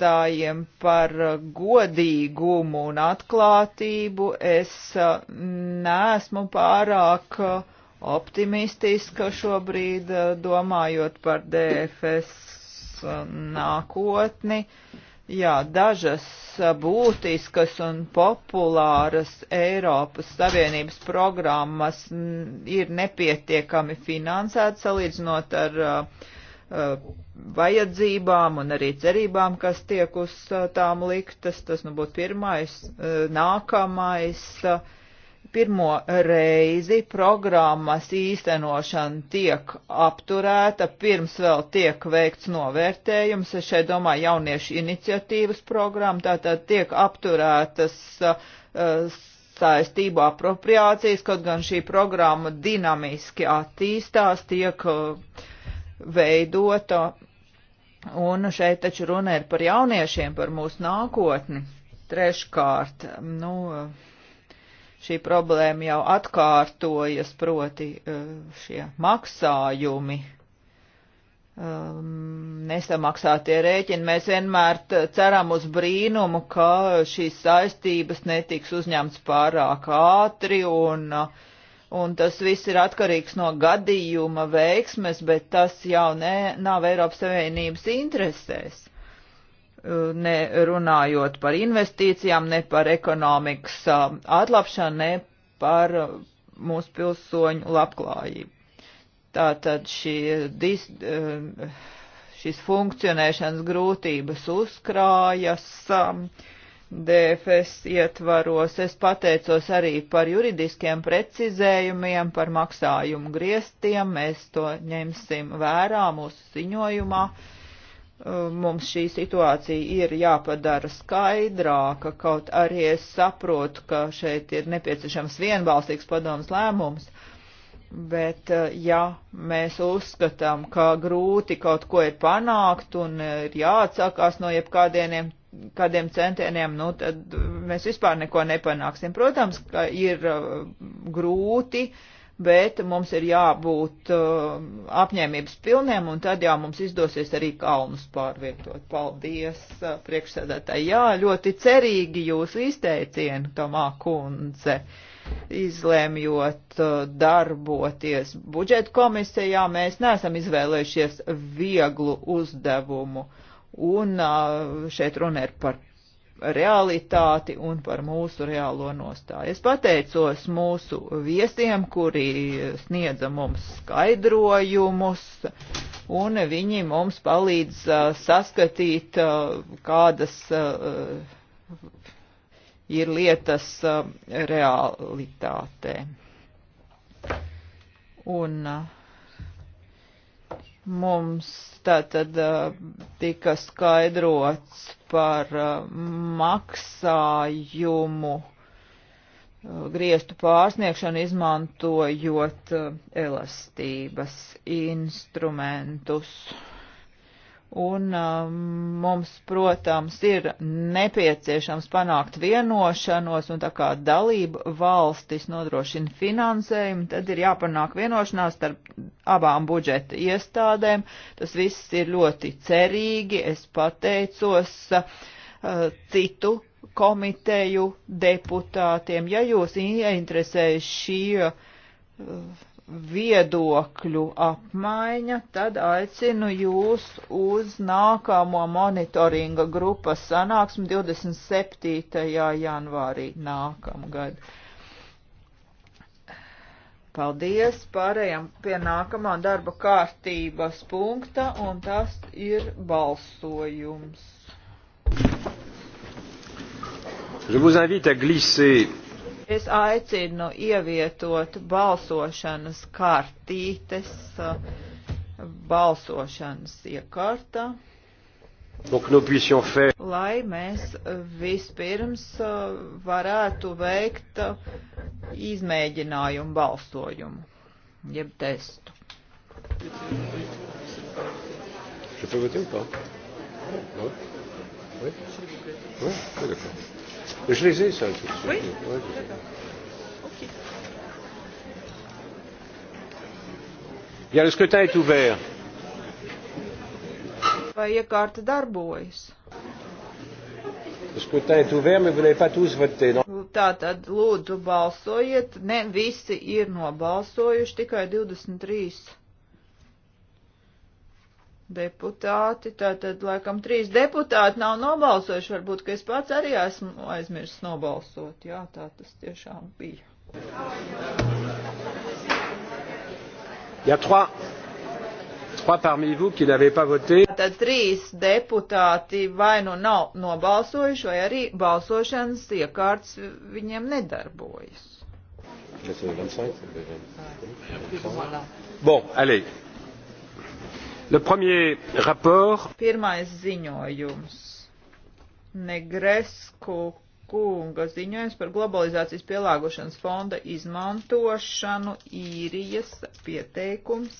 runātājiem par uh, godīgumu un atklātību. Es uh, neesmu pārāk uh, optimistiska šobrīd domājot par DFS nākotni. Jā, dažas būtiskas un populāras Eiropas Savienības programmas ir nepietiekami finansētas salīdzinot ar uh, Eh, vajadzībām un arī cerībām, kas tiek uz eh, tām liktas. Tas nu būtu pirmais, eh, nākamais. Pirmo reizi programmas īstenošana tiek apturēta, pirms vēl tiek veikts novērtējums. Es šeit domāju jauniešu iniciatīvas programmu, tātad tiek apturētas uh, saistību apropriācijas, kaut gan šī programma dinamiski attīstās, tiek uh, veidota. Un šeit taču runa ir par jauniešiem, par mūsu nākotni. Treškārt, nu, šī problēma jau atkārtojas, proti e, šie maksājumi, nesamaksātie rēķini. Mēs vienmēr ceram uz brīnumu, ka šīs saistības netiks uzņemts pārāk ātri un uh, un tas viss ir atkarīgs no gadījuma veiksmes, bet tas jau ne, nav Eiropas Savienības interesēs. Uh, ne runājot par investīcijām, ne par ekonomikas uh, atlapšanu, ne par uh, mūsu pilsoņu labklājību. Tātad šī dis, šīs funkcionēšanas grūtības uzkrājas. Um, DFS ietvaros. Es pateicos arī par juridiskiem precizējumiem, par maksājumu griestiem. Mēs to ņemsim vērā mūsu ziņojumā. Uh, mums šī situācija ir jāpadara skaidrāka, kaut arī es saprotu, ka šeit ir nepieciešams vienbalstīgs padomas lēmums. Bet, uh, ja mēs uzskatām, ka grūti kaut ko ir panākt un ir jāatsakās no jebkādieniem kādiem centieniem, nu, tad mēs vispār neko nepanāksim. Protams, ka ir uh, grūti, bet mums ir jābūt uh, apņēmības pilniem, un tad jau mums izdosies arī kalnus pārvietot. Paldies, uh, priekšsēdētāji. Jā, ļoti cerīgi jūsu izteicienu, Tomā kundze izlēmjot darboties budžeta komisijā, mēs neesam izvēlējušies vieglu uzdevumu. Uh, un šeit runa ir par realitāti un par mūsu reālo nostāju. Es pateicos mūsu viesiem, kuri sniedza mums skaidrojumus, un viņi mums palīdz saskatīt, kādas ir lietas realitātē. Un uh, Mums tātad tika skaidrots par maksājumu griestu pārsniegšanu izmantojot elastības instrumentus. Un um, mums, protams, ir nepieciešams panākt vienošanos, un tā kā dalība valstis nodrošina finansējumu, tad ir jāpanāk vienošanās starp abām budžeta iestādēm. Tas viss ir ļoti cerīgi. Es pateicos uh, citu komiteju deputātiem. Ja jūs ieinteresējas šī uh, viedokļu apmaiņa, tad aicinu jūs uz nākamo monitoringa grupas sanāksmi 27. janvārī nākamgad. Paldies, pārējām pie nākamā darba kārtības punkta, un tas ir balsojums. Je vous invite à glisser Es aicinu ievietot balsošanas kartītes uh, balsošanas iekārtā. Donc, nous puissions faire. Lai mēs vispirms uh, varētu veikt uh, izmēģinājumu balsojumu, jeb testu. Je peux voter ou pas Non Oui Oui, oui d'accord. Je les ai, ça. Oui. Ouais. Okay. Bien, le scrutin est ouvert. Vai iekārta darbojas. Le scrutin est ouvert, mais vous n'avez pas tous voté. Non? Nu, Tātad lūdzu balsojiet, ne visi ir nobalsojuši, tikai 23 deputāti, tātad laikam trīs deputāti nav nobalsojuši, varbūt, ka es pats arī esmu aizmirsis nobalsot. Jā, tā tas tiešām bija. Jā, trā. Trā parmi vous qui n'avez pas voté. Tad trīs deputāti vai nu nav nobalsojuši, vai arī balsošanas iekārts viņiem nedarbojas. Bon, allez. Le premier rapport. Pirmais ziņojums. Negresku kunga ziņojums par globalizācijas pielāgošanas fonda izmantošanu īrijas pieteikums.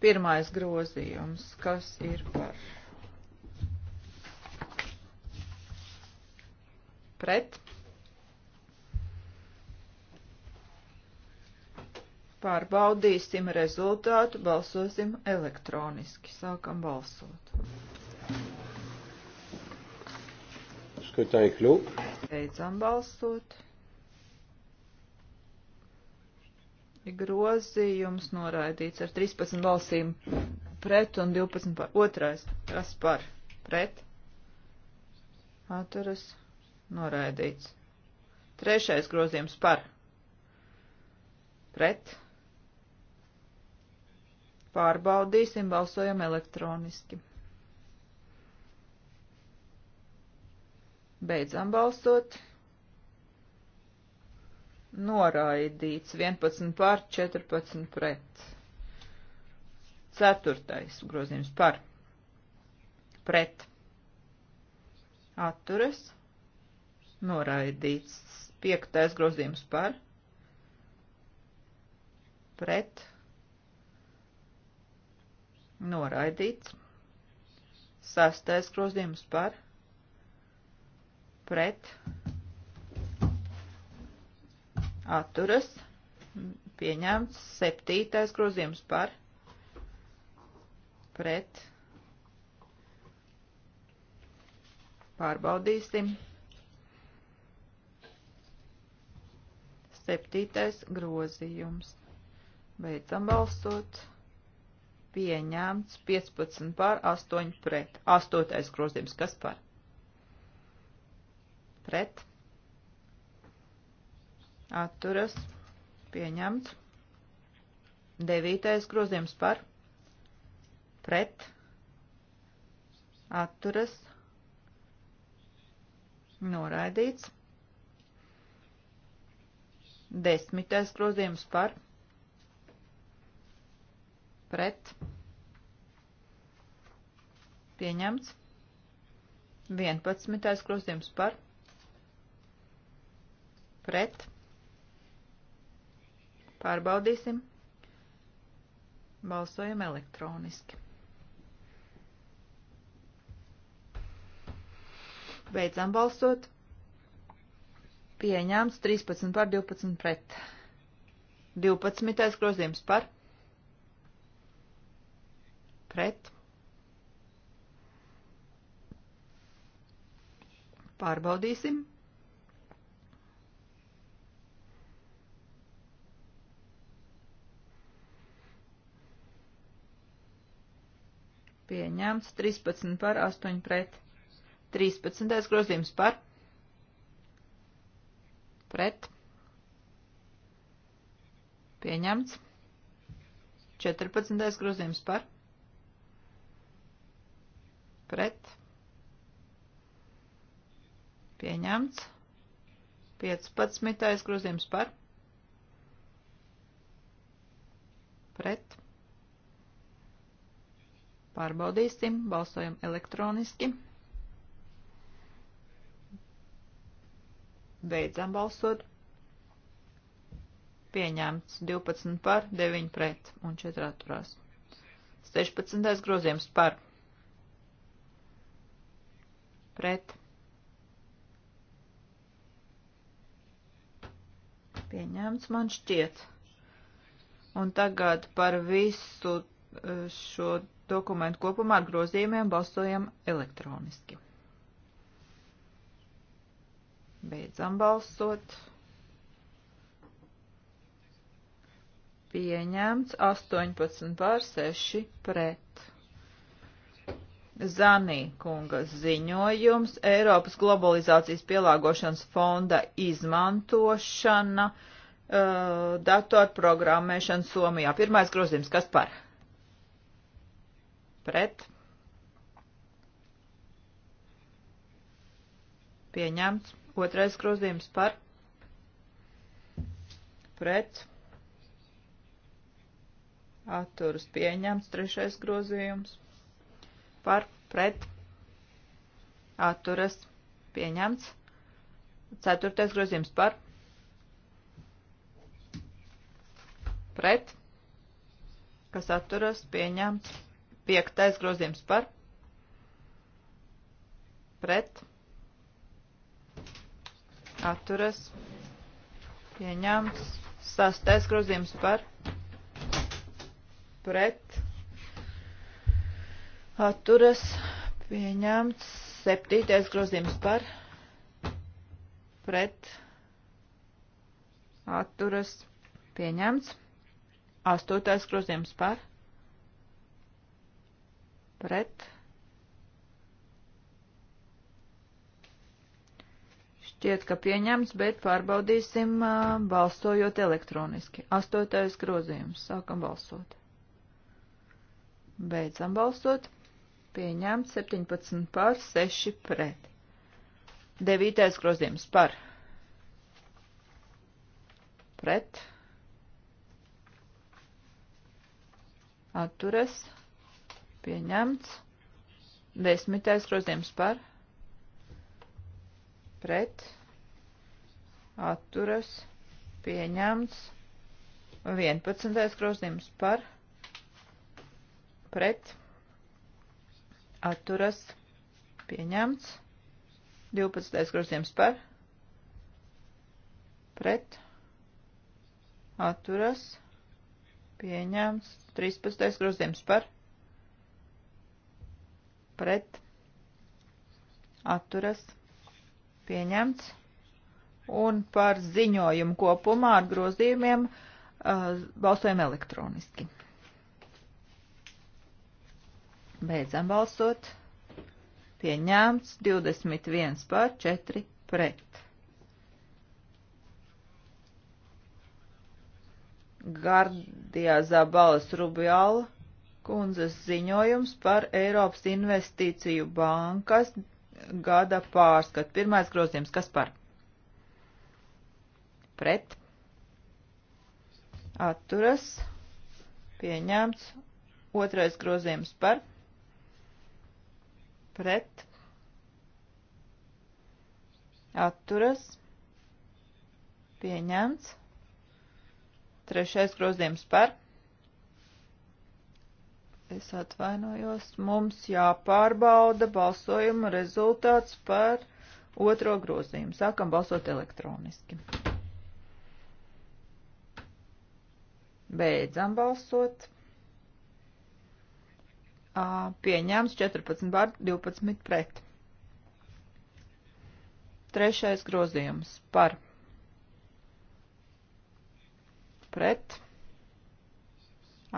Pirmais grozījums, kas ir par pret Pārbaudīsim rezultātu, balsosim elektroniski. Sākam balsot. Skatāji kļūk. Beidzam balsot. Grozījums noraidīts ar 13 balsīm pret un 12 par. Otrais. Kas par? Pret. Atturas. Noraidīts. Trešais grozījums par. Pret Pārbaudīsim, balsojam elektroniski. Beidzam balsot. Noraidīts 11 pār 14 pret. Ceturtais grozījums par pret. Atturas. Noraidīts. Piektais grozījums par. Pret noraidīts. Sastais grozījums par pret atturas pieņemts. Septītais grozījums par pret pārbaudīsim. Septītais grozījums. Beidzam balsot pieņemts 15 pār 8 pret. 8. grozījums, kas par? Pret. Atturas. Pieņemts. 9. grozījums par? Pret. Atturas. Noraidīts. Desmitais grozījums par pret pieņemts. 11. grozījums par pret pārbaudīsim. Balsojam elektroniski. Beidzam balsot. Pieņēmts 13 par 12 pret. 12. grozījums par pret. Pārbaudīsim. Pieņemts 13 par 8 pret. 13. grozījums par pret. Pieņemts 14. grozījums par pret, pieņemts, 15. grozījums par, pret, pārbaudīsim, balsojam elektroniski, beidzam balsot, pieņemts, 12 par, 9 pret un 4 atturās. 16. grozījums par, pret, pret pieņemts, man šķiet. Un tagad par visu eh, šo dokumentu kopumā ar grozījumiem balsojam elektroniski. Beidzam balsot. Pieņemts 18 pār 6 pret. Zanī kunga ziņojums Eiropas globalizācijas pielāgošanas fonda izmantošana uh, datorprogrammēšana Somijā. Pirmais grozījums, kas par? Pret? Pieņemts. Otrais grozījums par? Pret? Atturas pieņemts. Trešais grozījums par pret atturas pieņemts. Ceturtais grozījums par pret, kas atturas pieņemts. Piektais grozījums par pret atturas pieņemts. Sastais grozījums par pret atturas pieņemts septītais grozījums par pret atturas pieņemts astotais grozījums par pret šķiet, ka pieņemts, bet pārbaudīsim balsojot elektroniski astotais grozījums sākam balsot beidzam balsot pieņemts 17 pār 6 pret. 9. grozījums par pret atturas pieņemts 10. grozījums par pret atturas pieņemts 11. grozījums par pret atturas pieņemts. 12. grozījums par pret atturas pieņemts. 13. grozījums par pret atturas pieņemts. Un par ziņojumu kopumā ar grozījumiem uh, balsojam elektroniski. Beidzam balsot. Pieņēmts 21 pār 4 pret. Gardijā Zabalas Rubiala kundzes ziņojums par Eiropas investīciju bankas gada pārskat. Pirmais grozījums, kas par? Pret. Atturas. Pieņemts. Otrais grozījums par pret atturas pieņemts. Trešais grozījums par. Es atvainojos, mums jāpārbauda balsojuma rezultāts par otro grozījumu. Sākam balsot elektroniski. Beidzam balsot pieņēmts 14 pār 12 pret. Trešais grozījums par pret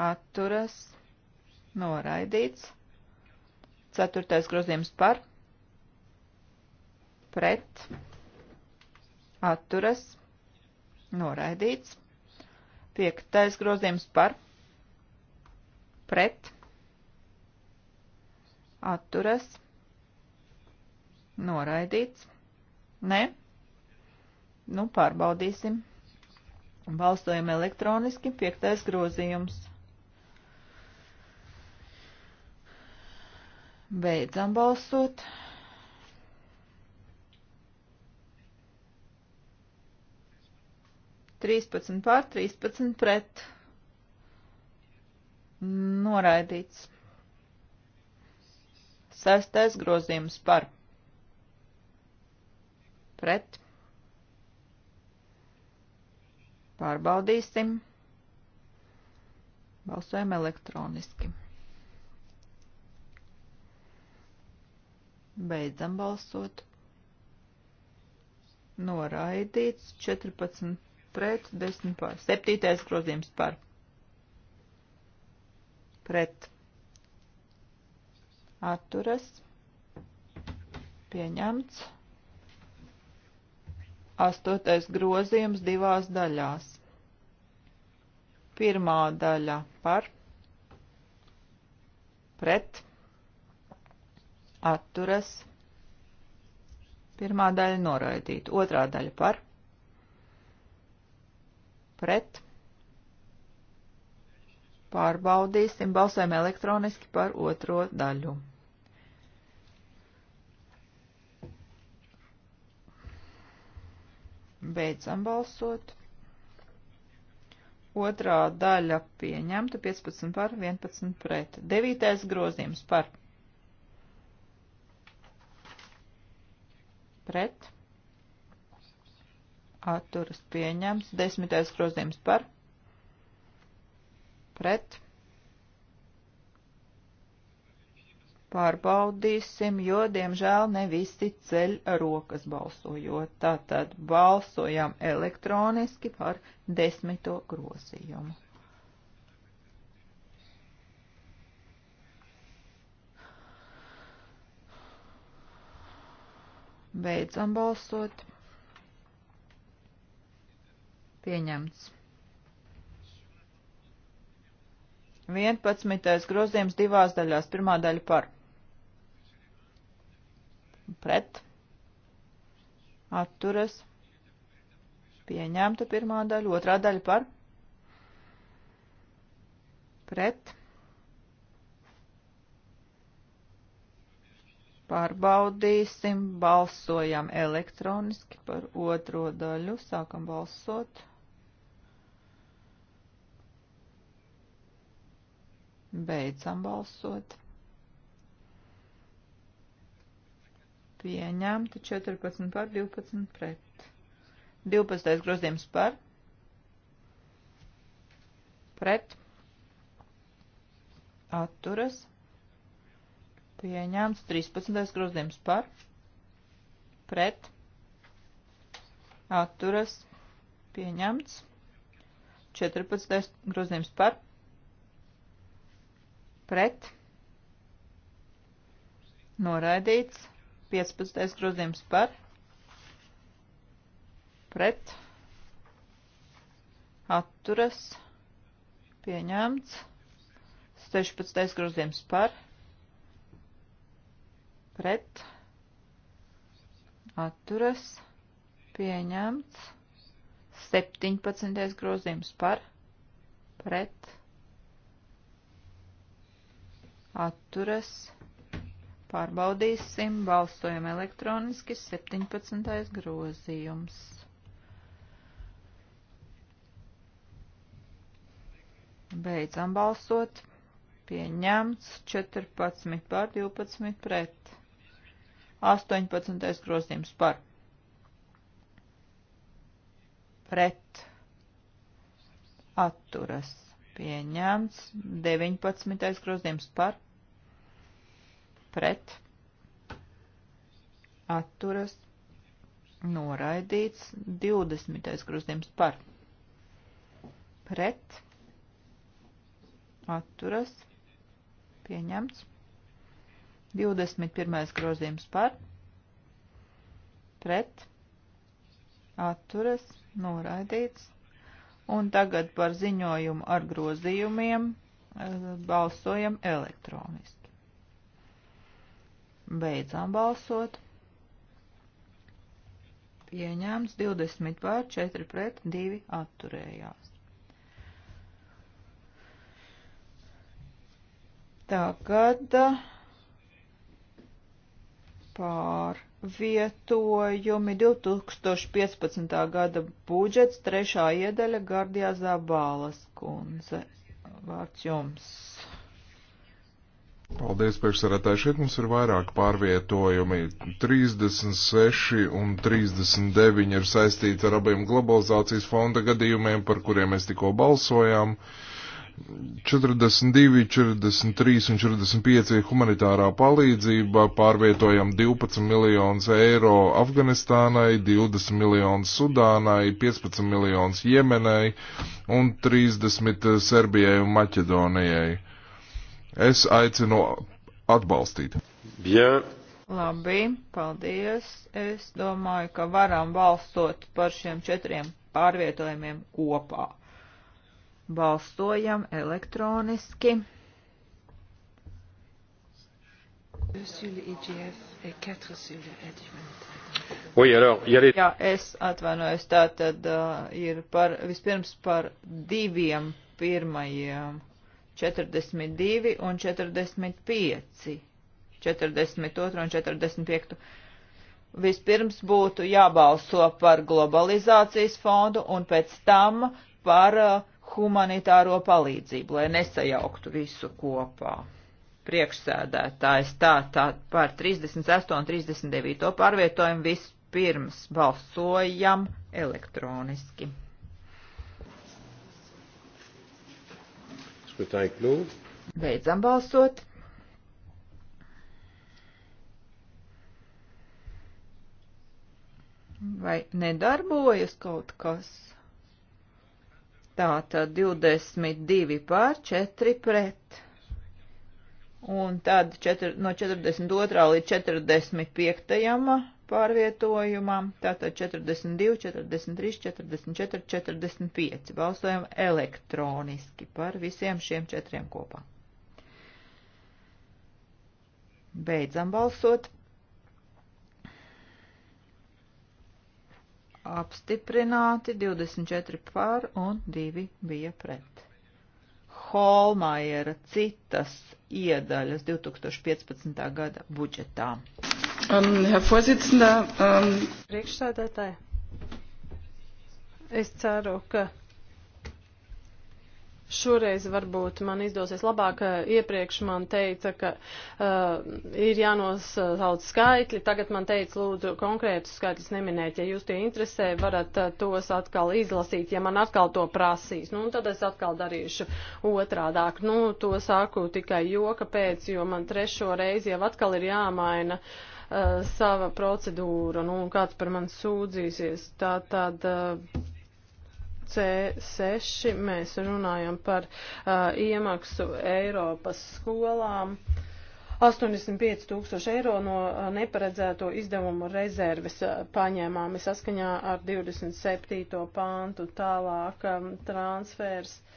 atturas noraidīts. Ceturtais grozījums par pret atturas noraidīts. Piektais grozījums par pret atturas atturas, noraidīts. Nē? Nu, pārbaudīsim. Balsojam elektroniski, piektais grozījums. Beidzam balsot. Trīspadsmit pār, trīspadsmit pret. Noraidīts. Sestais grozījums par pret. Pārbaudīsim. Balsojam elektroniski. Beidzam balsot. Noraidīts 14 pret 10 pār. Septītais grozījums par. Pret atturas, pieņemts. Astotais grozījums divās daļās. Pirmā daļa par, pret, atturas, pirmā daļa noraidīt, otrā daļa par, pret, Pārbaudīsim, balsojam elektroniski par otro daļu. Beidzam balsot. Otrā daļa pieņemta 15 par 11 pret. Devītais grozījums par pret. Atturas pieņems. Desmitais grozījums par pret pret. Pārbaudīsim, jo, diemžēl, ne visi ceļ rokas balsojot. Tātad balsojam elektroniski par desmito grozījumu. Beidzam balsot. Pieņemts. 11. grozījums divās daļās. Pirmā daļa par. Pret. Atturas. Pieņemta pirmā daļa. Otrā daļa par. Pret. Pārbaudīsim, balsojam elektroniski par otro daļu, sākam balsot. Beidzam balsot. Pieņemti 14 par 12 pret. 12. grozījums par. Pret. Atturas. Pieņemts 13. grozījums par. Pret. Atturas. Pieņemts. 14. grozījums par pret, noraidīts, 15. grozījums par, pret, atturas, pieņemts, 16. grozījums par, pret, atturas, pieņemts, 17. grozījums par, pret, atturas, atturas. Pārbaudīsim, balsojam elektroniski 17. grozījums. Beidzam balsot. Pieņemts 14 par 12 pret. 18. grozījums par. Pret. Atturas. Pieņemts 19. grozījums par pret atturas noraidīts 20. grozījums par pret atturas pieņemts 21. grozījums par pret atturas noraidīts un tagad par ziņojumu ar grozījumiem eh, balsojam elektroniski. Beidzām balsot. Pieņēmts 20 pār 4 pret 2 atturējās. Tagad uh, pārvietojumi 2015. gada budžets trešā iedaļa Gardijā Zabālas kundze. Vārds jums. Paldies, priekšsarētāji. Šeit mums ir vairāk pārvietojumi. 36 un 39 ir saistīti ar abiem globalizācijas fonda gadījumiem, par kuriem mēs tikko balsojām. 42, 43 un 45 humanitārā palīdzība pārvietojam 12 miljonus eiro Afganistānai, 20 miljonus Sudānai, 15 miljonus Jemenai un 30 Serbijai un Maķedonijai Es aicinu atbalstīt. Bien. Labi, paldies. Es domāju, ka varam balstot par šiem četriem pārvietojumiem kopā. Balstojam elektroniski. E e oui, alors, y a les... Jā, es atvainojos, tā tad uh, ir par, vispirms par diviem pirmajiem 42 un 45, 42 un 45. Vispirms būtu jābalso par globalizācijas fondu un pēc tam par uh, humanitāro palīdzību, lai nesajauktu visu kopā. Priekšsēdētājs tā, tā par 38 un 39 pārvietojumu vispirms balsojam elektroniski. Scrutin clos. Beidzam balsot. Vai nedarbojas kaut kas? Tātad 22 pār 4 pret. Un tad 4, no 42. līdz 45 pārvietojumam. Tātad 42, 43, 44, 45. Balsojam elektroniski par visiem šiem četriem kopā. Beidzam balsot. Apstiprināti 24 pār un 2 bija pret. Holmaiera citas iedaļas 2015. gada budžetā. Um, Herr Vorsitzender, um, priekšsēdētāji, es ceru, ka šoreiz varbūt man izdosies labāk. Iepriekš man teica, ka uh, ir jānosauc skaitļi, tagad man teica, lūdzu, konkrētus skaitļus neminēt. Ja jūs tie interesē, varat uh, tos atkal izlasīt, ja man atkal to prasīs. Nu, tad es atkal darīšu otrādāk. Nu, to saku tikai joka pēc, jo man trešo reizi jau atkal ir jāmaina. Uh, uh, sava procedūra, nu, kāds par mani sūdzīsies. Tā tad uh, eh, C6 mēs runājam par uh, iemaksu Eiropas skolām. 85 tūkstoši eiro no neparedzēto izdevumu rezerves paņēmāmi saskaņā ar 27. pāntu tālāk um, transfers. Uh,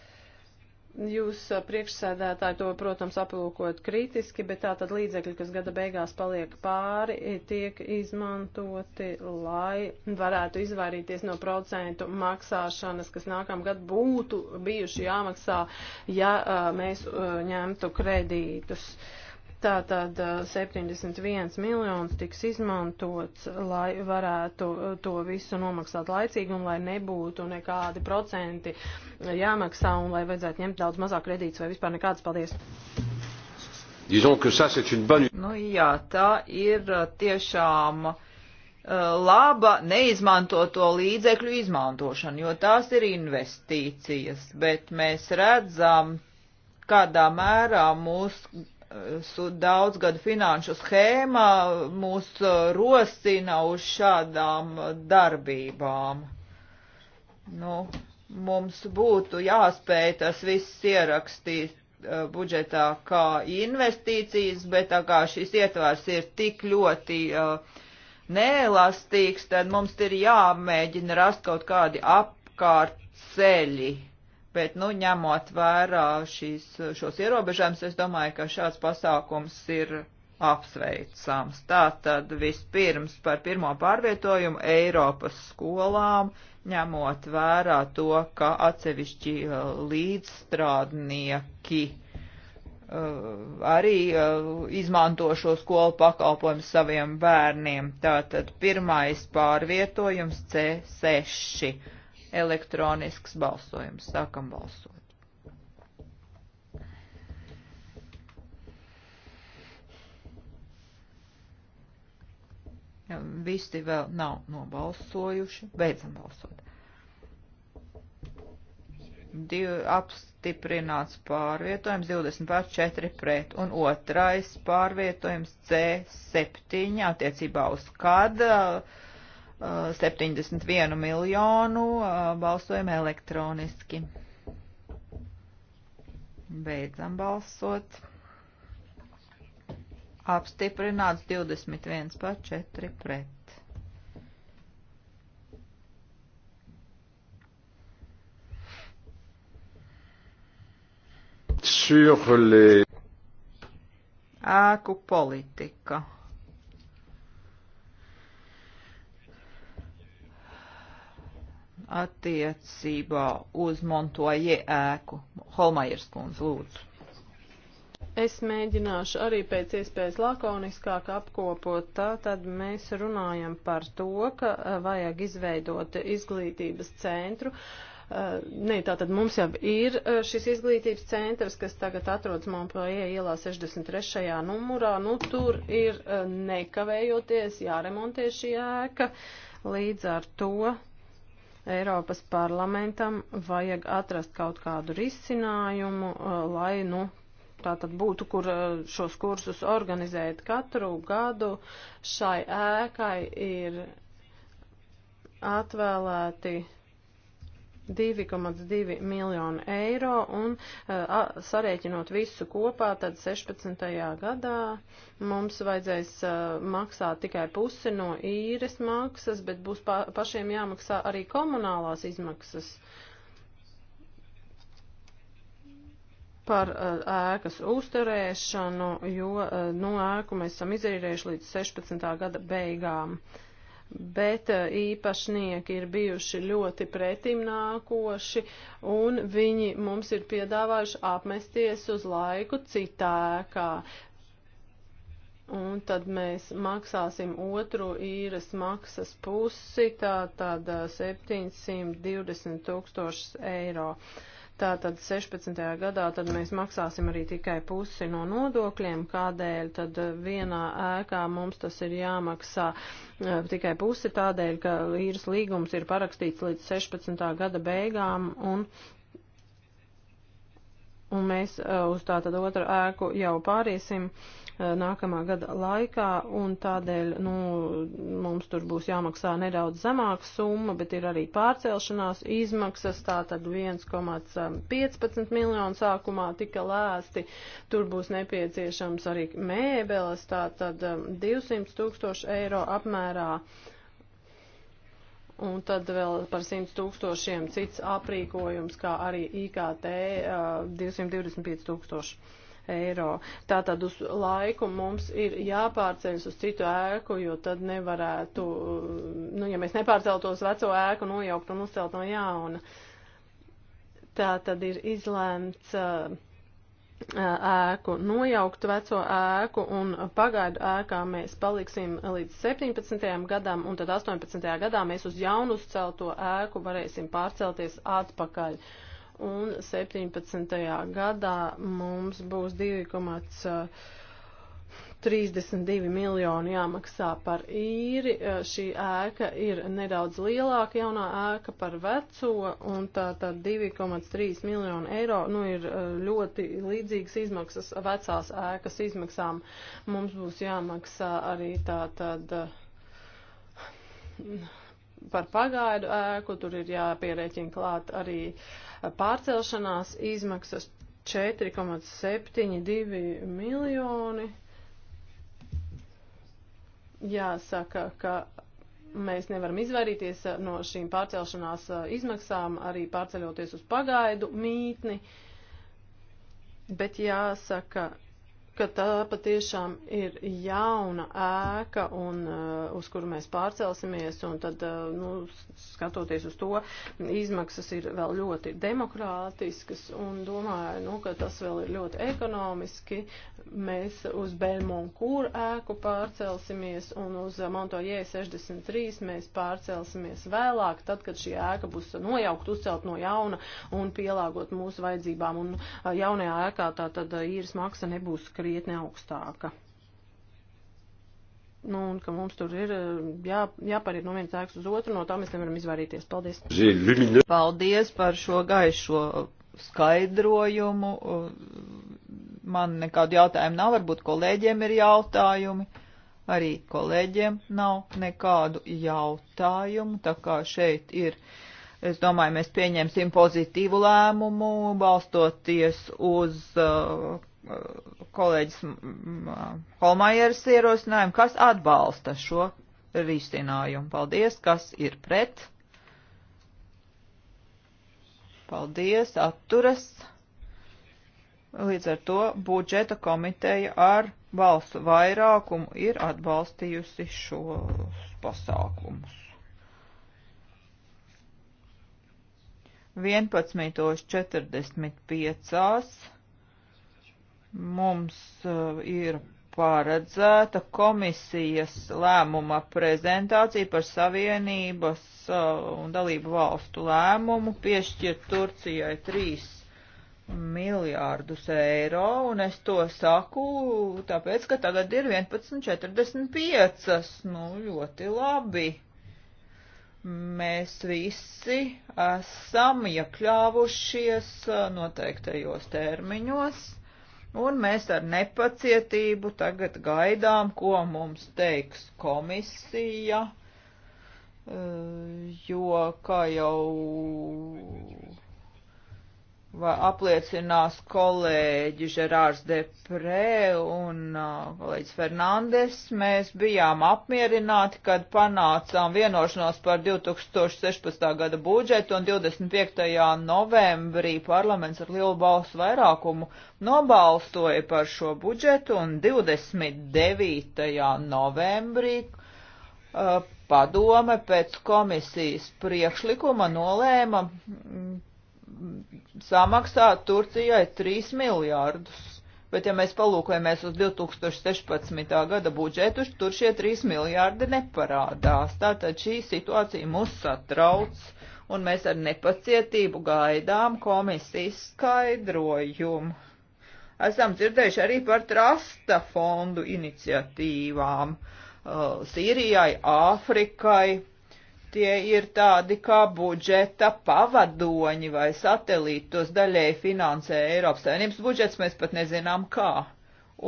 Jūs priekšsēdētāji to, protams, aplūkot kritiski, bet tā tad līdzekļi, kas gada beigās paliek pāri, tiek izmantoti, lai varētu izvairīties no procentu maksāšanas, kas nākamgad būtu bijuši jāmaksā, ja mēs ņemtu kredītus. Uh, Tātad 71 miljonus tiks izmantots, lai varētu to visu nomaksāt laicīgi un lai nebūtu nekādi procenti jāmaksā un lai vajadzētu ņemt daudz mazāk kredītus vai vispār nekādas. Paldies! Nu jā, tā ir tiešām laba neizmantoto līdzekļu izmantošana, jo tās ir investīcijas, bet mēs redzam, kādā mērā mūsu mūsu daudzgadu finanšu schēma mūs uh, rosina uz šādām darbībām. Nu, mums būtu jāspēj tas viss ierakstīt uh, budžetā kā investīcijas, bet tā kā šis ietvars ir tik ļoti uh, neelastīgs, tad mums ir jāmēģina rast kaut kādi apkārt ceļi bet, nu, ņemot vērā šīs, šos ierobežojumus, es domāju, ka šāds pasākums ir apsveicams. Tātad vispirms par pirmo pārvietojumu Eiropas skolām, ņemot vērā to, ka atsevišķi uh, līdzstrādnieki uh, arī uh, izmanto šo skolu pakalpojumu saviem bērniem. Tātad pirmais pārvietojums C6 elektronisks balsojums. Sākam balsot. Visi vēl nav nobalsojuši. Beidzam balsot. Div, apstiprināts pārvietojums 24 pret un otrais pārvietojums C7 attiecībā uz kad. Uh, 71 eh, miljonu eh, balsojam elektroniski. Beidzam balsot. Apstiprināts 21 par 4 pret. sur les. Ēku politika. attiecībā uz Montoje ēku. Holmajers kundze, lūdzu. Es mēģināšu arī pēc iespējas lakoniskāk apkopot. Tā tad mēs runājam par to, ka eh, vajag izveidot izglītības centru. Eh, nē, tātad mums jau ir eh, šis izglītības centrs, kas tagad atrodas Montpellier ielā 63. numurā. Nu, tur ir nekavējoties jāremontē šī ēka. Līdz ar to Eiropas parlamentam vajag atrast kaut kādu risinājumu, eh, lai, nu, tā tad būtu, kur eh, šos kursus organizēt katru gadu. Šai ēkai ir atvēlēti 2,2 miljonu eiro un uh, eh, sarēķinot visu kopā, tad 16. gadā mums vajadzēs uh, maksāt tikai pusi no īres maksas, bet būs pa pašiem jāmaksā arī komunālās izmaksas par uh, ēkas uzturēšanu, jo uh, no ēku mēs esam izīrējuši līdz 16. gada beigām. Uh, bet eh, īpašnieki ir bijuši ļoti pretim nākoši, un viņi mums ir piedāvājuši apmesties uz laiku citā ēkā. Un tad mēs maksāsim otru īres maksas pusi, tā tad 720 eh, tūkstošus eiro. Uh, Tātad 16. gadā tad mēs maksāsim arī tikai pusi no nodokļiem, kādēļ tad vienā ēkā mums tas ir jāmaksā e, tikai pusi tādēļ, ka īres līgums ir parakstīts līdz 16. gada beigām un un mēs e, uz tātad otru ēku jau pāriesim Eh, nākamā gada laikā, un tādēļ nu, mums tur būs jāmaksā nedaudz zemāka summa, bet ir arī pārcelšanās izmaksas, tātad 1,15 eh, miljonu sākumā tika lēsti, tur būs nepieciešams arī mēbeles, tātad 200 eh, tūkstoši eiro apmērā un tad vēl par 100 tūkstošiem cits aprīkojums, kā arī IKT 225 tūkstoši eiro. Tātad uz laiku mums ir jāpārceļas uz citu ēku, jo tad nevarētu, nu, ja mēs nepārceltos veco ēku, nojaukt un uzcelt no jauna. Tātad ir izlēmts. Uh, ēku, nojaukt veco ēku un pagaidu ēkā mēs paliksim līdz 17. gadam un tad 18. gadā mēs uz jaunu uzcelto ēku varēsim pārcelties atpakaļ. Uh, un 17. gadā mums būs 2,32 eh, miljoni jāmaksā par īri. Eh, šī ēka ir nedaudz lielāka jaunā ēka par veco, un tā tad 2,3 miljoni eiro nu, ir eh, ļoti līdzīgas izmaksas vecās ēkas izmaksām. Mums būs jāmaksā arī tā tad par pagaidu ēku, tur ir jāpierēķina klāt arī uh, Pārcelšanās izmaksas 4,72 miljoni. Jāsaka, ka mēs nevaram izvairīties no šīm pārcelšanās uh, izmaksām, arī pārceļoties uz pagaidu mītni. Bet jāsaka, ka tā patiešām ir jauna ēka, un, uh, uz kuru mēs pārcelsimies, un tad, uh, nu, skatoties uz to, izmaksas ir vēl ļoti demokrātiskas, un domāju, nu, ka tas vēl ir ļoti ekonomiski. Mēs uz Belmonkur ēku pārcelsimies, un uz Montoje 63 mēs pārcelsimies vēlāk, tad, kad šī ēka būs nojaukt, uzcelt no jauna un pielāgot mūsu vajadzībām, un uh, jaunajā ēkā tā tad īres maksa nebūs krīt krietni augstāka. Nu, un ka mums tur ir eh, jā, jāpariet no viena cēks uz otru, no tā mēs nevaram izvairīties. Paldies! Paldies par šo gaišo skaidrojumu. Man nekādu jautājumu nav, varbūt kolēģiem ir jautājumi. Arī kolēģiem nav nekādu jautājumu, tā kā šeit ir. Es domāju, mēs pieņemsim pozitīvu lēmumu, balstoties uz uh, kolēģis Holmajeras ierosinājumu, kas atbalsta šo risinājumu. Paldies, kas ir pret. Paldies, atturas. Līdz ar to budžeta komiteja ar balsu vairākumu ir atbalstījusi šos pasākumus. 11.45 mums uh, ir paredzēta komisijas lēmuma prezentācija par Savienības uh, un dalību valstu lēmumu piešķirt Turcijai 3 miljārdus eiro, un es to saku tāpēc, ka tagad ir 11,45. Nu, ļoti labi. Mēs visi esam iekļāvušies uh, noteiktajos termiņos un mēs ar nepacietību tagad gaidām, ko mums teiks komisija, eh, jo, kā jau vai apliecinās kolēģi Žerārs Deprē un uh, kolēģis Fernandes, mēs bijām apmierināti, kad panācām vienošanos par 2016. gada budžetu un 25. novembrī parlaments ar lielu balsu vairākumu nobalsoja par šo budžetu un 29. novembrī uh, padome pēc komisijas priekšlikuma nolēma mm, samaksāt Turcijai 3 miljārdus. Bet ja mēs palūkojamies uz 2016. gada budžetu, tur šie 3 miljārdi neparādās. Tātad šī situācija mūs satrauc, un mēs ar nepacietību gaidām komisijas skaidrojumu. Esam dzirdējuši arī par trasta fondu iniciatīvām uh, Sīrijai, Āfrikai tie ir tādi kā budžeta pavadoņi vai satelīti, tos daļēji finansē Eiropas Savienības budžets, mēs pat nezinām kā.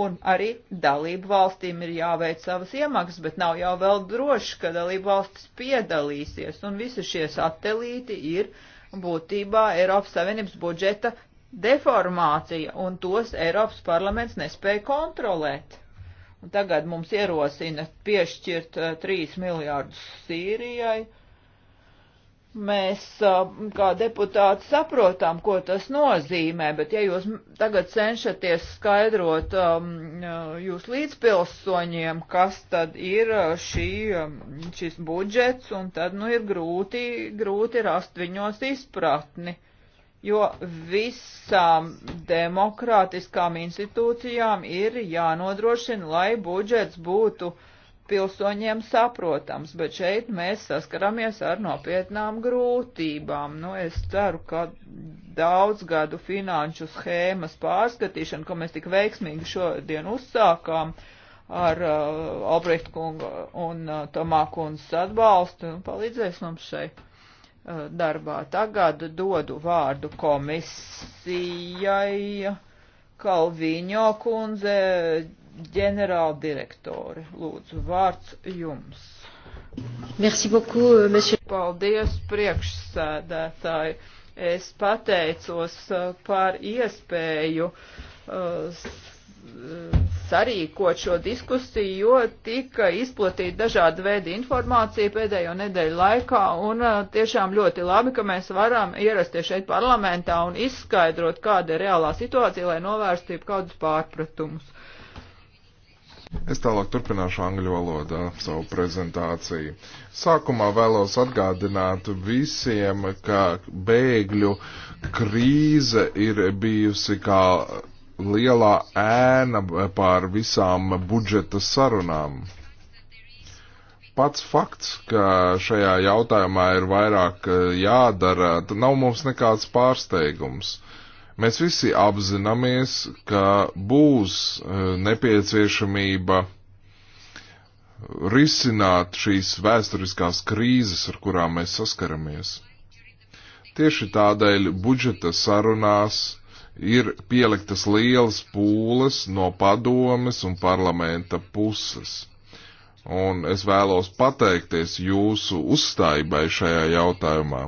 Un arī dalību valstīm ir jāveic savas iemaksas, bet nav jau vēl droši, ka dalību valstis piedalīsies, un visi šie satelīti ir būtībā Eiropas Savienības budžeta deformācija, un tos Eiropas parlaments nespēja kontrolēt. Un tagad mums ierosina piešķirt 3 eh, miljārdus Sīrijai. Mēs eh, kā deputāti saprotam, ko tas nozīmē, bet ja jūs tagad cenšaties skaidrot um, eh, jūs līdzpilsoņiem, kas tad ir šī, um, šis budžets, un tad nu ir grūti, grūti rast viņos izpratni. Uh, jo visām demokrātiskām institūcijām ir jānodrošina, lai budžets būtu pilsoņiem saprotams, bet šeit mēs saskaramies ar nopietnām grūtībām. Nu, es ceru, ka daudz gadu finanšu schēmas pārskatīšana, ko mēs tik veiksmīgi šodien uzsākām ar uh, Albrecht kungu un uh, Tomā kundas atbalstu, palīdzēs mums šeit. Uh, darbā. Tagad dodu vārdu komisijai Kalviņo kundze, ģenerāldirektori. Lūdzu, vārds jums. Merci beaucoup, euh, monsieur. Paldies, priekšsēdētāji. Es pateicos uh, par iespēju uh, sarīkot šo diskusiju, jo tika izplatīta dažāda veida informācija pēdējo nedēļu laikā, un uh, tiešām ļoti labi, ka mēs varam ierasties šeit parlamentā un izskaidrot, kāda ir reālā situācija, lai novērstu kādus pārpratumus. Es tālāk turpināšu angļu valodā savu prezentāciju. Sākumā vēlos atgādināt visiem, ka bēgļu krīze ir bijusi kā lielā ēna pār visām budžeta sarunām. Pats fakts, ka šajā jautājumā ir vairāk eh, jādara, nav mums nekāds pārsteigums. Mēs visi apzināmies, ka būs eh, nepieciešamība risināt šīs vēsturiskās krīzes, ar kurām mēs saskaramies. Tieši tādēļ budžeta sarunās ir pieliktas lielas pūles no padomes un parlamenta puses. Un es vēlos pateikties jūsu uzstājībai šajā jautājumā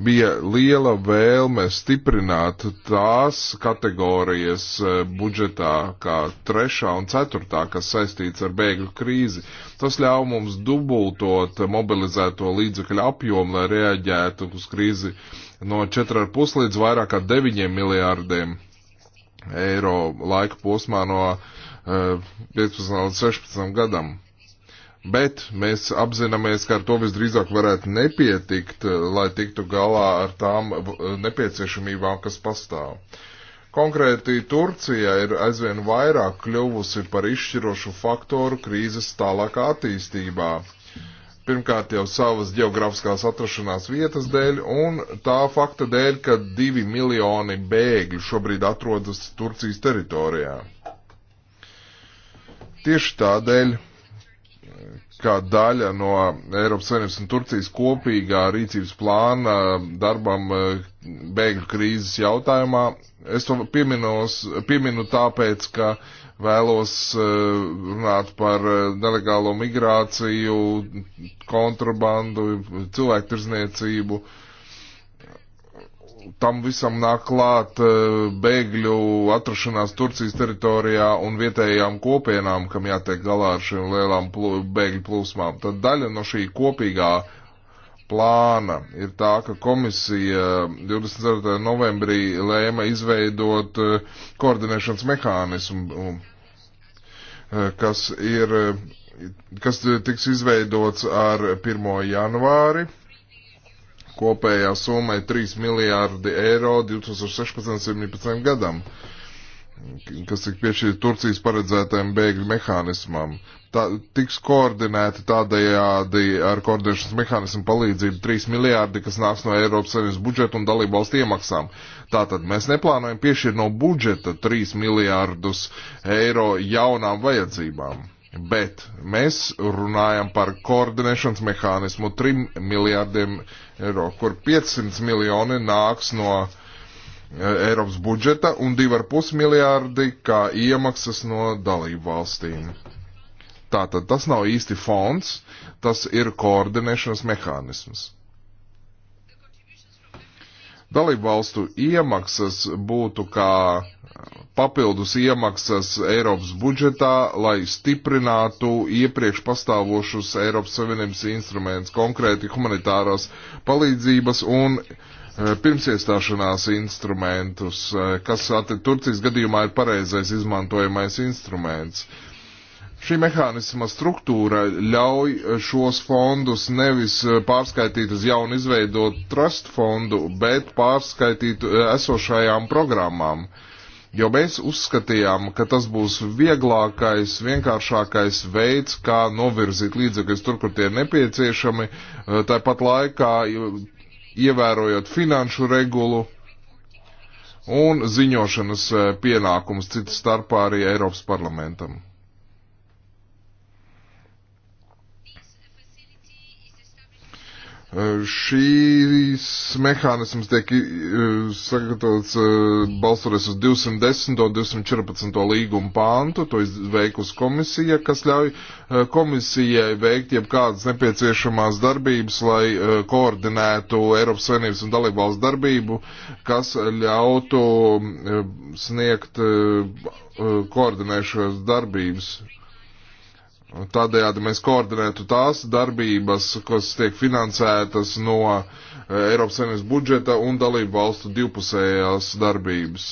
bija liela vēlme stiprināt tās kategorijas eh, budžetā, kā trešā un ceturtā, kas saistīts ar bēgļu krīzi. Tas ļauj mums dubultot mobilizēto līdzekļu apjomu, lai reaģētu uz krīzi no 4,5 līdz vairāk kā 9 miljārdiem eiro laika posmā no 15 eh, līdz 16 gadam Bet mēs apzināmies, ka ar to visdrīzāk varētu nepietikt, eh, lai tiktu galā ar tām eh, nepieciešamībām, kas pastāv. Konkrēti, Turcija ir aizvien vairāk kļuvusi par izšķirošu faktoru krīzes tālākā attīstībā. Pirmkārt jau savas geogrāfiskās atrašanās vietas dēļ un tā fakta dēļ, ka divi miljoni bēgļu šobrīd atrodas Turcijas teritorijā. Tieši tādēļ kā daļa no Eiropas Savienības un Turcijas kopīgā rīcības plāna darbam eh, bēgļu krīzes jautājumā. Es to pieminos, pieminu tāpēc, ka vēlos eh, runāt par eh, nelegālo migrāciju, kontrabandu, cilvēktirzniecību. Uh, tam visam nāk klāt eh, bēgļu atrašanās Turcijas teritorijā un vietējām kopienām, kam jātiek galā ar šīm lielām plū, bēgļu plūsmām. Tad daļa no šī kopīgā plāna ir tā, ka komisija 24. novembrī lēma izveidot eh, koordinēšanas mehānismu, um, eh, kas ir kas tiks izveidots ar 1. janvāri kopējā summa ir 3 miljārdi eiro 2016-2017 gadam, kas ir piešķirta Turcijas paredzētajam bēgļu mehānismam. Tā, tiks koordinēti tādējādi ar koordinēšanas mehānismu palīdzību 3 miljārdi, kas nāks no Eiropas Savienības budžeta un dalību valstu iemaksām. Tātad mēs neplānojam piešķirt no budžeta 3 miljārdus eiro jaunām vajadzībām Bet mēs runājam par koordinēšanas mehānismu 3 miljārdiem eiro, kur 500 miljoni nāks no e, Eiropas budžeta un 2,5 miljārdi kā iemaksas no dalību valstīm. Tātad tas nav īsti fonds, tas ir koordinēšanas mehānisms. Dalību valstu iemaksas būtu kā papildus iemaksas Eiropas budžetā, lai stiprinātu iepriekš pastāvošus Eiropas Savienības instrumentus, konkrēti humanitārās palīdzības un e, pirmsiestāšanās instrumentus, e, kas Turcijas gadījumā ir pareizais izmantojamais instruments. Šī mehānisma struktūra ļauj šos fondus nevis pārskaitīt uz jaunu izveidot trust fondu, bet pārskaitīt e, esošajām programmām. Uh, jo mēs uzskatījām, ka tas būs vieglākais, vienkāršākais veids, kā novirzīt līdzekļus tur, kur tie ir nepieciešami, eh, tāpat laikā ievērojot finanšu regulu un ziņošanas eh, pienākumus citas starpā arī Eiropas parlamentam. Šīs mehānisms tiek e, sagatavots e, balstoties uz 210. un 214. līgumu pāntu, to veikusi komisija, kas ļauj e, komisijai veikt jebkādas nepieciešamās darbības, lai koordinētu Eiropas Savienības un dalībvalsts darbību, kas ļautu sniegt koordinēšanas darbības Tādējādi mēs koordinētu tās darbības, kas tiek finansētas no e, Eiropas Savienības budžeta un dalību valstu divpusējās darbības.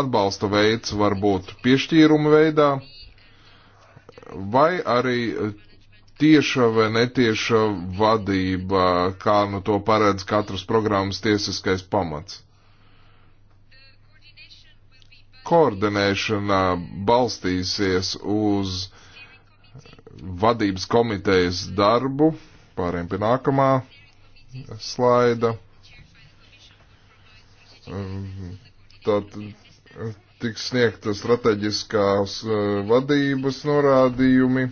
Atbalsta veids var būt piešķīruma veidā vai arī tieša vai netieša vadība, kā nu to paredz katras programmas tiesiskais pamats koordinēšana balstīsies uz vadības komitejas darbu. Pāriem pie nākamā slaida. Mm, tad tiks sniegta strateģiskās e, vadības norādījumi.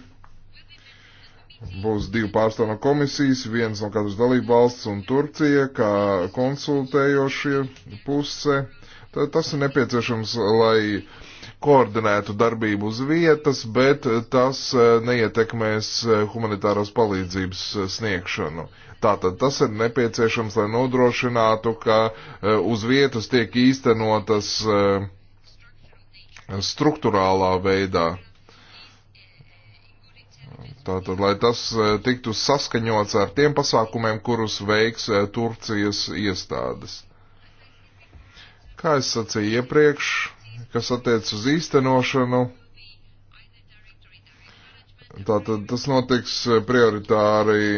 Būs divi pārstāvji no komisijas, viens no katras dalību valsts un Turcija, kā konsultējošie puse. Tad tas ir nepieciešams, lai koordinētu darbību uz vietas, bet tas e, neietekmēs e, humanitāros palīdzības e, sniegšanu. Tātad tas ir nepieciešams, lai nodrošinātu, ka uz vietas tiek īstenotas struktūrālā veidā. Tātad, lai tas tiktu saskaņots ar tiem pasākumiem, kurus veiks Turcijas iestādes. Kā es sacīju iepriekš, kas attiec uz īstenošanu. Tātad tas notiks prioritāri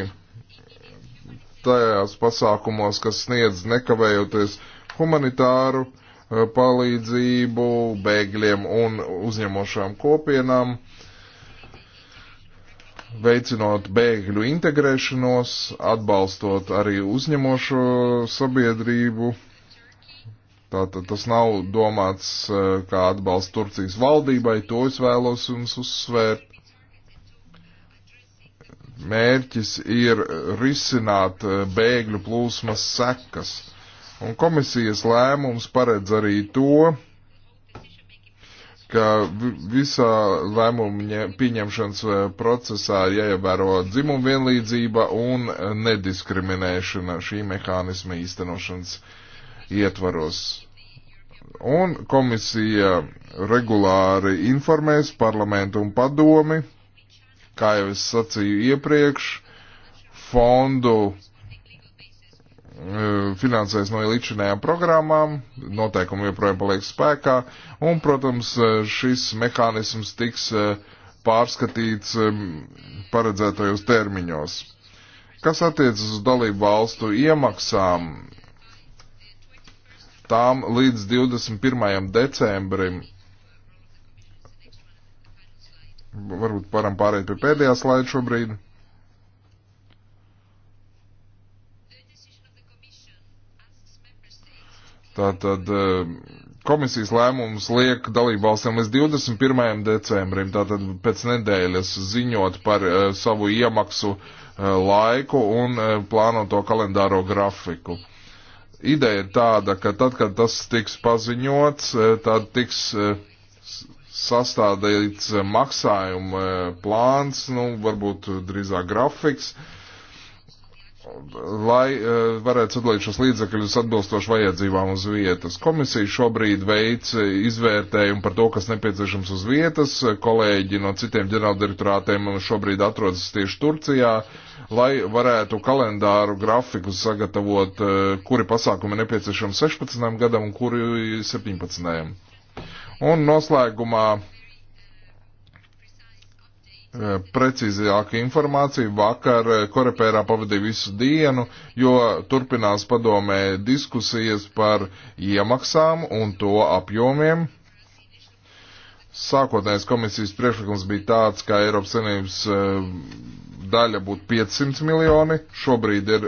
tajās pasākumos, kas sniedz nekavējoties humanitāru eh, palīdzību bēgļiem un uzņemošām kopienām, veicinot bēgļu integrēšanos, atbalstot arī uzņemošo sabiedrību Tātad tas nav domāts eh, kā atbalsts Turcijas valdībai, to es vēlos jums uzsvērt. Mērķis ir risināt eh, bēgļu plūsmas sekas. Un komisijas lēmums paredz arī to, ka visā lēmumu pieņemšanas eh, procesā ir jāievēro dzimuma vienlīdzība un nediskriminēšana šī mehānisma īstenošanas ietvaros. Un komisija regulāri informēs parlamentu un padomi, kā jau es sacīju iepriekš, fondu e, finansēs no līdzinējām programmām, noteikumi joprojām paliek spēkā, un, protams, e, šis mehānisms tiks e, pārskatīts paredzētajos termiņos. Kas attiecas uz dalību valstu iemaksām, tām līdz 21. decembrim. Varbūt varam pāriet pie pēdējā slaida šobrīd. Tātad e, komisijas lēmums liek dalībvalstiem līdz 21. decembrim, tātad pēc nedēļas ziņot par uh, savu iemaksu uh, laiku un uh, plānoto kalendāro grafiku. Uh, ideja ir tāda, ka tad, kad tas tiks paziņots, eh, tad tiks eh, sastādīts eh, maksājuma plāns, nu, varbūt drīzāk grafiks, uh, lai eh, varētu sadalīt šos līdzekļus atbilstoši vajadzībām uz vietas. Komisija šobrīd veic eh, izvērtējumu par to, kas nepieciešams uz vietas. Kolēģi no citiem ģenerāldirektorātiem šobrīd atrodas tieši Turcijā, lai varētu kalendāru grafiku sagatavot, eh, kuri pasākumi nepieciešami 16. gadam un kuri 17. Un noslēgumā Eh, precīzāka informācija. Vakar eh, Korepērā pavadīja visu dienu, jo turpinās padomē diskusijas par iemaksām un to apjomiem. Sākotnējais komisijas priekšlikums bija tāds, ka Eiropas Savienības eh, daļa būtu 500 miljoni, šobrīd ir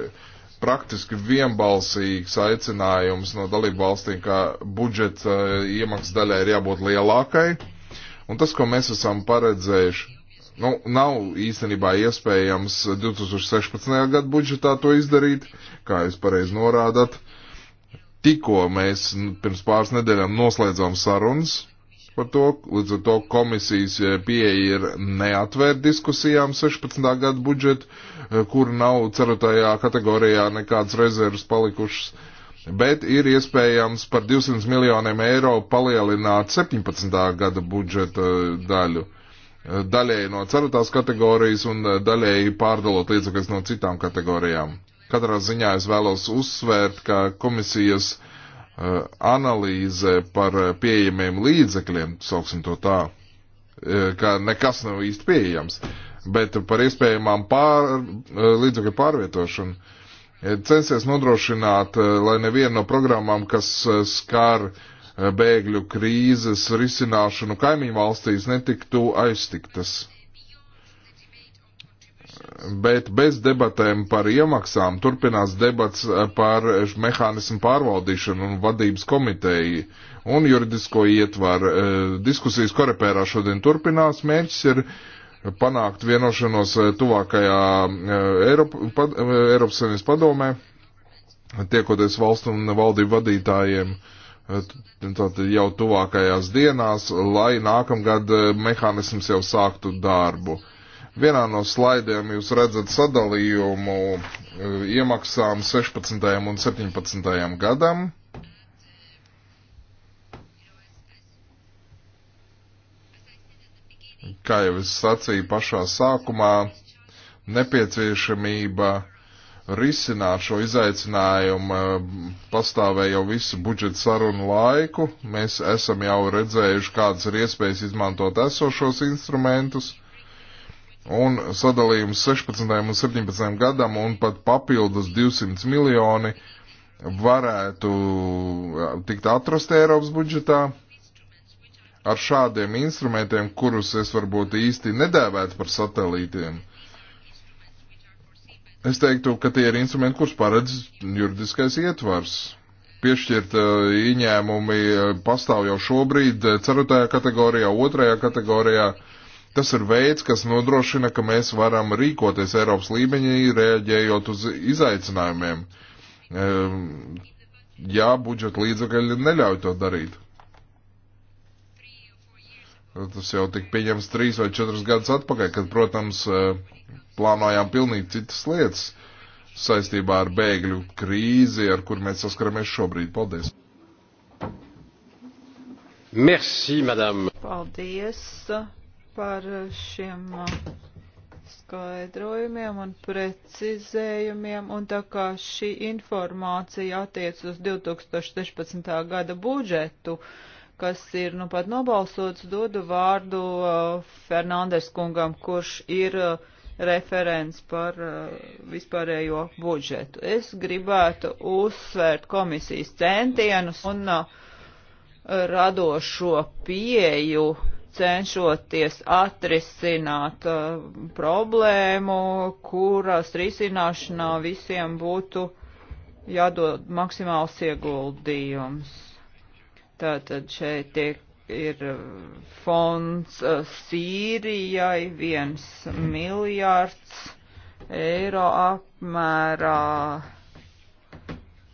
praktiski vienbalsīgs aicinājums no dalību valstīm, ka budžeta iemaksas daļai ir jābūt lielākai. Un tas, ko mēs esam paredzējuši nu, nav īstenībā iespējams 2016. gada budžetā to izdarīt, kā jūs pareizi norādāt. Tikko mēs nu, pirms pāris nedēļām noslēdzām sarunas par to, līdz ar to komisijas eh, pieeja ir neatvērt diskusijām 16. gada budžetu, eh, kur nav cerotajā kategorijā nekādas rezervas palikušas. Bet ir iespējams par 200 miljoniem eiro palielināt 17. gada budžeta eh, daļu. Uh, daļēji no ceturtās kategorijas un eh, daļēji pārdalot līdzekļus no citām kategorijām. Katrā ziņā es vēlos uzsvērt, ka komisijas eh, analīze par eh, pieejamiem līdzekļiem, sauksim to tā, ka nekas nav īsti pieejams, bet par iespējamām pār, līdzekļu pārvietošanu censies nodrošināt, lai neviena no programmām, kas skar uh, bēgļu krīzes risināšanu kaimiņu valstīs netiktu aiztiktas. Bet bez debatēm par iemaksām turpinās debats par mehānismu pārvaldīšanu un vadības komiteju un juridisko ietvaru. E, diskusijas korepērā šodien turpinās. Mērķis ir panākt vienošanos e, tuvākajā e, Eiropa, pad, Eiropas Savienības padomē, tiekoties valstu un valdību vadītājiem. Uh, jau tuvākajās dienās, lai nākamgad eh, mehānisms jau sāktu darbu. Vienā no slaidiem jūs redzat sadalījumu eh, iemaksām 16. un 17. gadam. Kā jau es sacīju pašā sākumā, nepieciešamība uh, risināt šo izaicinājumu eh, pastāvēja jau visu budžeta sarunu laiku. Mēs esam jau redzējuši, kādas ir iespējas izmantot esošos instrumentus. Un sadalījums 16. un 17. gadam un pat papildus 200 miljoni varētu eh, tikt atrast Eiropas budžetā. Ar šādiem instrumentiem, kurus es varbūt īsti nedēvētu par satelītiem, Es teiktu, ka tie ir instrumenti, kurus paredz juridiskais ietvars. Piešķirt uh, ieņēmumi e, pastāv jau šobrīd e, ceturtajā kategorijā, otrajā kategorijā. Tas ir veids, kas nodrošina, ka mēs varam rīkoties Eiropas līmeņī, reaģējot uz izaicinājumiem. Um, jā, budžeta līdzekļi neļauj to darīt. Tas jau tika pieņemts trīs vai četrus gadus atpakaļ, kad, protams, uh, plānojām pilnīgi citas lietas saistībā ar bēgļu krīzi, ar kur mēs saskaramies šobrīd. Paldies! Merci, madame! Paldies par šiem skaidrojumiem un precizējumiem, un tā kā šī informācija attiec uz 2016. gada budžetu, kas ir nu pat nobalsots, dodu vārdu uh, Fernandes kungam, kurš ir uh, referents par uh, vispārējo budžetu. Es gribētu uzsvērt komisijas centienus un uh, radošo pieju cenšoties atrisināt uh, problēmu, kuras risināšanā visiem būtu jādod maksimāls ieguldījums. Tātad šeit tiek ir eh, fonds eh, Sīrijai viens miljārds eiro apmērā.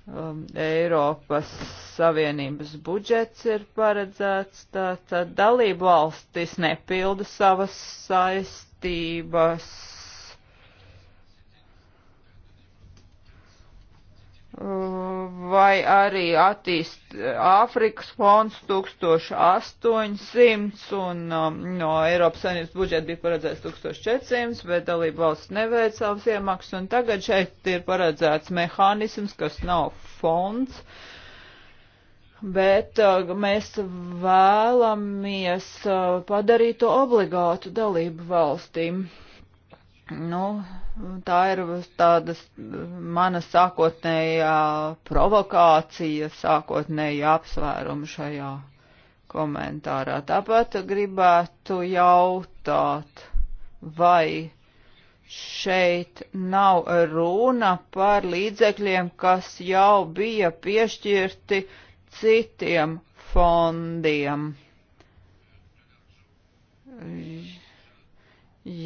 Um, Eiropas Savienības budžets ir paredzēts, tātad dalību valstis nepilda savas saistības vai arī attīst Āfrikas fonds 1800 un um, no Eiropas saimnības budžeta bija paredzēts 1400, bet dalība valsts neveic savas iemaksas un tagad šeit ir paredzēts mehānisms, kas nav fonds. Bet uh, mēs vēlamies uh, padarīt to obligātu dalību valstīm. Nu, tā ir tāda mana sākotnējā provokācija, sākotnējā apsvēruma šajā komentārā. Tāpat gribētu jautāt, vai šeit nav runa par līdzekļiem, kas jau bija piešķirti citiem fondiem.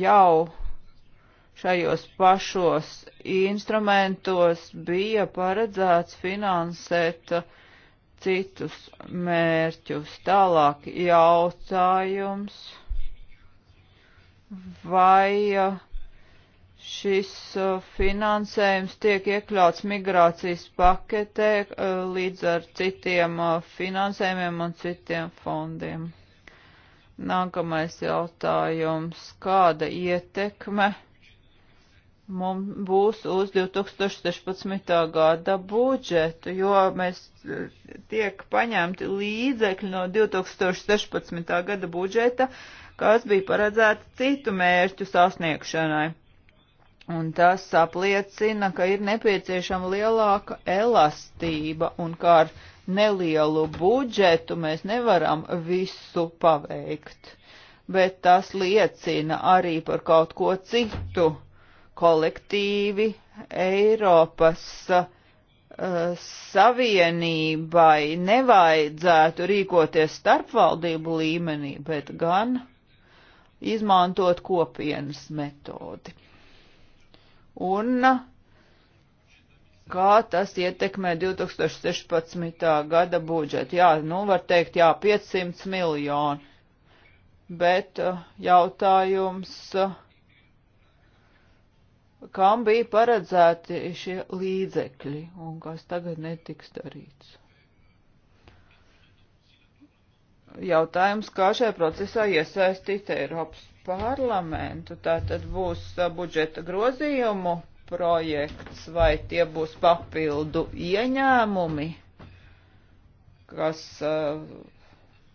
Jau šajos pašos instrumentos bija paredzēts finansēt citus mērķus. Tālāk jautājums, vai uh, šis uh, finansējums tiek iekļauts migrācijas paketē uh, līdz ar citiem finansējumiem un citiem fondiem. Nākamais jautājums, kāda ietekme? mums būs uz 2016. gada budžetu, jo mēs e, tiek paņemti līdzekļi no 2016. gada budžeta, kas bija paredzēta citu mērķu sasniegšanai. Un tas apliecina, ka ir nepieciešama lielāka elastība un kā ar nelielu budžetu mēs nevaram visu paveikt. Bet tas liecina arī par kaut ko citu kolektīvi Eiropas uh, Savienībai nevajadzētu rīkoties starpvaldību līmenī, bet gan izmantot kopienas metodi. Un kā tas ietekmē 2016. gada budžetu? Jā, nu var teikt, jā, 500 miljoni. Bet eh, jautājums. Uh, kam bija paredzēti šie līdzekļi un kas tagad netiks darīts. Jautājums, kā šajā procesā iesaistīt Eiropas parlamentu, tā tad būs uh, budžeta grozījumu projekts vai tie būs papildu ieņēmumi, kas uh,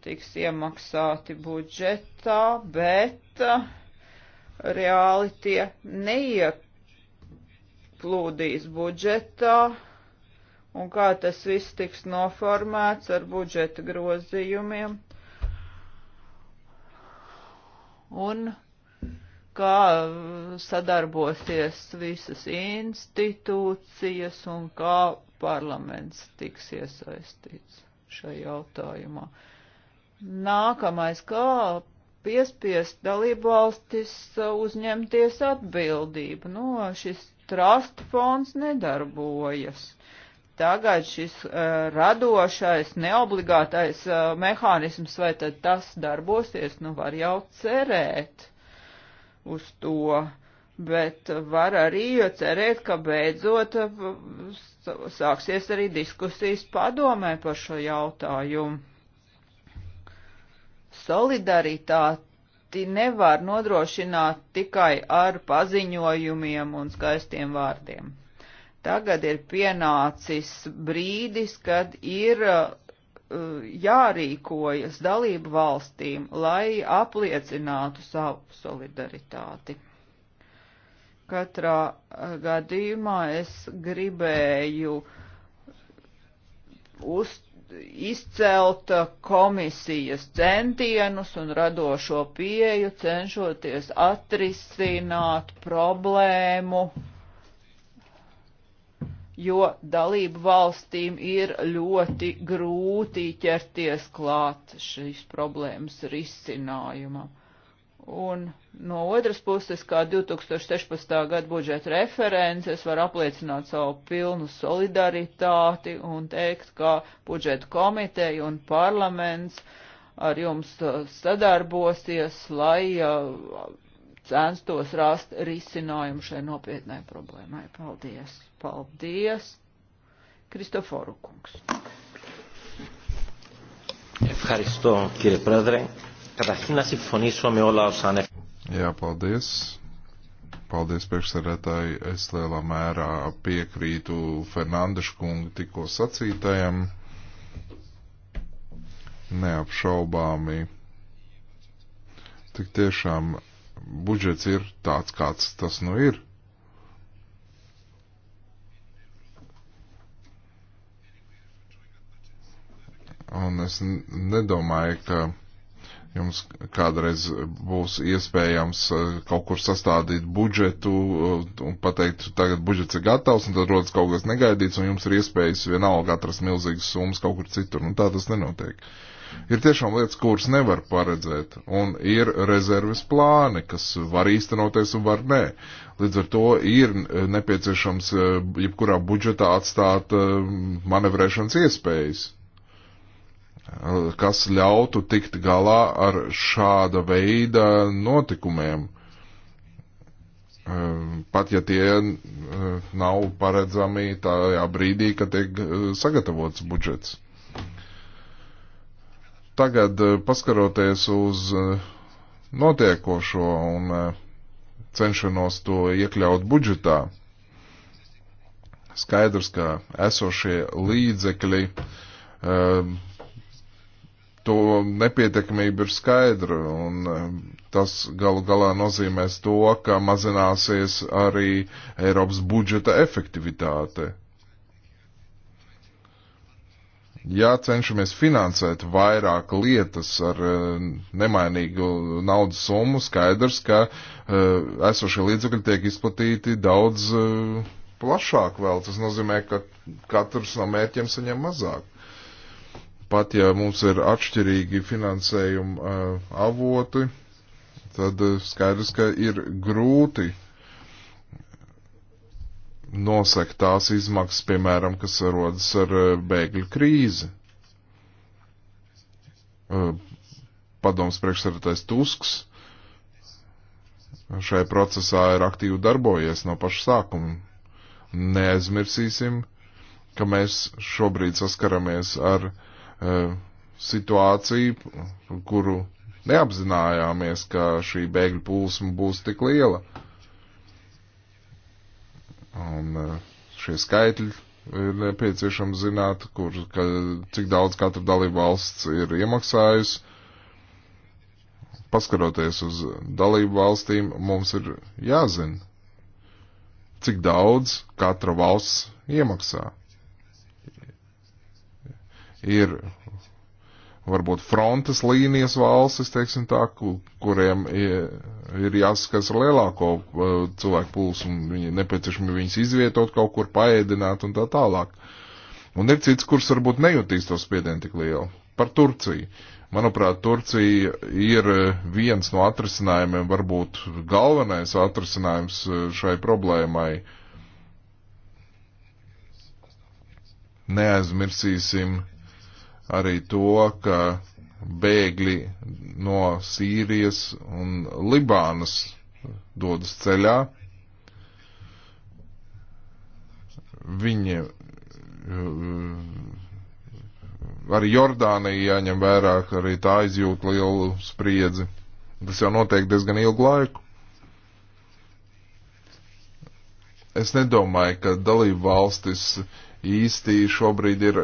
tiks iemaksāti budžetā, bet uh, reāli tie neiek plūdīs budžetā un kā tas viss tiks noformēts ar budžeta grozījumiem un kā sadarbosies visas institūcijas un kā parlaments tiks iesaistīts šajā jautājumā. Nākamais, kā piespiest dalībvalstis uzņemties atbildību. Nu, šis trust fonds nedarbojas. Tagad šis uh, radošais, neobligātais uh, mehānisms, vai tad tas darbosies, nu var jau cerēt uz to, bet var arī cerēt, ka beidzot uh, sāksies arī diskusijas padomē par šo jautājumu. Solidaritāte efekti nevar nodrošināt tikai ar paziņojumiem un skaistiem vārdiem. Tagad ir pienācis brīdis, kad ir uh, jārīkojas dalību valstīm, lai apliecinātu savu solidaritāti. Katrā uh, gadījumā es gribēju uz, izcelt komisijas centienus un radošo pieju, cenšoties atrisināt problēmu, jo dalību valstīm ir ļoti grūti ķerties klāt šīs problēmas risinājumam. Un no otras puses, kā 2016. gada budžeta referents, es varu apliecināt savu pilnu solidaritāti un teikt, ka budžeta komiteja un parlaments ar jums uh, sadarbosies, lai uh, censtos rast risinājumu šai nopietnai problēmai. Paldies! Paldies! Kristoforu kungs. Ευχαριστώ κύριε Πρόεδρε. Καταρχήν να συμφωνήσω με όλα όσα ανέφερα. Jā, paldies. Paldies, priekšsarētāji. Es lielā mērā piekrītu Fernandeša kunga tikko sacītajam. Neapšaubāmi. Tik tiešām budžets ir tāds, kāds tas nu ir. Un es nedomāju, ka jums kādreiz būs iespējams uh, kaut kur sastādīt budžetu uh, un pateikt, tagad budžets ir gatavs, un tad rodas kaut kas negaidīts, un jums ir iespējas vienalga atrast milzīgas summas kaut kur citur, un nu, tā tas nenotiek. Ir tiešām lietas, kuras nevar paredzēt, un ir rezerves plāni, kas var īstenoties un var nē. Līdz ar to ir nepieciešams uh, jebkurā budžetā atstāt manevrēšanas iespējas kas ļautu tikt galā ar šāda veida notikumiem, ehm, pat ja tie eh, nav paredzami tajā brīdī, kad tiek eh, sagatavots budžets. Tagad eh, paskaroties uz notiekošo un cenšanos to iekļaut budžetā, skaidrs, ka esošie līdzekļi um, to nepietiekamība ir skaidra, un um, tas galu galā nozīmēs to, ka mazināsies arī Eiropas budžeta efektivitāte. Ja cenšamies finansēt vairāk lietas ar um, nemainīgu naudas summu, skaidrs, ka uh, esošie līdzekļi tiek izplatīti daudz uh, plašāk vēl. Tas nozīmē, ka katrs no mērķiem saņem mazāk pat ja mums ir atšķirīgi finansējuma eh, avoti, tad eh, skaidrs, ka ir grūti nosekt tās izmaksas, piemēram, kas rodas ar eh, bēgļu krīzi. Padoms priekšsaratais Tusks šai procesā ir aktīvi darbojies no paša sākuma. Neaizmirsīsim, ka mēs šobrīd saskaramies ar uh, E, situāciju, kuru neapzinājāmies, ka šī bēgļu plūsma būs tik liela. Un e, šie skaitļi ir nepieciešams zināt, kur, ka, cik daudz katra dalība valsts ir iemaksājusi. Paskaroties uz dalību valstīm, mums ir jāzina, cik daudz katra valsts iemaksā. Ir varbūt frontes līnijas valstis, teiksim tā, kuriem ir jāsaskars ar lielāko uh, cilvēku pulsu un viņi nepieciešami viņus izvietot kaut kur, paēdināt un tā tālāk. Un ir cits, kurš varbūt nejūtīs to spiedienu tik lielu. Par Turciju. Manuprāt, Turcija ir uh, viens no atrisinājumiem, varbūt galvenais atrisinājums uh, šai problēmai. Neaizmirsīsim arī to, ka bēgļi no Sīrijas un Libānas dodas ceļā. Viņi uh, arī Jordānija jāņem vērā, ka arī tā izjūt lielu spriedzi. Tas jau notiek diezgan ilgu laiku. Es nedomāju, ka dalību valstis īstī šobrīd ir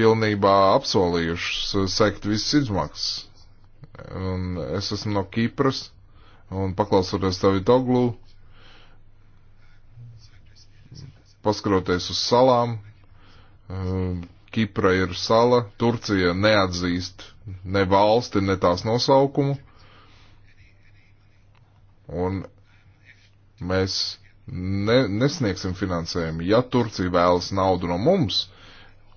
pilnībā apsolījušas eh, sekt visas izmaksas. Un es esmu no Kipras, un paklausoties tavi Toglu, paskaroties uz salām, eh, Kipra ir sala, Turcija neatzīst ne valsti, ne tās nosaukumu, un mēs ne, nesniegsim finansējumu. Ja Turcija vēlas naudu no mums,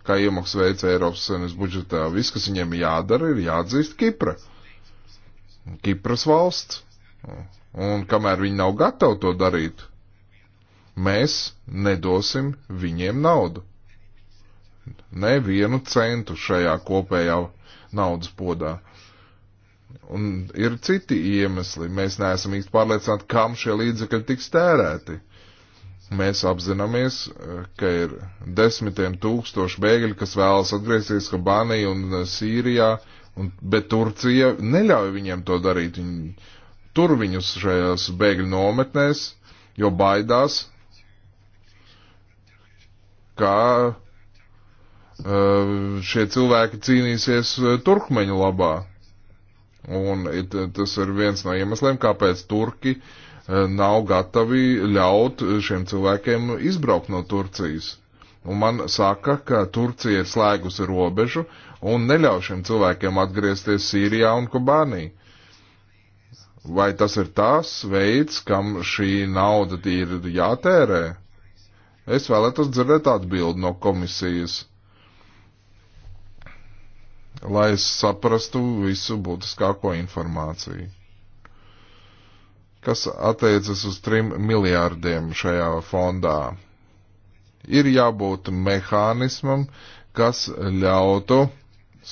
kā iemaksas veids Eiropas Savienības budžetā. Viss, kas viņiem jādara, ir jāatzīst Kipra. Kipras valsts. Un kamēr viņi nav gatavi to darīt, mēs nedosim viņiem naudu. Nevienu centu šajā kopējā naudas podā. Un ir citi iemesli. Mēs neesam īsti pārliecināti, kam šie līdzekļi tiks tērēti. Mēs apzināmies, eh, ka ir desmitiem tūkstoši bēgļi, kas vēlas atgriezties Habanī un eh, Sīrijā, un, bet Turcija neļauj viņiem to darīt. Viņi tur viņus šajās bēgļu nometnēs, jo baidās, kā eh, šie cilvēki cīnīsies turkmeņu labā. Un tas ir viens no iemesliem, kāpēc turki uh, Eh, nav gatavi ļaut šiem cilvēkiem izbraukt no Turcijas. Un man saka, ka Turcija ir slēgusi robežu un neļauj šiem cilvēkiem atgriezties Sīrijā un Kubānī. Vai tas ir tas veids, kam šī nauda ir jātērē? Es vēlētos dzirdēt atbildi no komisijas lai es saprastu visu būtiskāko informāciju kas attiecas uz trim miljārdiem šajā fondā. Ir jābūt mehānismam, kas ļautu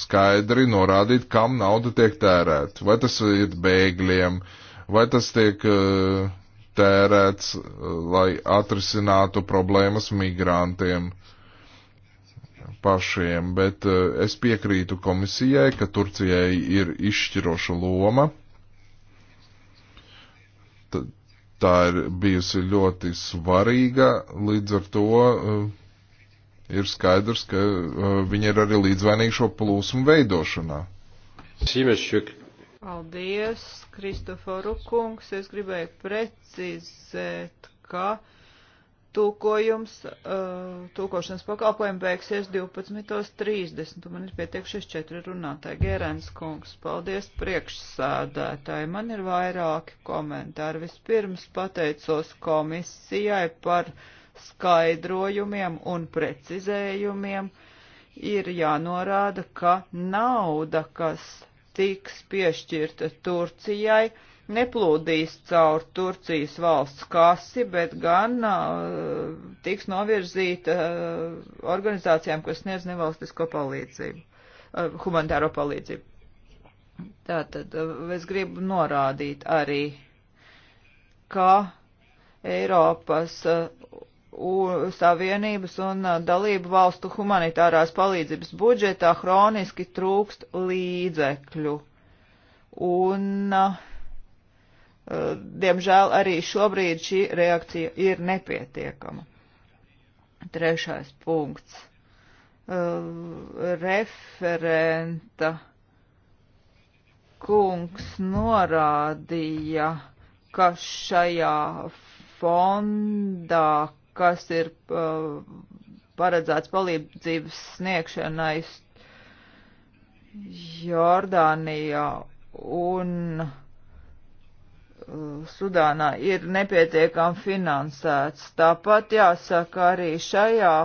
skaidri norādīt, kam nauda tiek tērēta. Vai tas ir bēgļiem, vai tas tiek e, tērēts, e, lai atrisinātu problēmas migrantiem pašiem, bet e, es piekrītu komisijai, ka Turcijai ir izšķiroša loma tā ir bijusi ļoti svarīga, līdz ar to uh, ir skaidrs, ka uh, eh, viņi ir arī līdzvainīgi šo plūsmu veidošanā. Paldies, Kristoforu kungs. Es gribēju precizēt, ka uh, Tūkojums, uh, tūkošanas pakalpojumi beigsies 12.30. Man ir pietiekšies četri runātāji. Gerens kungs, paldies priekšsādātāji. Man ir vairāki komentāri. Vispirms pateicos komisijai par skaidrojumiem un precizējumiem. Ir jānorāda, ka nauda, kas tiks piešķirta Turcijai, neplūdīs caur Turcijas valsts kasi, bet gan uh, tiks novirzīta uh, organizācijām, kas sniedz nevalstisko palīdzību, uh, humanitāro palīdzību. Tātad es gribu norādīt arī, ka Eiropas Savienības un dalību valstu humanitārās palīdzības budžetā hroniski trūkst līdzekļu. Un uh, Eh, diemžēl arī šobrīd šī reakcija ir nepietiekama. Trešais punkts. Eh, referenta kungs norādīja, ka šajā fondā, kas ir eh, paredzēts palīdzības sniegšanai Jordānijā un uh, Sudānā ir nepietiekam finansēts. Tāpat jāsaka arī šajā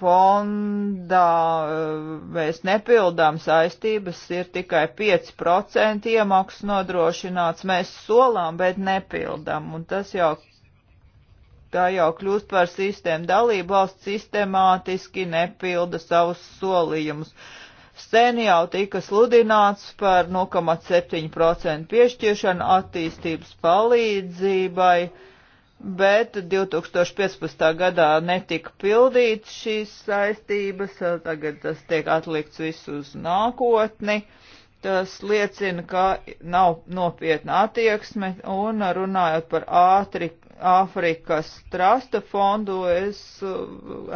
fondā eh, mēs nepildām saistības, ir tikai 5% iemaksas nodrošināts, mēs solām, bet nepildām, un tas jau, tā jau kļūst par sistēmu. Dalība valsts sistemātiski nepilda savus solījumus. Uh, sen jau tika sludināts par 0,7% piešķiršanu attīstības palīdzībai, bet 2015. gadā netika pildīts šīs saistības, tagad tas tiek atlikts visu uz nākotni. Tas liecina, ka nav nopietna attieksme, un runājot par ātri Āfrikas trasta fondu, es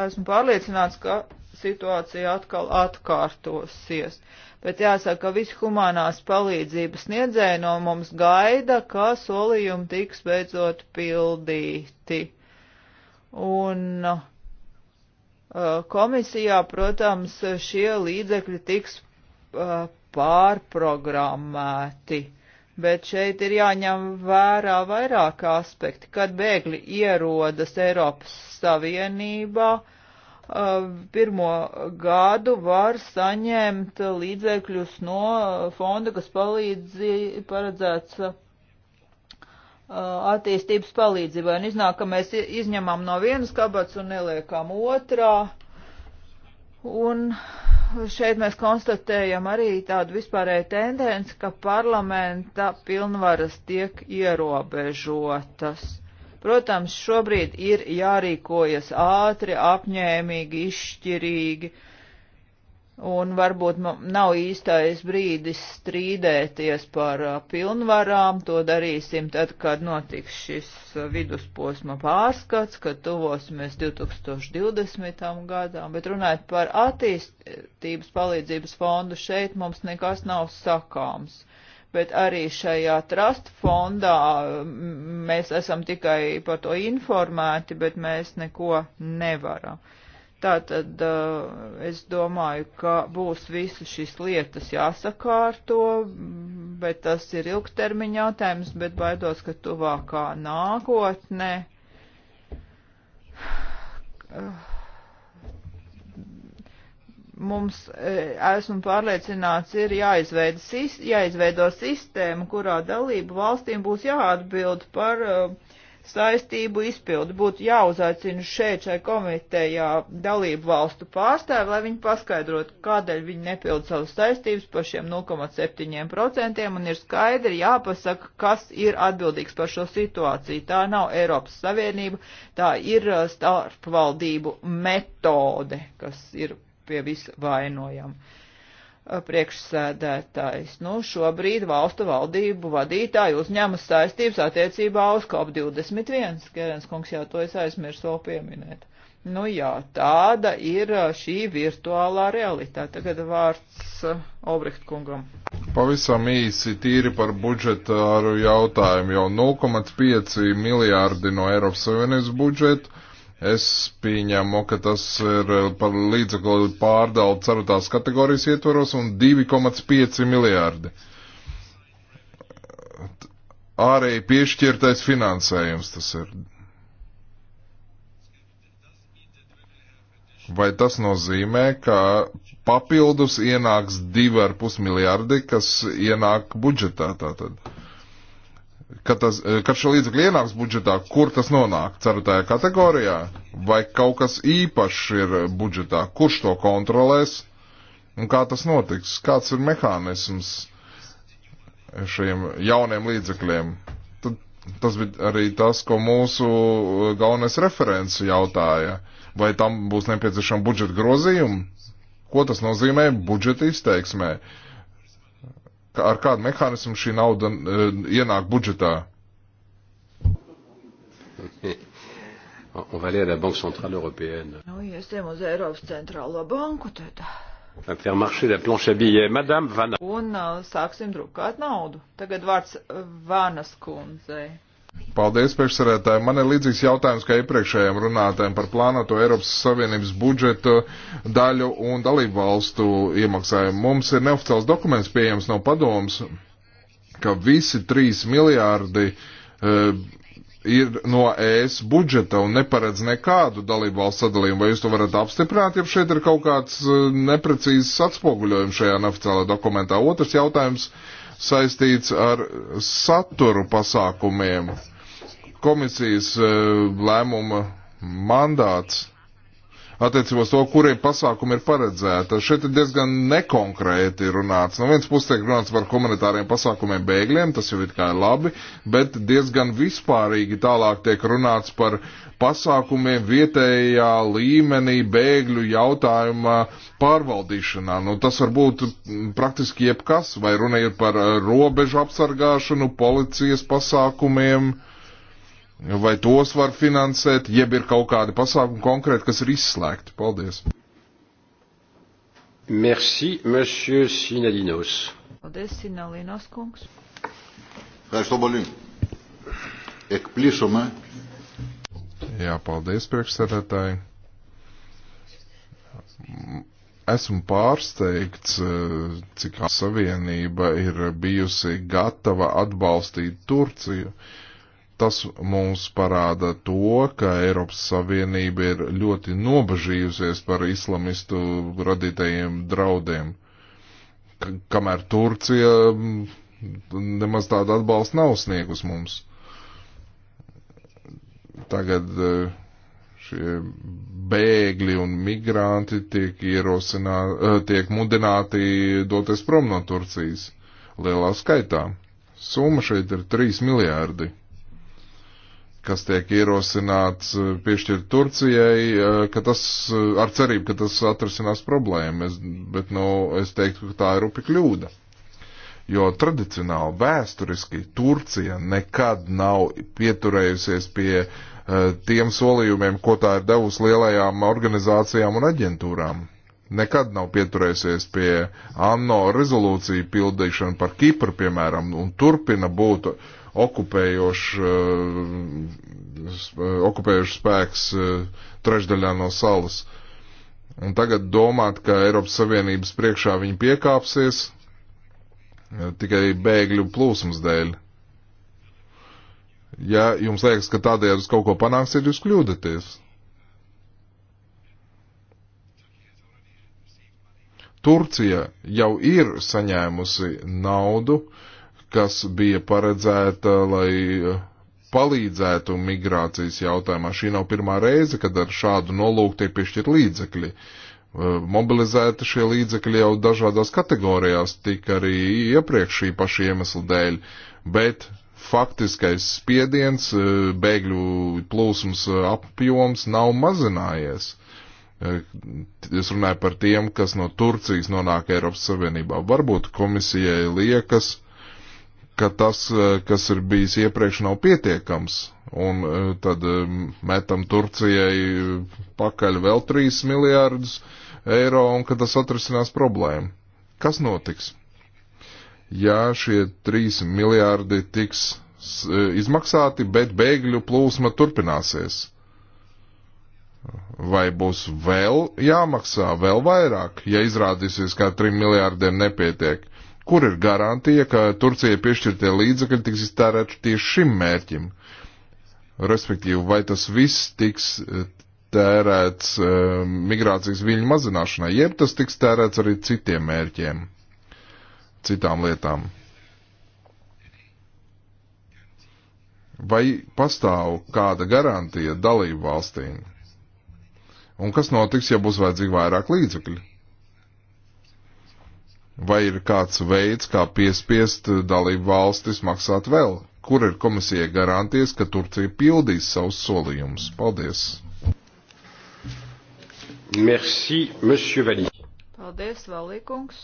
esmu pārliecināts, ka situācija atkal atkārtosies. Bet jāsaka, ka visi humanās palīdzības sniedzēji no mums gaida, ka solījumi tiks beidzot pildīti. Un uh, komisijā, protams, šie līdzekļi tiks uh, pārprogrammēti. Bet šeit ir jāņem vērā vairāk aspekti, kad bēgļi ierodas Eiropas Savienībā, uh, Uh, pirmo gadu var saņemt līdzekļus no fonda, kas palīdzi paredzēts uh, attīstības palīdzībai. Un iznāk, ka mēs izņemam no vienas kabats un neliekam otrā. Un šeit mēs konstatējam arī tādu vispārēju tendenci, ka parlamenta pilnvaras tiek ierobežotas Protams, šobrīd ir jārīkojas ātri, apņēmīgi, izšķirīgi, un varbūt nav īstais brīdis strīdēties par uh, pilnvarām. To darīsim tad, kad notiks šis uh, vidusposma pārskats, kad tuvosimies 2020. gadām, bet runājot par attīstības palīdzības fondu, šeit mums nekas nav sakāms bet arī šajā trust fondā mēs esam tikai par to informēti, bet mēs neko nevaram. Tātad eh, es domāju, ka būs visas šīs lietas jāsakārto, bet tas ir ilgtermiņa jautājums, bet baidos, ka tuvākā nākotnē. Uh eh, mums, e, esmu pārliecināts, ir jāizveido, jāizveido sistēma, kurā dalību valstīm būs jāatbild par e, saistību izpildi. Būtu jāuzaicina šeit šai komitejā dalību valstu pārstāvi, lai viņi paskaidrotu, kādēļ viņi nepild savas saistības par šiem 0,7% un ir skaidri jāpasaka, kas ir atbildīgs par šo situāciju. Tā nav Eiropas Savienība, tā ir e, starpvaldību metode, kas ir pie visa vainojam. Priekšsēdētājs. Nu, šobrīd valstu valdību vadītāji uzņemas saistības attiecībā uz COP21. Gerens kungs jau to es aizmirsu vēl pieminēt. Nu jā, tāda ir šī virtuālā realitāte. Tagad vārds Obrecht kungam. Pavisam īsi tīri par budžetāru jautājumu. Jau 0,5 miljārdi no Eiropas Savienības budžeta Es pieņemu, ka tas ir eh, par līdzekļu pārdalu ceratās kategorijas ietvaros un 2,5 miljārdi. Ārēji piešķirtais finansējums tas ir. Vai tas nozīmē, ka papildus ienāks 2,5 miljārdi, kas ienāk budžetā tātad? kad, tas, eh, kad šo līdzekļu ienāks budžetā, kur tas nonāk? Ceturtajā kategorijā? Vai kaut kas īpašs ir budžetā? Kurš to kontrolēs? Un kā tas notiks? Kāds ir mehānisms šiem jauniem līdzekļiem? Tad, tas bija arī tas, ko mūsu eh, galvenais referents jautāja. Vai tam būs nepieciešama budžeta grozījuma? Ko tas nozīmē budžeta izteiksmē? Uh, ar kādu mehānismu šī nauda uh, ienāk budžetā? On va aller à la Banque Centrale Européenne. Oui, nu, iesim uz Eiropas centrālo banku tad. Faire marcher la planche à billets. Madame Vana. Un uh, sāksim drukāt naudu. Tagad vārds Vanas kundzei. Paldies, priekšsarētāji. Man ir līdzīgs jautājums kā iepriekšējiem runātājiem par plānoto Eiropas Savienības budžetu daļu un dalību valstu iemaksājumu. Mums ir neoficiāls dokuments pieejams no padoms, ka visi trīs miljārdi e, ir no ES budžeta un neparedz nekādu dalību valstu sadalījumu. Vai jūs to varat apstiprināt, ja šeit ir kaut kāds e, neprecīzs atspoguļojums šajā neoficiālajā dokumentā? Otrs jautājums. E, saistīts ar saturu pasākumiem. Komisijas eh, lēmuma mandāts attiecībā uz to, kuriem pasākumi ir paredzēta. Šeit ir diezgan nekonkrēti runāts. No viens puses tiek runāts par komunitāriem pasākumiem bēgļiem, tas jau ir kā labi, bet diezgan vispārīgi tālāk tiek runāts par pasākumiem vietējā līmenī bēgļu jautājuma pārvaldīšanā. Nu, tas var būt praktiski jebkas, vai runa ir par robežu apsargāšanu, policijas pasākumiem. Uh, Vai tos var finansēt, jeb ir kaut kādi pasākumi konkrēti, kas ir izslēgti? Paldies! Merci, monsieur Sinalinos. Paldies, Sinalinos kungs. Ευχαριστώ πολύ. Εκπλήσωμαι. Jā, paldies, priekšsēdētāji. Esmu pārsteigts, cik savienība ir bijusi gatava atbalstīt Turciju. Uh, Tas mums parāda to, ka Eiropas Savienība ir ļoti nobažījusies par islamistu radītajiem draudiem. K kamēr Turcija mm, nemaz tādu atbalstu nav sniegus mums. Tagad e, šie bēgļi un migranti tiek ierosināti, e, tiek mudināti doties prom no Turcijas lielā skaitā. Summa šeit ir 3 miljārdi kas tiek ierosināts eh, piešķirt Turcijai, eh, ka tas eh, ar cerību, ka tas atrasinās problēmu, es, bet, nu, es teiktu, ka tā ir rupi kļūda. Jo tradicionāli, vēsturiski Turcija nekad nav pieturējusies pie uh, tiem solījumiem, ko tā ir devusi lielajām organizācijām un aģentūrām. Nekad nav pieturējusies pie ANO rezolūciju pildīšanu par Kipru, piemēram, un turpina būt uh, okupējošs eh, okupējuši spēks eh, trešdaļā no salas. Un tagad domāt, ka Eiropas Savienības priekšā viņi piekāpsies eh, tikai bēgļu plūsmas dēļ. Ja jums liekas, ka tādējādi uz kaut ko panāksiet, jūs kļūdaties. Turcija jau ir saņēmusi naudu uh, kas bija paredzēta, lai palīdzētu migrācijas jautājumā. Šī nav pirmā reize, kad ar šādu nolūku tiek piešķirt līdzekļi. Uh, Mobilizēta šie līdzekļi jau dažādās kategorijās, tik arī iepriekš šī paša iemesla dēļ, bet faktiskais spiediens, uh, bēgļu plūsmas uh, apjoms nav mazinājies. Es runāju par tiem, kas no Turcijas nonāk Eiropas Savienībā. Varbūt komisijai liekas, ka tas, eh, kas ir bijis iepriekš, nav pietiekams. Un eh, tad eh, metam Turcijai pakaļ vēl 3 miljārdus eiro un ka tas atrisinās problēmu. Kas notiks? Ja šie 3 miljārdi tiks izmaksāti, bet bēgļu plūsma turpināsies. Vai būs vēl jāmaksā, vēl vairāk, ja izrādīsies, ka 3 miljārdiem nepietiek? Kur ir garantija, ka Turcijai piešķirtie līdzekļi tiks iztērēti tieši šim mērķim? Respektīvi, vai tas viss tiks eh, tērēts um, migrācijas viļņu mazināšanai, jeb tas tiks tērēts arī citiem mērķiem, citām lietām? Vai pastāv kāda garantija dalību valstīm? Un kas notiks, ja būs vajadzīgi vairāk līdzekļu? Vai ir kāds veids, kā piespiest dalību valstis maksāt vēl? Kur ir komisija garantijas, ka Turcija pildīs savus solījumus? Paldies! Merci, monsieur Valī. Paldies, Valīkungs.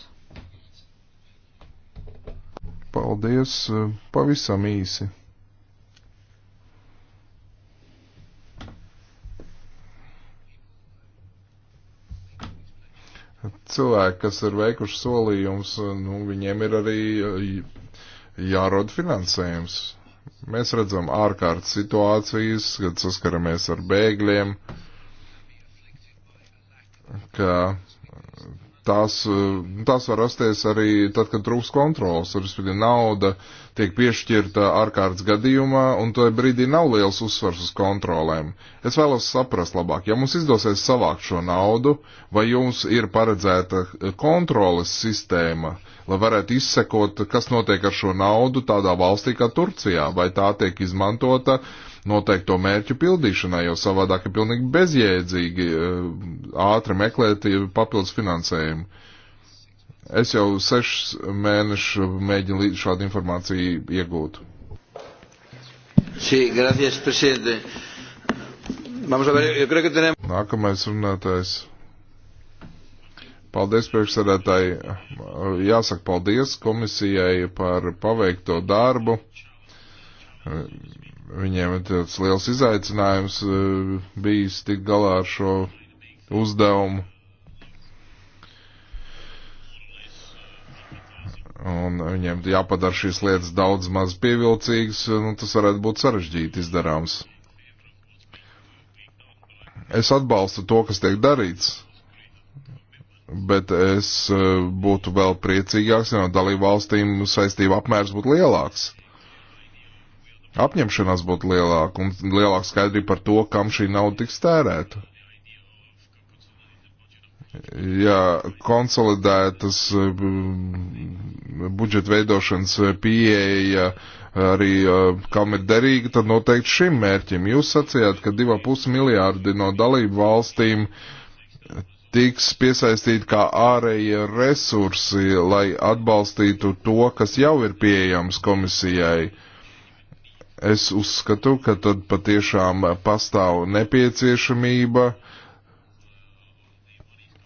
Paldies, eh, pavisam īsi. cilvēki, kas ir veikuši solījumus, nu, viņiem ir arī eh, jārod finansējums. Mēs redzam ārkārtas situācijas, kad saskaramies ar bēgļiem, ka tās, eh, tās var rasties arī tad, kad trūks kontrols, respektīvi nauda tiek piešķirta ārkārtas gadījumā, un tajā brīdī nav liels uzsvars uz kontrolēm. Es vēlos saprast labāk, ja mums izdosies savākt šo naudu, vai jums ir paredzēta eh, kontroles sistēma, lai varētu izsekot, kas notiek ar šo naudu tādā valstī kā Turcijā, vai tā tiek izmantota uh, noteikto mērķu pildīšanai, jo savādāk ir pilnīgi bezjēdzīgi eh, ātri meklēt papildus finansējumu. Es jau sešus mēnešus mēģinu šādu informāciju iegūt. Sí, gracias, presidente. Vamos a ver, yo creo que tenemos... Nākamais runātājs. Paldies, priekšsēdētāji. Jāsaka paldies komisijai par paveikto darbu. Viņiem ir tāds liels izaicinājums e, bijis tik galā ar šo uzdevumu. Un viņiem jāpadara šīs lietas daudz maz pievilcīgas, e, nu tas varētu būt sarežģīti izdarāms. Es atbalstu to, kas tiek darīts, bet es e, būtu vēl priecīgāks, ja no dalību valstīm saistību apmērs būtu lielāks apņemšanās būtu lielāka un lielāka skaidrība par to, kam šī nauda tiks tērēta. Ja konsolidētas mm, budžeta veidošanas pieeja arī mm, kam ir derīga, tad noteikti šim mērķim. Jūs sacījāt, ka 2,5 miljārdi no dalību valstīm tiks piesaistīti kā ārējie resursi, lai atbalstītu to, kas jau ir pieejams komisijai. Uh, Es uzskatu, ka tad patiešām pastāv nepieciešamība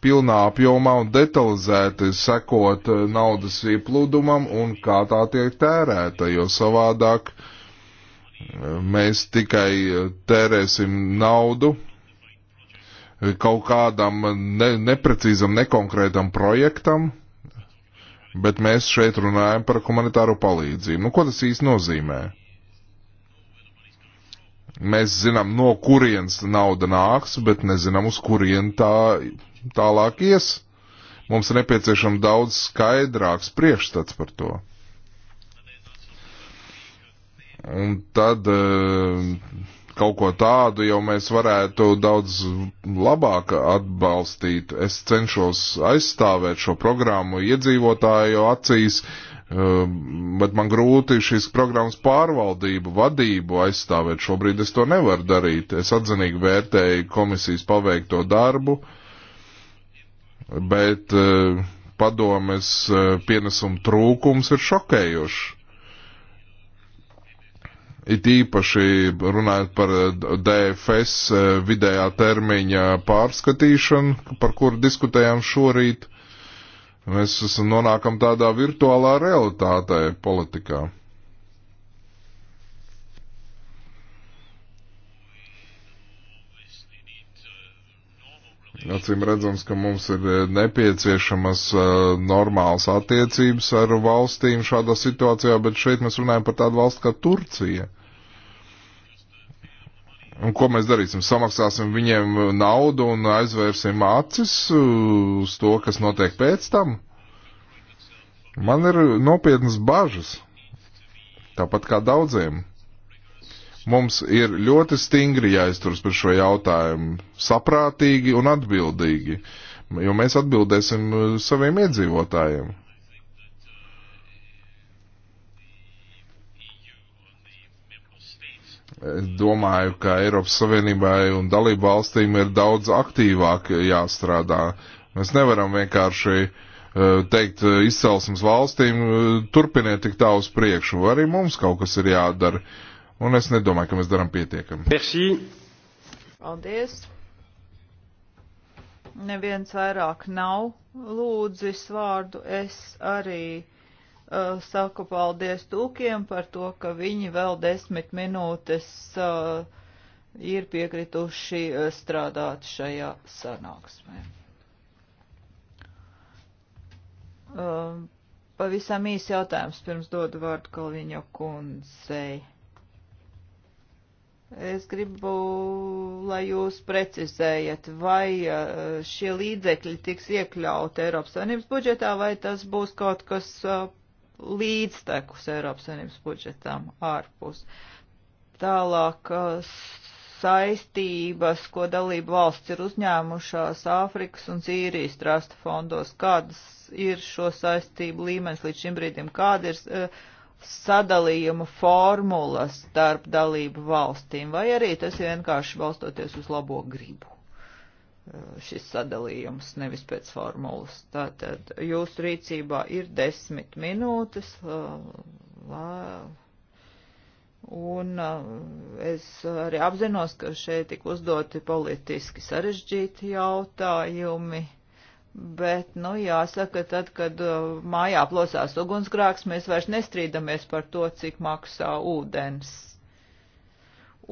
pilnā apjomā un detalizēti sekot naudas ieplūdumam un kā tā tiek tērēta, jo savādāk mēs tikai tērēsim naudu kaut kādam ne, neprecīzam, nekonkrētam projektam, bet mēs šeit runājam par humanitāro palīdzību. Nu, ko tas īsti nozīmē? Mēs zinām, no kurienes nauda nāks, bet nezinām, uz kurien tā tālāk ies. Mums ir nepieciešams daudz skaidrāks priekšstats par to. Un tad eh, kaut ko tādu jau mēs varētu daudz labāk atbalstīt. Es cenšos aizstāvēt šo programmu iedzīvotāju acīs, Um, bet man grūti šīs programmas pārvaldību, vadību aizstāvēt. Šobrīd es to nevaru darīt. Es atzinīgi vērtēju komisijas paveikto darbu, bet uh, padomes uh, pienesuma trūkums ir šokējošs. It īpaši runājot par uh, DFS vidējā termiņa pārskatīšanu, par kuru diskutējām šorīt Mēs esam nonākam tādā virtuālā realitātē politikā. Acīm redzams, ka mums ir nepieciešamas uh, normālas attiecības ar valstīm šādā situācijā, bet šeit mēs runājam par tādu valstu kā Turcija. Uh, Un ko mēs darīsim? Samaksāsim viņiem naudu un aizvērsim acis uh, uz to, kas notiek pēc tam? Man ir nopietnas bažas, tāpat kā daudziem. Mums ir ļoti stingri jāizturas par šo jautājumu, saprātīgi un atbildīgi, jo mēs atbildēsim uh, saviem iedzīvotājiem. Es domāju, ka Eiropas Savienībai un dalību valstīm ir daudz aktīvāk jāstrādā. Mēs nevaram vienkārši eh, teikt eh, izcelsmes valstīm, eh, turpiniet tik tā uz priekšu. Arī mums kaut kas ir jādara. Un es nedomāju, ka mēs darām pietiekami. Merci. Paldies. Neviens vairāk nav lūdzis vārdu. Es arī Uh, saku paldies tūkiem par to, ka viņi vēl desmit minūtes uh, ir piekrituši uh, strādāt šajā sanāksmē. Pavisam īsi jautājums pirms dodu vārdu Kalviņo kundzei. Es gribu, lai jūs precizējat, vai šie līdzekļi tiks iekļauti Eiropas Savienības budžetā, vai tas būs kaut kas līdztekus Eiropas Savienības budžetam ārpus. Tālāk uh, saistības, ko dalību valsts ir uzņēmušās Āfrikas un Sīrijas trasta fondos, kādas ir šo saistību līmenis līdz šim brīdim, kāda ir uh, sadalījuma formulas starp dalību valstīm, vai arī tas vienkārši balstoties uz labo gribu. Eh, šis sadalījums, nevis pēc formulas. Tātad jūsu rīcībā ir desmit minūtes, eh, lā, un eh, es arī apzinos, ka šeit tik uzdoti politiski sarežģīti jautājumi. Bet, nu, jāsaka, tad, kad mājā plosās ugunsgrāks, mēs vairs nestrīdamies par to, cik maksā ūdens.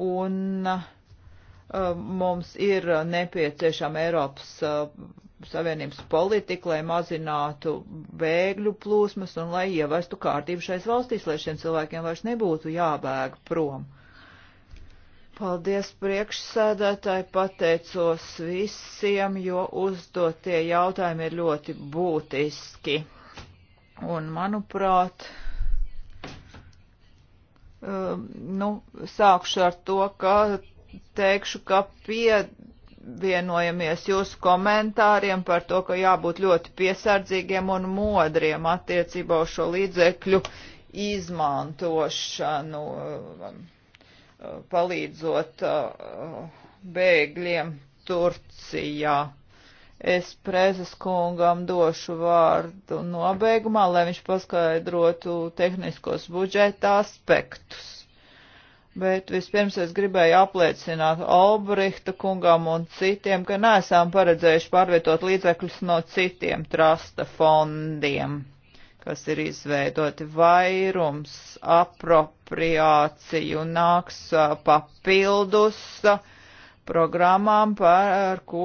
Un uh, Uh, mums ir uh, nepieciešama Eiropas uh, Savienības politika, lai mazinātu bēgļu plūsmas un lai ievestu kārtību šais valstīs, lai šiem cilvēkiem vairs nebūtu jābēg prom. Paldies priekšsēdētāji, pateicos visiem, jo uzdotie jautājumi ir ļoti būtiski. Un, manuprāt, nu, sākšu ar to, ka teikšu, ka pievienojamies jūsu komentāriem par to, ka jābūt ļoti piesardzīgiem un modriem attiecībā uz šo līdzekļu izmantošanu, palīdzot bēgļiem Turcijā. Es prezes kungam došu vārdu nobeigumā, lai viņš paskaidrotu tehniskos budžeta aspektus. Bet vispirms es gribēju apliecināt Albrihta kungam un citiem, ka neesam paredzējuši pārvietot līdzekļus no citiem trasta fondiem, kas ir izveidoti. Vairums apropriāciju nāks papildus programmām, par ko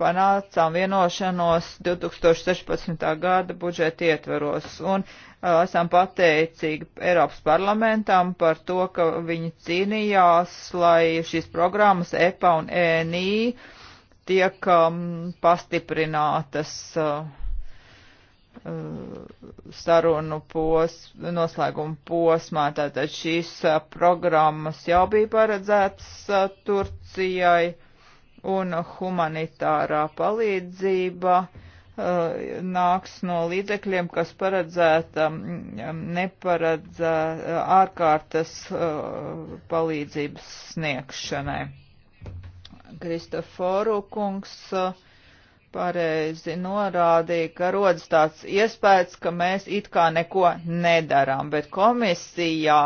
panācām vienošanos 2016. gada budžeta ietveros. Un esam pateicīgi Eiropas parlamentam par to, ka viņi cīnījās, lai šīs programmas EPA un ENI tiek um, pastiprinātas uh, uh, sarunu pos, noslēguma posmā. Tātad šīs uh, programmas jau bija paredzētas uh, Turcijai un humanitārā palīdzība Uh, nāks no līdzekļiem, kas paredzēta mm, mm, neparedzē uh, ārkārtas uh, palīdzības sniegšanai. Kristoforu kungs uh, pareizi norādīja, ka rodas tāds iespējas, ka mēs it kā neko nedarām, bet komisijā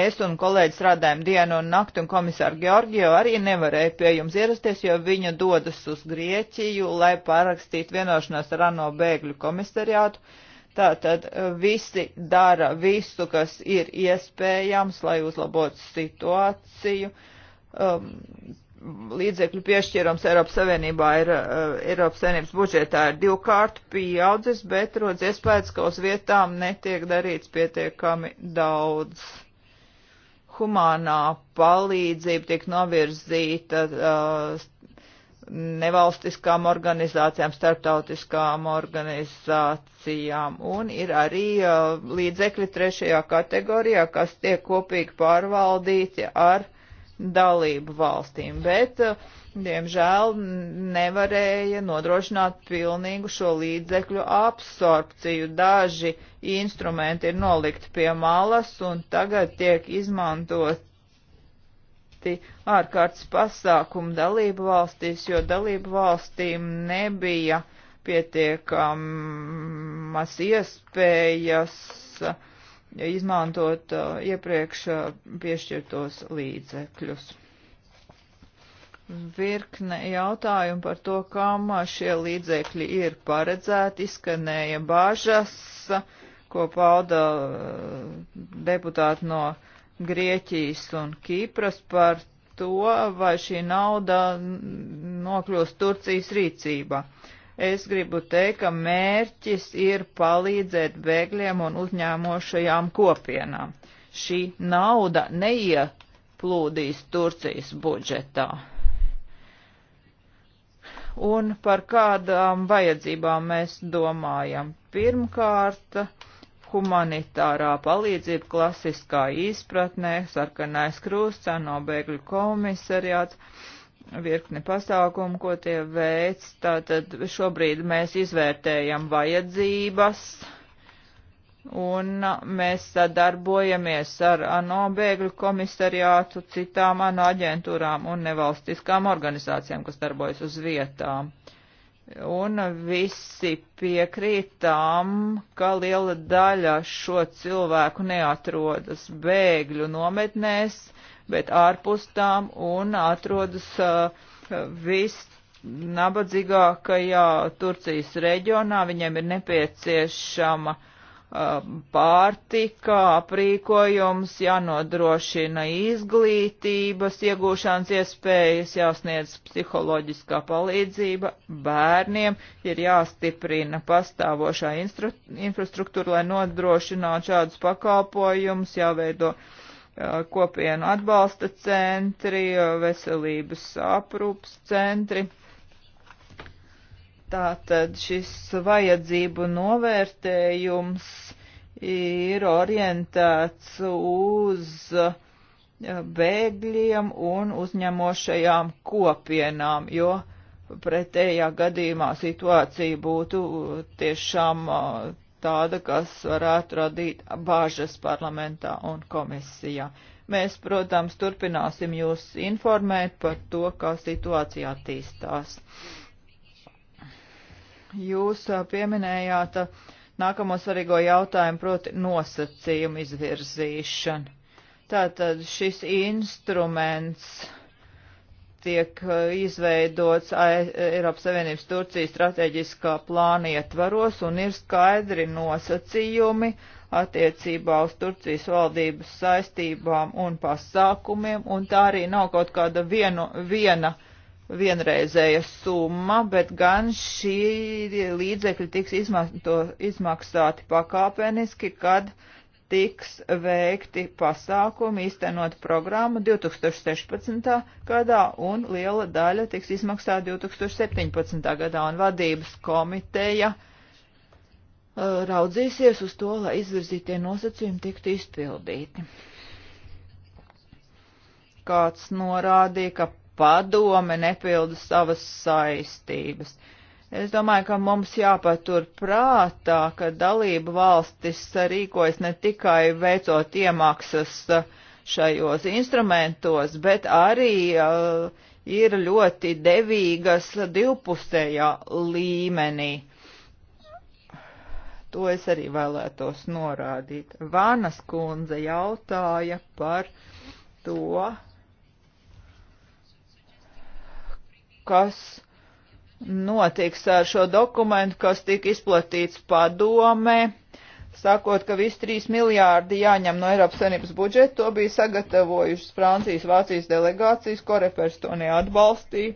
es un kolēģi strādājam dienu un nakti, un komisāri Georgiev arī nevarēja pie jums ierasties, jo viņa dodas uz Grieķiju, lai parakstītu vienošanos ar ANO bēgļu komisariātu. Tātad e, visi dara visu, kas ir iespējams, lai uzlabotu situāciju. Um, līdzekļu piešķirums Eiropas Savienībā ir, eh, Eiropas Savienības budžetā ir divkārt pieaudzis, bet rodas iespējas, ka uz vietām netiek darīts pietiekami daudz. Humānā palīdzība tiek novirzīta uh, nevalstiskām organizācijām, starptautiskām organizācijām, un ir arī uh, līdzekļi trešajā kategorijā, kas tiek kopīgi pārvaldīti ar uh, dalību valstīm, bet, uh, diemžēl, nevarēja nodrošināt pilnīgu šo līdzekļu absorpciju. Daži instrumenti ir nolikti pie malas un tagad tiek izmantoti ārkārtas pasākumu dalību valstīs, jo dalību valstīm nebija pietiekamas mm, iespējas uh, izmantot uh, iepriekš uh, piešķirtos līdzekļus virkne jautājumu par to, kam uh, šie līdzekļi ir paredzēti, izskanēja bažas, ko pauda deputāti no Grieķijas un Kīpras par to, vai šī nauda nokļūst Turcijas rīcībā. Uh, Es gribu teikt, ka mērķis ir palīdzēt bēgļiem un uzņēmošajām kopienām. Šī nauda neieplūdīs Turcijas budžetā. Un par kādām vajadzībām mēs domājam? Pirmkārt, humanitārā palīdzība klasiskā izpratnē, sarkanais krusts, no bēgļu komisariāts virkni pasākumu, ko tie veic. Tātad šobrīd mēs izvērtējam vajadzības un mēs sadarbojamies ar ANO bēgļu komisariātu, citām ANO aģentūrām un nevalstiskām organizācijām, kas darbojas uz vietām. Un visi piekrītām, ka liela daļa šo cilvēku neatrodas bēgļu nometnēs, bet ārpus tām un atrodas uh, visnabadzīgākajā Turcijas reģionā. Viņiem ir nepieciešama uh, pārtika, aprīkojums, jānodrošina izglītības, iegūšanas iespējas, jāsniedz psiholoģiskā palīdzība bērniem, ir jāstiprina pastāvošā infrastruktūra, lai nodrošinātu šādus pakalpojumus, jāveido uh, Eh, kopienu atbalsta centri, eh, veselības aprūpas centri. Tātad šis vajadzību novērtējums ir orientēts uz eh, bēgļiem un uzņemošajām kopienām, jo pretējā gadījumā situācija būtu tiešām tāda, kas varētu radīt bāžas parlamentā un komisijā. Mēs, protams, turpināsim jūs informēt par to, kā situācija attīstās. Jūs pieminējāt nākamo svarīgo jautājumu, proti nosacījumu izvirzīšanu. Tātad šis instruments tiek eh, izveidots e Eiropas Savienības Turcijas strateģiskā plāna ietvaros un ir skaidri nosacījumi attiecībā uz Turcijas valdības saistībām un pasākumiem, un tā arī nav kaut kāda vienu, viena vienreizēja summa, bet gan šī līdzekļi tiks izmanto, izmaksāti pakāpeniski, kad uh, tiks veikti pasākumi, īstenot programmu 2016. gadā un liela daļa tiks izmaksāta 2017. gadā un vadības komiteja uh, raudzīsies uz to, lai izvirzītie nosacījumi tiktu izpildīti. Kāds norādīja, ka padome nepilda savas saistības. Uh, Es domāju, ka mums jāpatur prātā, ka dalība valstis rīkojas ne tikai veicot iemaksas uh, šajos instrumentos, bet arī uh, ir ļoti devīgas divpusējā līmenī. To es arī vēlētos norādīt. Vānas kundze jautāja par to, kas notiks ar šo dokumentu, kas tika izplatīts padomē, sakot, ka visi 3 miljārdi jāņem no Eiropas Savienības budžeta, to bija sagatavojušas Francijas, Vācijas delegācijas, korepers to neatbalstīja.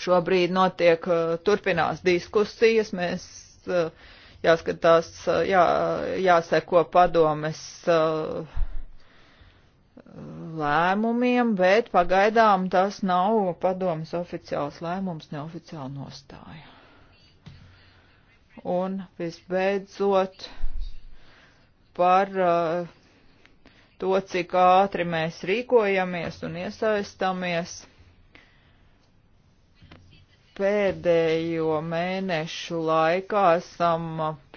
Šobrīd notiek, uh, turpinās diskusijas, mēs uh, jāskatās, uh, jā, jāseko padomes uh, lēmumiem, bet pagaidām tas nav padomas oficiāls lēmums, neoficiāla nostāja. Un visbeidzot par uh, to, cik ātri mēs rīkojamies un iesaistamies pēdējo mēnešu laikā esam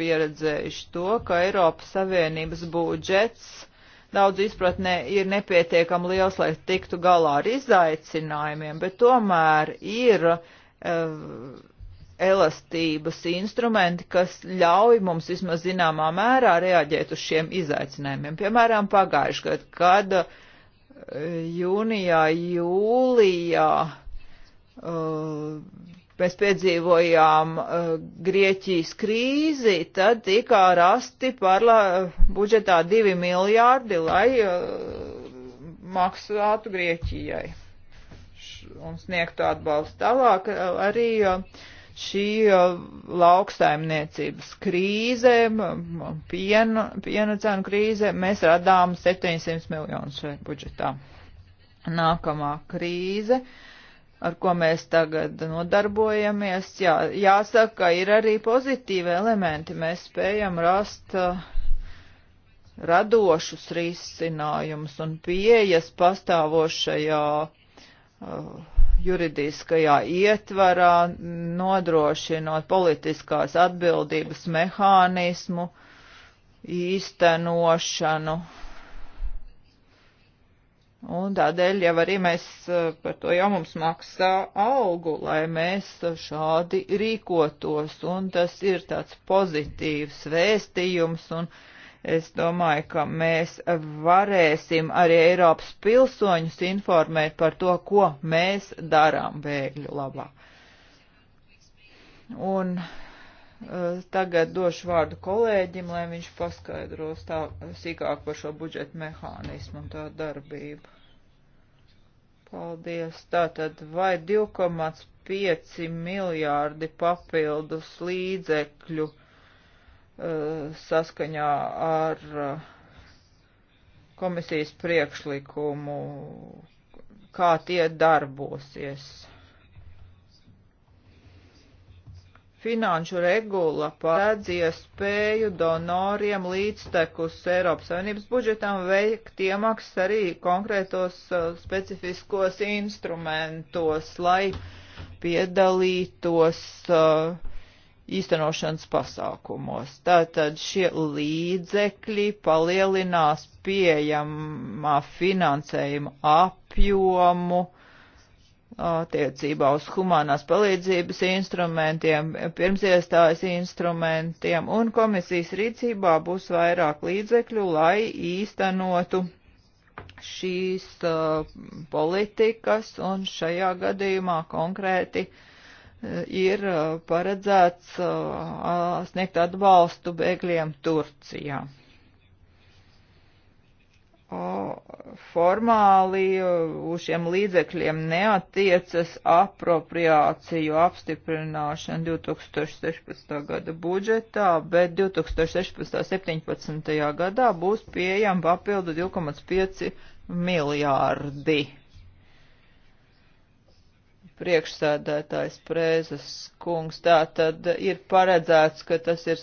pieredzējuši to, ka Eiropas Savienības budžets daudz izpratnē ir nepietiekami liels, lai tiktu galā ar izaicinājumiem, bet tomēr ir uh, elastības instrumenti, kas ļauj mums vismaz zināmā mērā reaģēt uz šiem izaicinājumiem. Piemēram, pagājuši gadu, kad uh, jūnijā, jūlijā uh, mēs piedzīvojām uh, Grieķijas krīzi, tad tika rasti parla budžetā divi miljārdi, lai uh, maksātu Grieķijai un sniegtu atbalstu. Tālāk eh, arī uh, šī lauksaimniecības krīze, piena, piena cenu krīze, mēs radām 700 miljonus šeit budžetā. Nākamā krīze. Uh, ar ko mēs tagad nodarbojamies. Jā, jāsaka, ir arī pozitīvi elementi. Mēs spējam rast uh, radošus risinājumus un pieejas pastāvošajā uh, juridiskajā ietvarā, nodrošinot politiskās atbildības mehānismu īstenošanu. Un tādēļ jau arī mēs eh, par to jau mums maksā algu, lai mēs šādi rīkotos, un tas ir tāds pozitīvs vēstījums, un es domāju, ka mēs varēsim arī Eiropas pilsoņus informēt par to, ko mēs darām bēgļu labā. Un eh, Tagad došu vārdu kolēģim, lai viņš paskaidros tā sīkāk par šo budžeta mehānismu un tā darbību. Paldies. Tātad vai 2,5 miljārdi papildus līdzekļu uh, saskaņā ar uh, komisijas priekšlikumu, kā tie darbosies? finanšu regula paredz iespēju donoriem līdztekus Eiropas Savienības budžetam veikt iemaksas arī konkrētos uh, specifiskos instrumentos, lai piedalītos uh, īstenošanas pasākumos. Tātad šie līdzekļi palielinās pieejamā finansējuma apjomu, attiecībā uz humanās palīdzības instrumentiem, pirmsiestājas instrumentiem, un komisijas rīcībā būs vairāk līdzekļu, lai īstenotu šīs uh, politikas, un šajā gadījumā konkrēti uh, ir uh, paredzēts uh, sniegt atbalstu bēgļiem Turcijā. O, formāli uz šiem līdzekļiem neatiecas apropriāciju apstiprināšana 2016. gada budžetā, bet 2016.17. gadā būs pieejama papildu 2,5 miljārdi priekšsēdētājs Prēzes kungs. Tā tad ir paredzēts, ka tas ir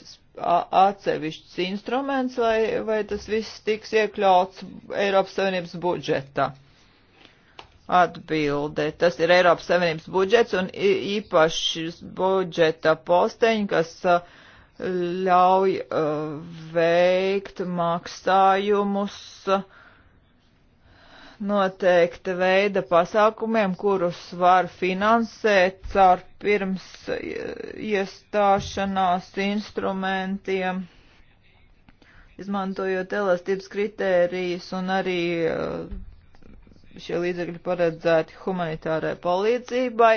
atsevišķs instruments vai, vai tas viss tiks iekļauts Eiropas Savienības budžetā? Atbilde. Tas ir Eiropas Savienības budžets un īpašs budžeta posteņi, kas ļauj uh, veikt maksājumus uh, noteikta veida pasākumiem, kurus var finansēt caur pirms iestāšanās instrumentiem, izmantojot elastības kritērijas un arī eh, šie līdzekļi paredzēti humanitārai palīdzībai,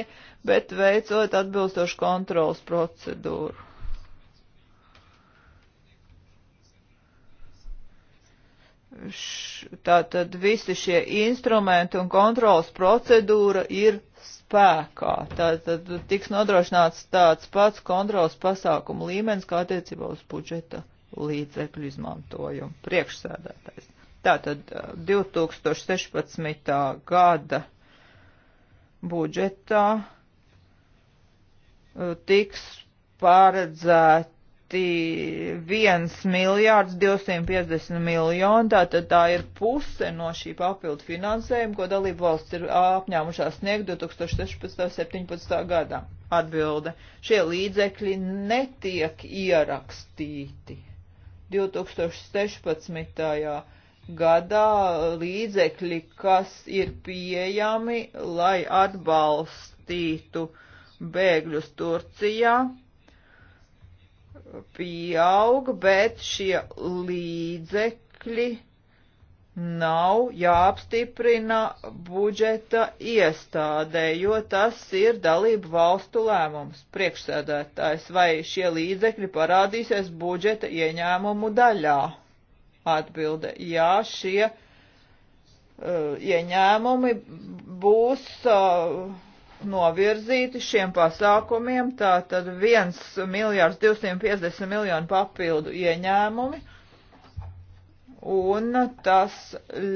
bet veicot atbilstošu kontrolas procedūru. Tātad visi šie instrumenti un kontrolas procedūra ir spēkā. Tātad tiks nodrošināts tāds pats kontrolas pasākumu līmenis kā attiecībā uz budžeta līdzekļu izmantojumu. Priekšsēdētājs. Tātad 2016. gada budžetā tiks paredzēt 1 miljārds 250 miljoni, tātad tā ir puse no šī papildu finansējuma, ko dalību valsts ir apņēmušās sniegt 2016.17. gadā. Atbilde. Šie līdzekļi netiek ierakstīti. 2016. gadā līdzekļi, kas ir pieejami, lai atbalstītu bēgļus Turcijā, pieaug, bet šie līdzekļi nav jāapstiprina budžeta iestādē, jo tas ir dalību valstu lēmums priekšsēdētājs, vai šie līdzekļi parādīsies budžeta ieņēmumu daļā. Atbilde, jā, šie uh, ieņēmumi būs uh, novirzīti šiem pasākumiem, tātad 1 miljārds 250 miljonu papildu ieņēmumi, un tas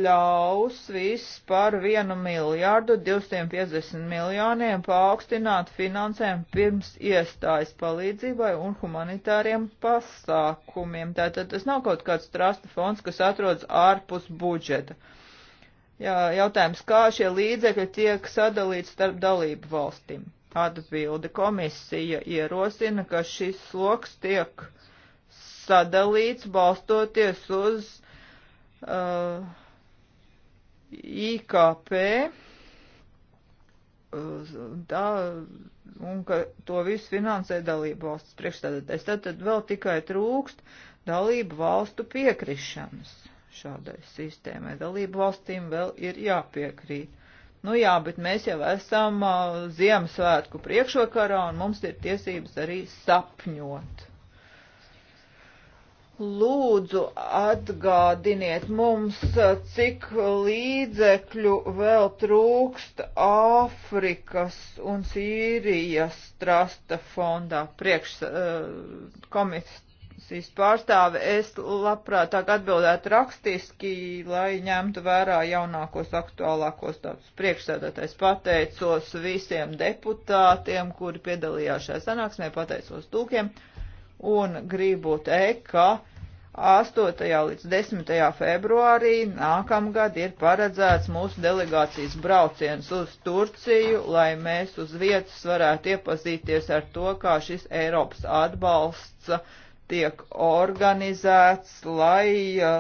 ļaus viss par 1 miljārdu 250 miljoniem paaugstināt finansēm pirms iestājas palīdzībai un humanitāriem pasākumiem. Tātad tas nav kaut kāds trasta fonds, kas atrodas ārpus budžeta. Uh, jā, jautājums, kā šie līdzekļi tiek sadalīti starp dalību valstīm. Atbildi komisija ierosina, ka šis sloks tiek sadalīts balstoties uz uh, IKP, tā, un ka to visu finansē dalību valsts priekšstādātais. Tad, tad vēl tikai trūkst dalību valstu piekrišanas šādai sistēmai. Dalību valstīm vēl ir jāpiekrīt. Nu jā, bet mēs jau esam uh, Ziemassvētku priekšvakarā un mums ir tiesības arī sapņot. Lūdzu, atgādiniet mums, cik līdzekļu vēl trūkst Āfrikas un Sīrijas trasta fondā priekš uh, komis, komisijas pārstāve, es labprātāk atbildētu rakstiski, lai ņemtu vērā jaunākos, aktuālākos tādus priekšsēdētājs. Pateicos visiem deputātiem, kuri piedalījās šajā sanāksmē, pateicos tūkiem un gribu teikt, ka 8. līdz 10. februārī nākamgad ir paredzēts mūsu delegācijas brauciens uz Turciju, lai mēs uz vietas varētu iepazīties ar to, kā šis Eiropas atbalsts tiek organizēts, lai uh,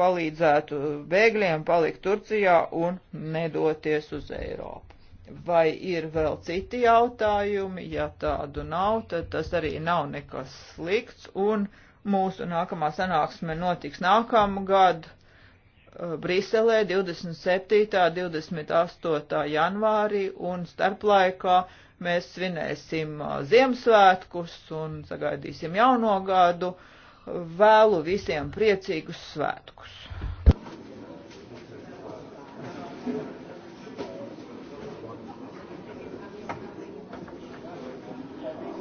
palīdzētu bēgļiem palikt Turcijā un nedoties uz Eiropu. Vai ir vēl citi jautājumi? Ja tādu nav, tad tas arī nav nekas slikts, un mūsu nākamā sanāksme notiks nākamgad uh, Briselē 27. 28. janvārī, un starplaikā Mēs svinēsim Ziemassvētkus un sagaidīsim jauno gadu. Vēlu visiem priecīgus svētkus! Thank you.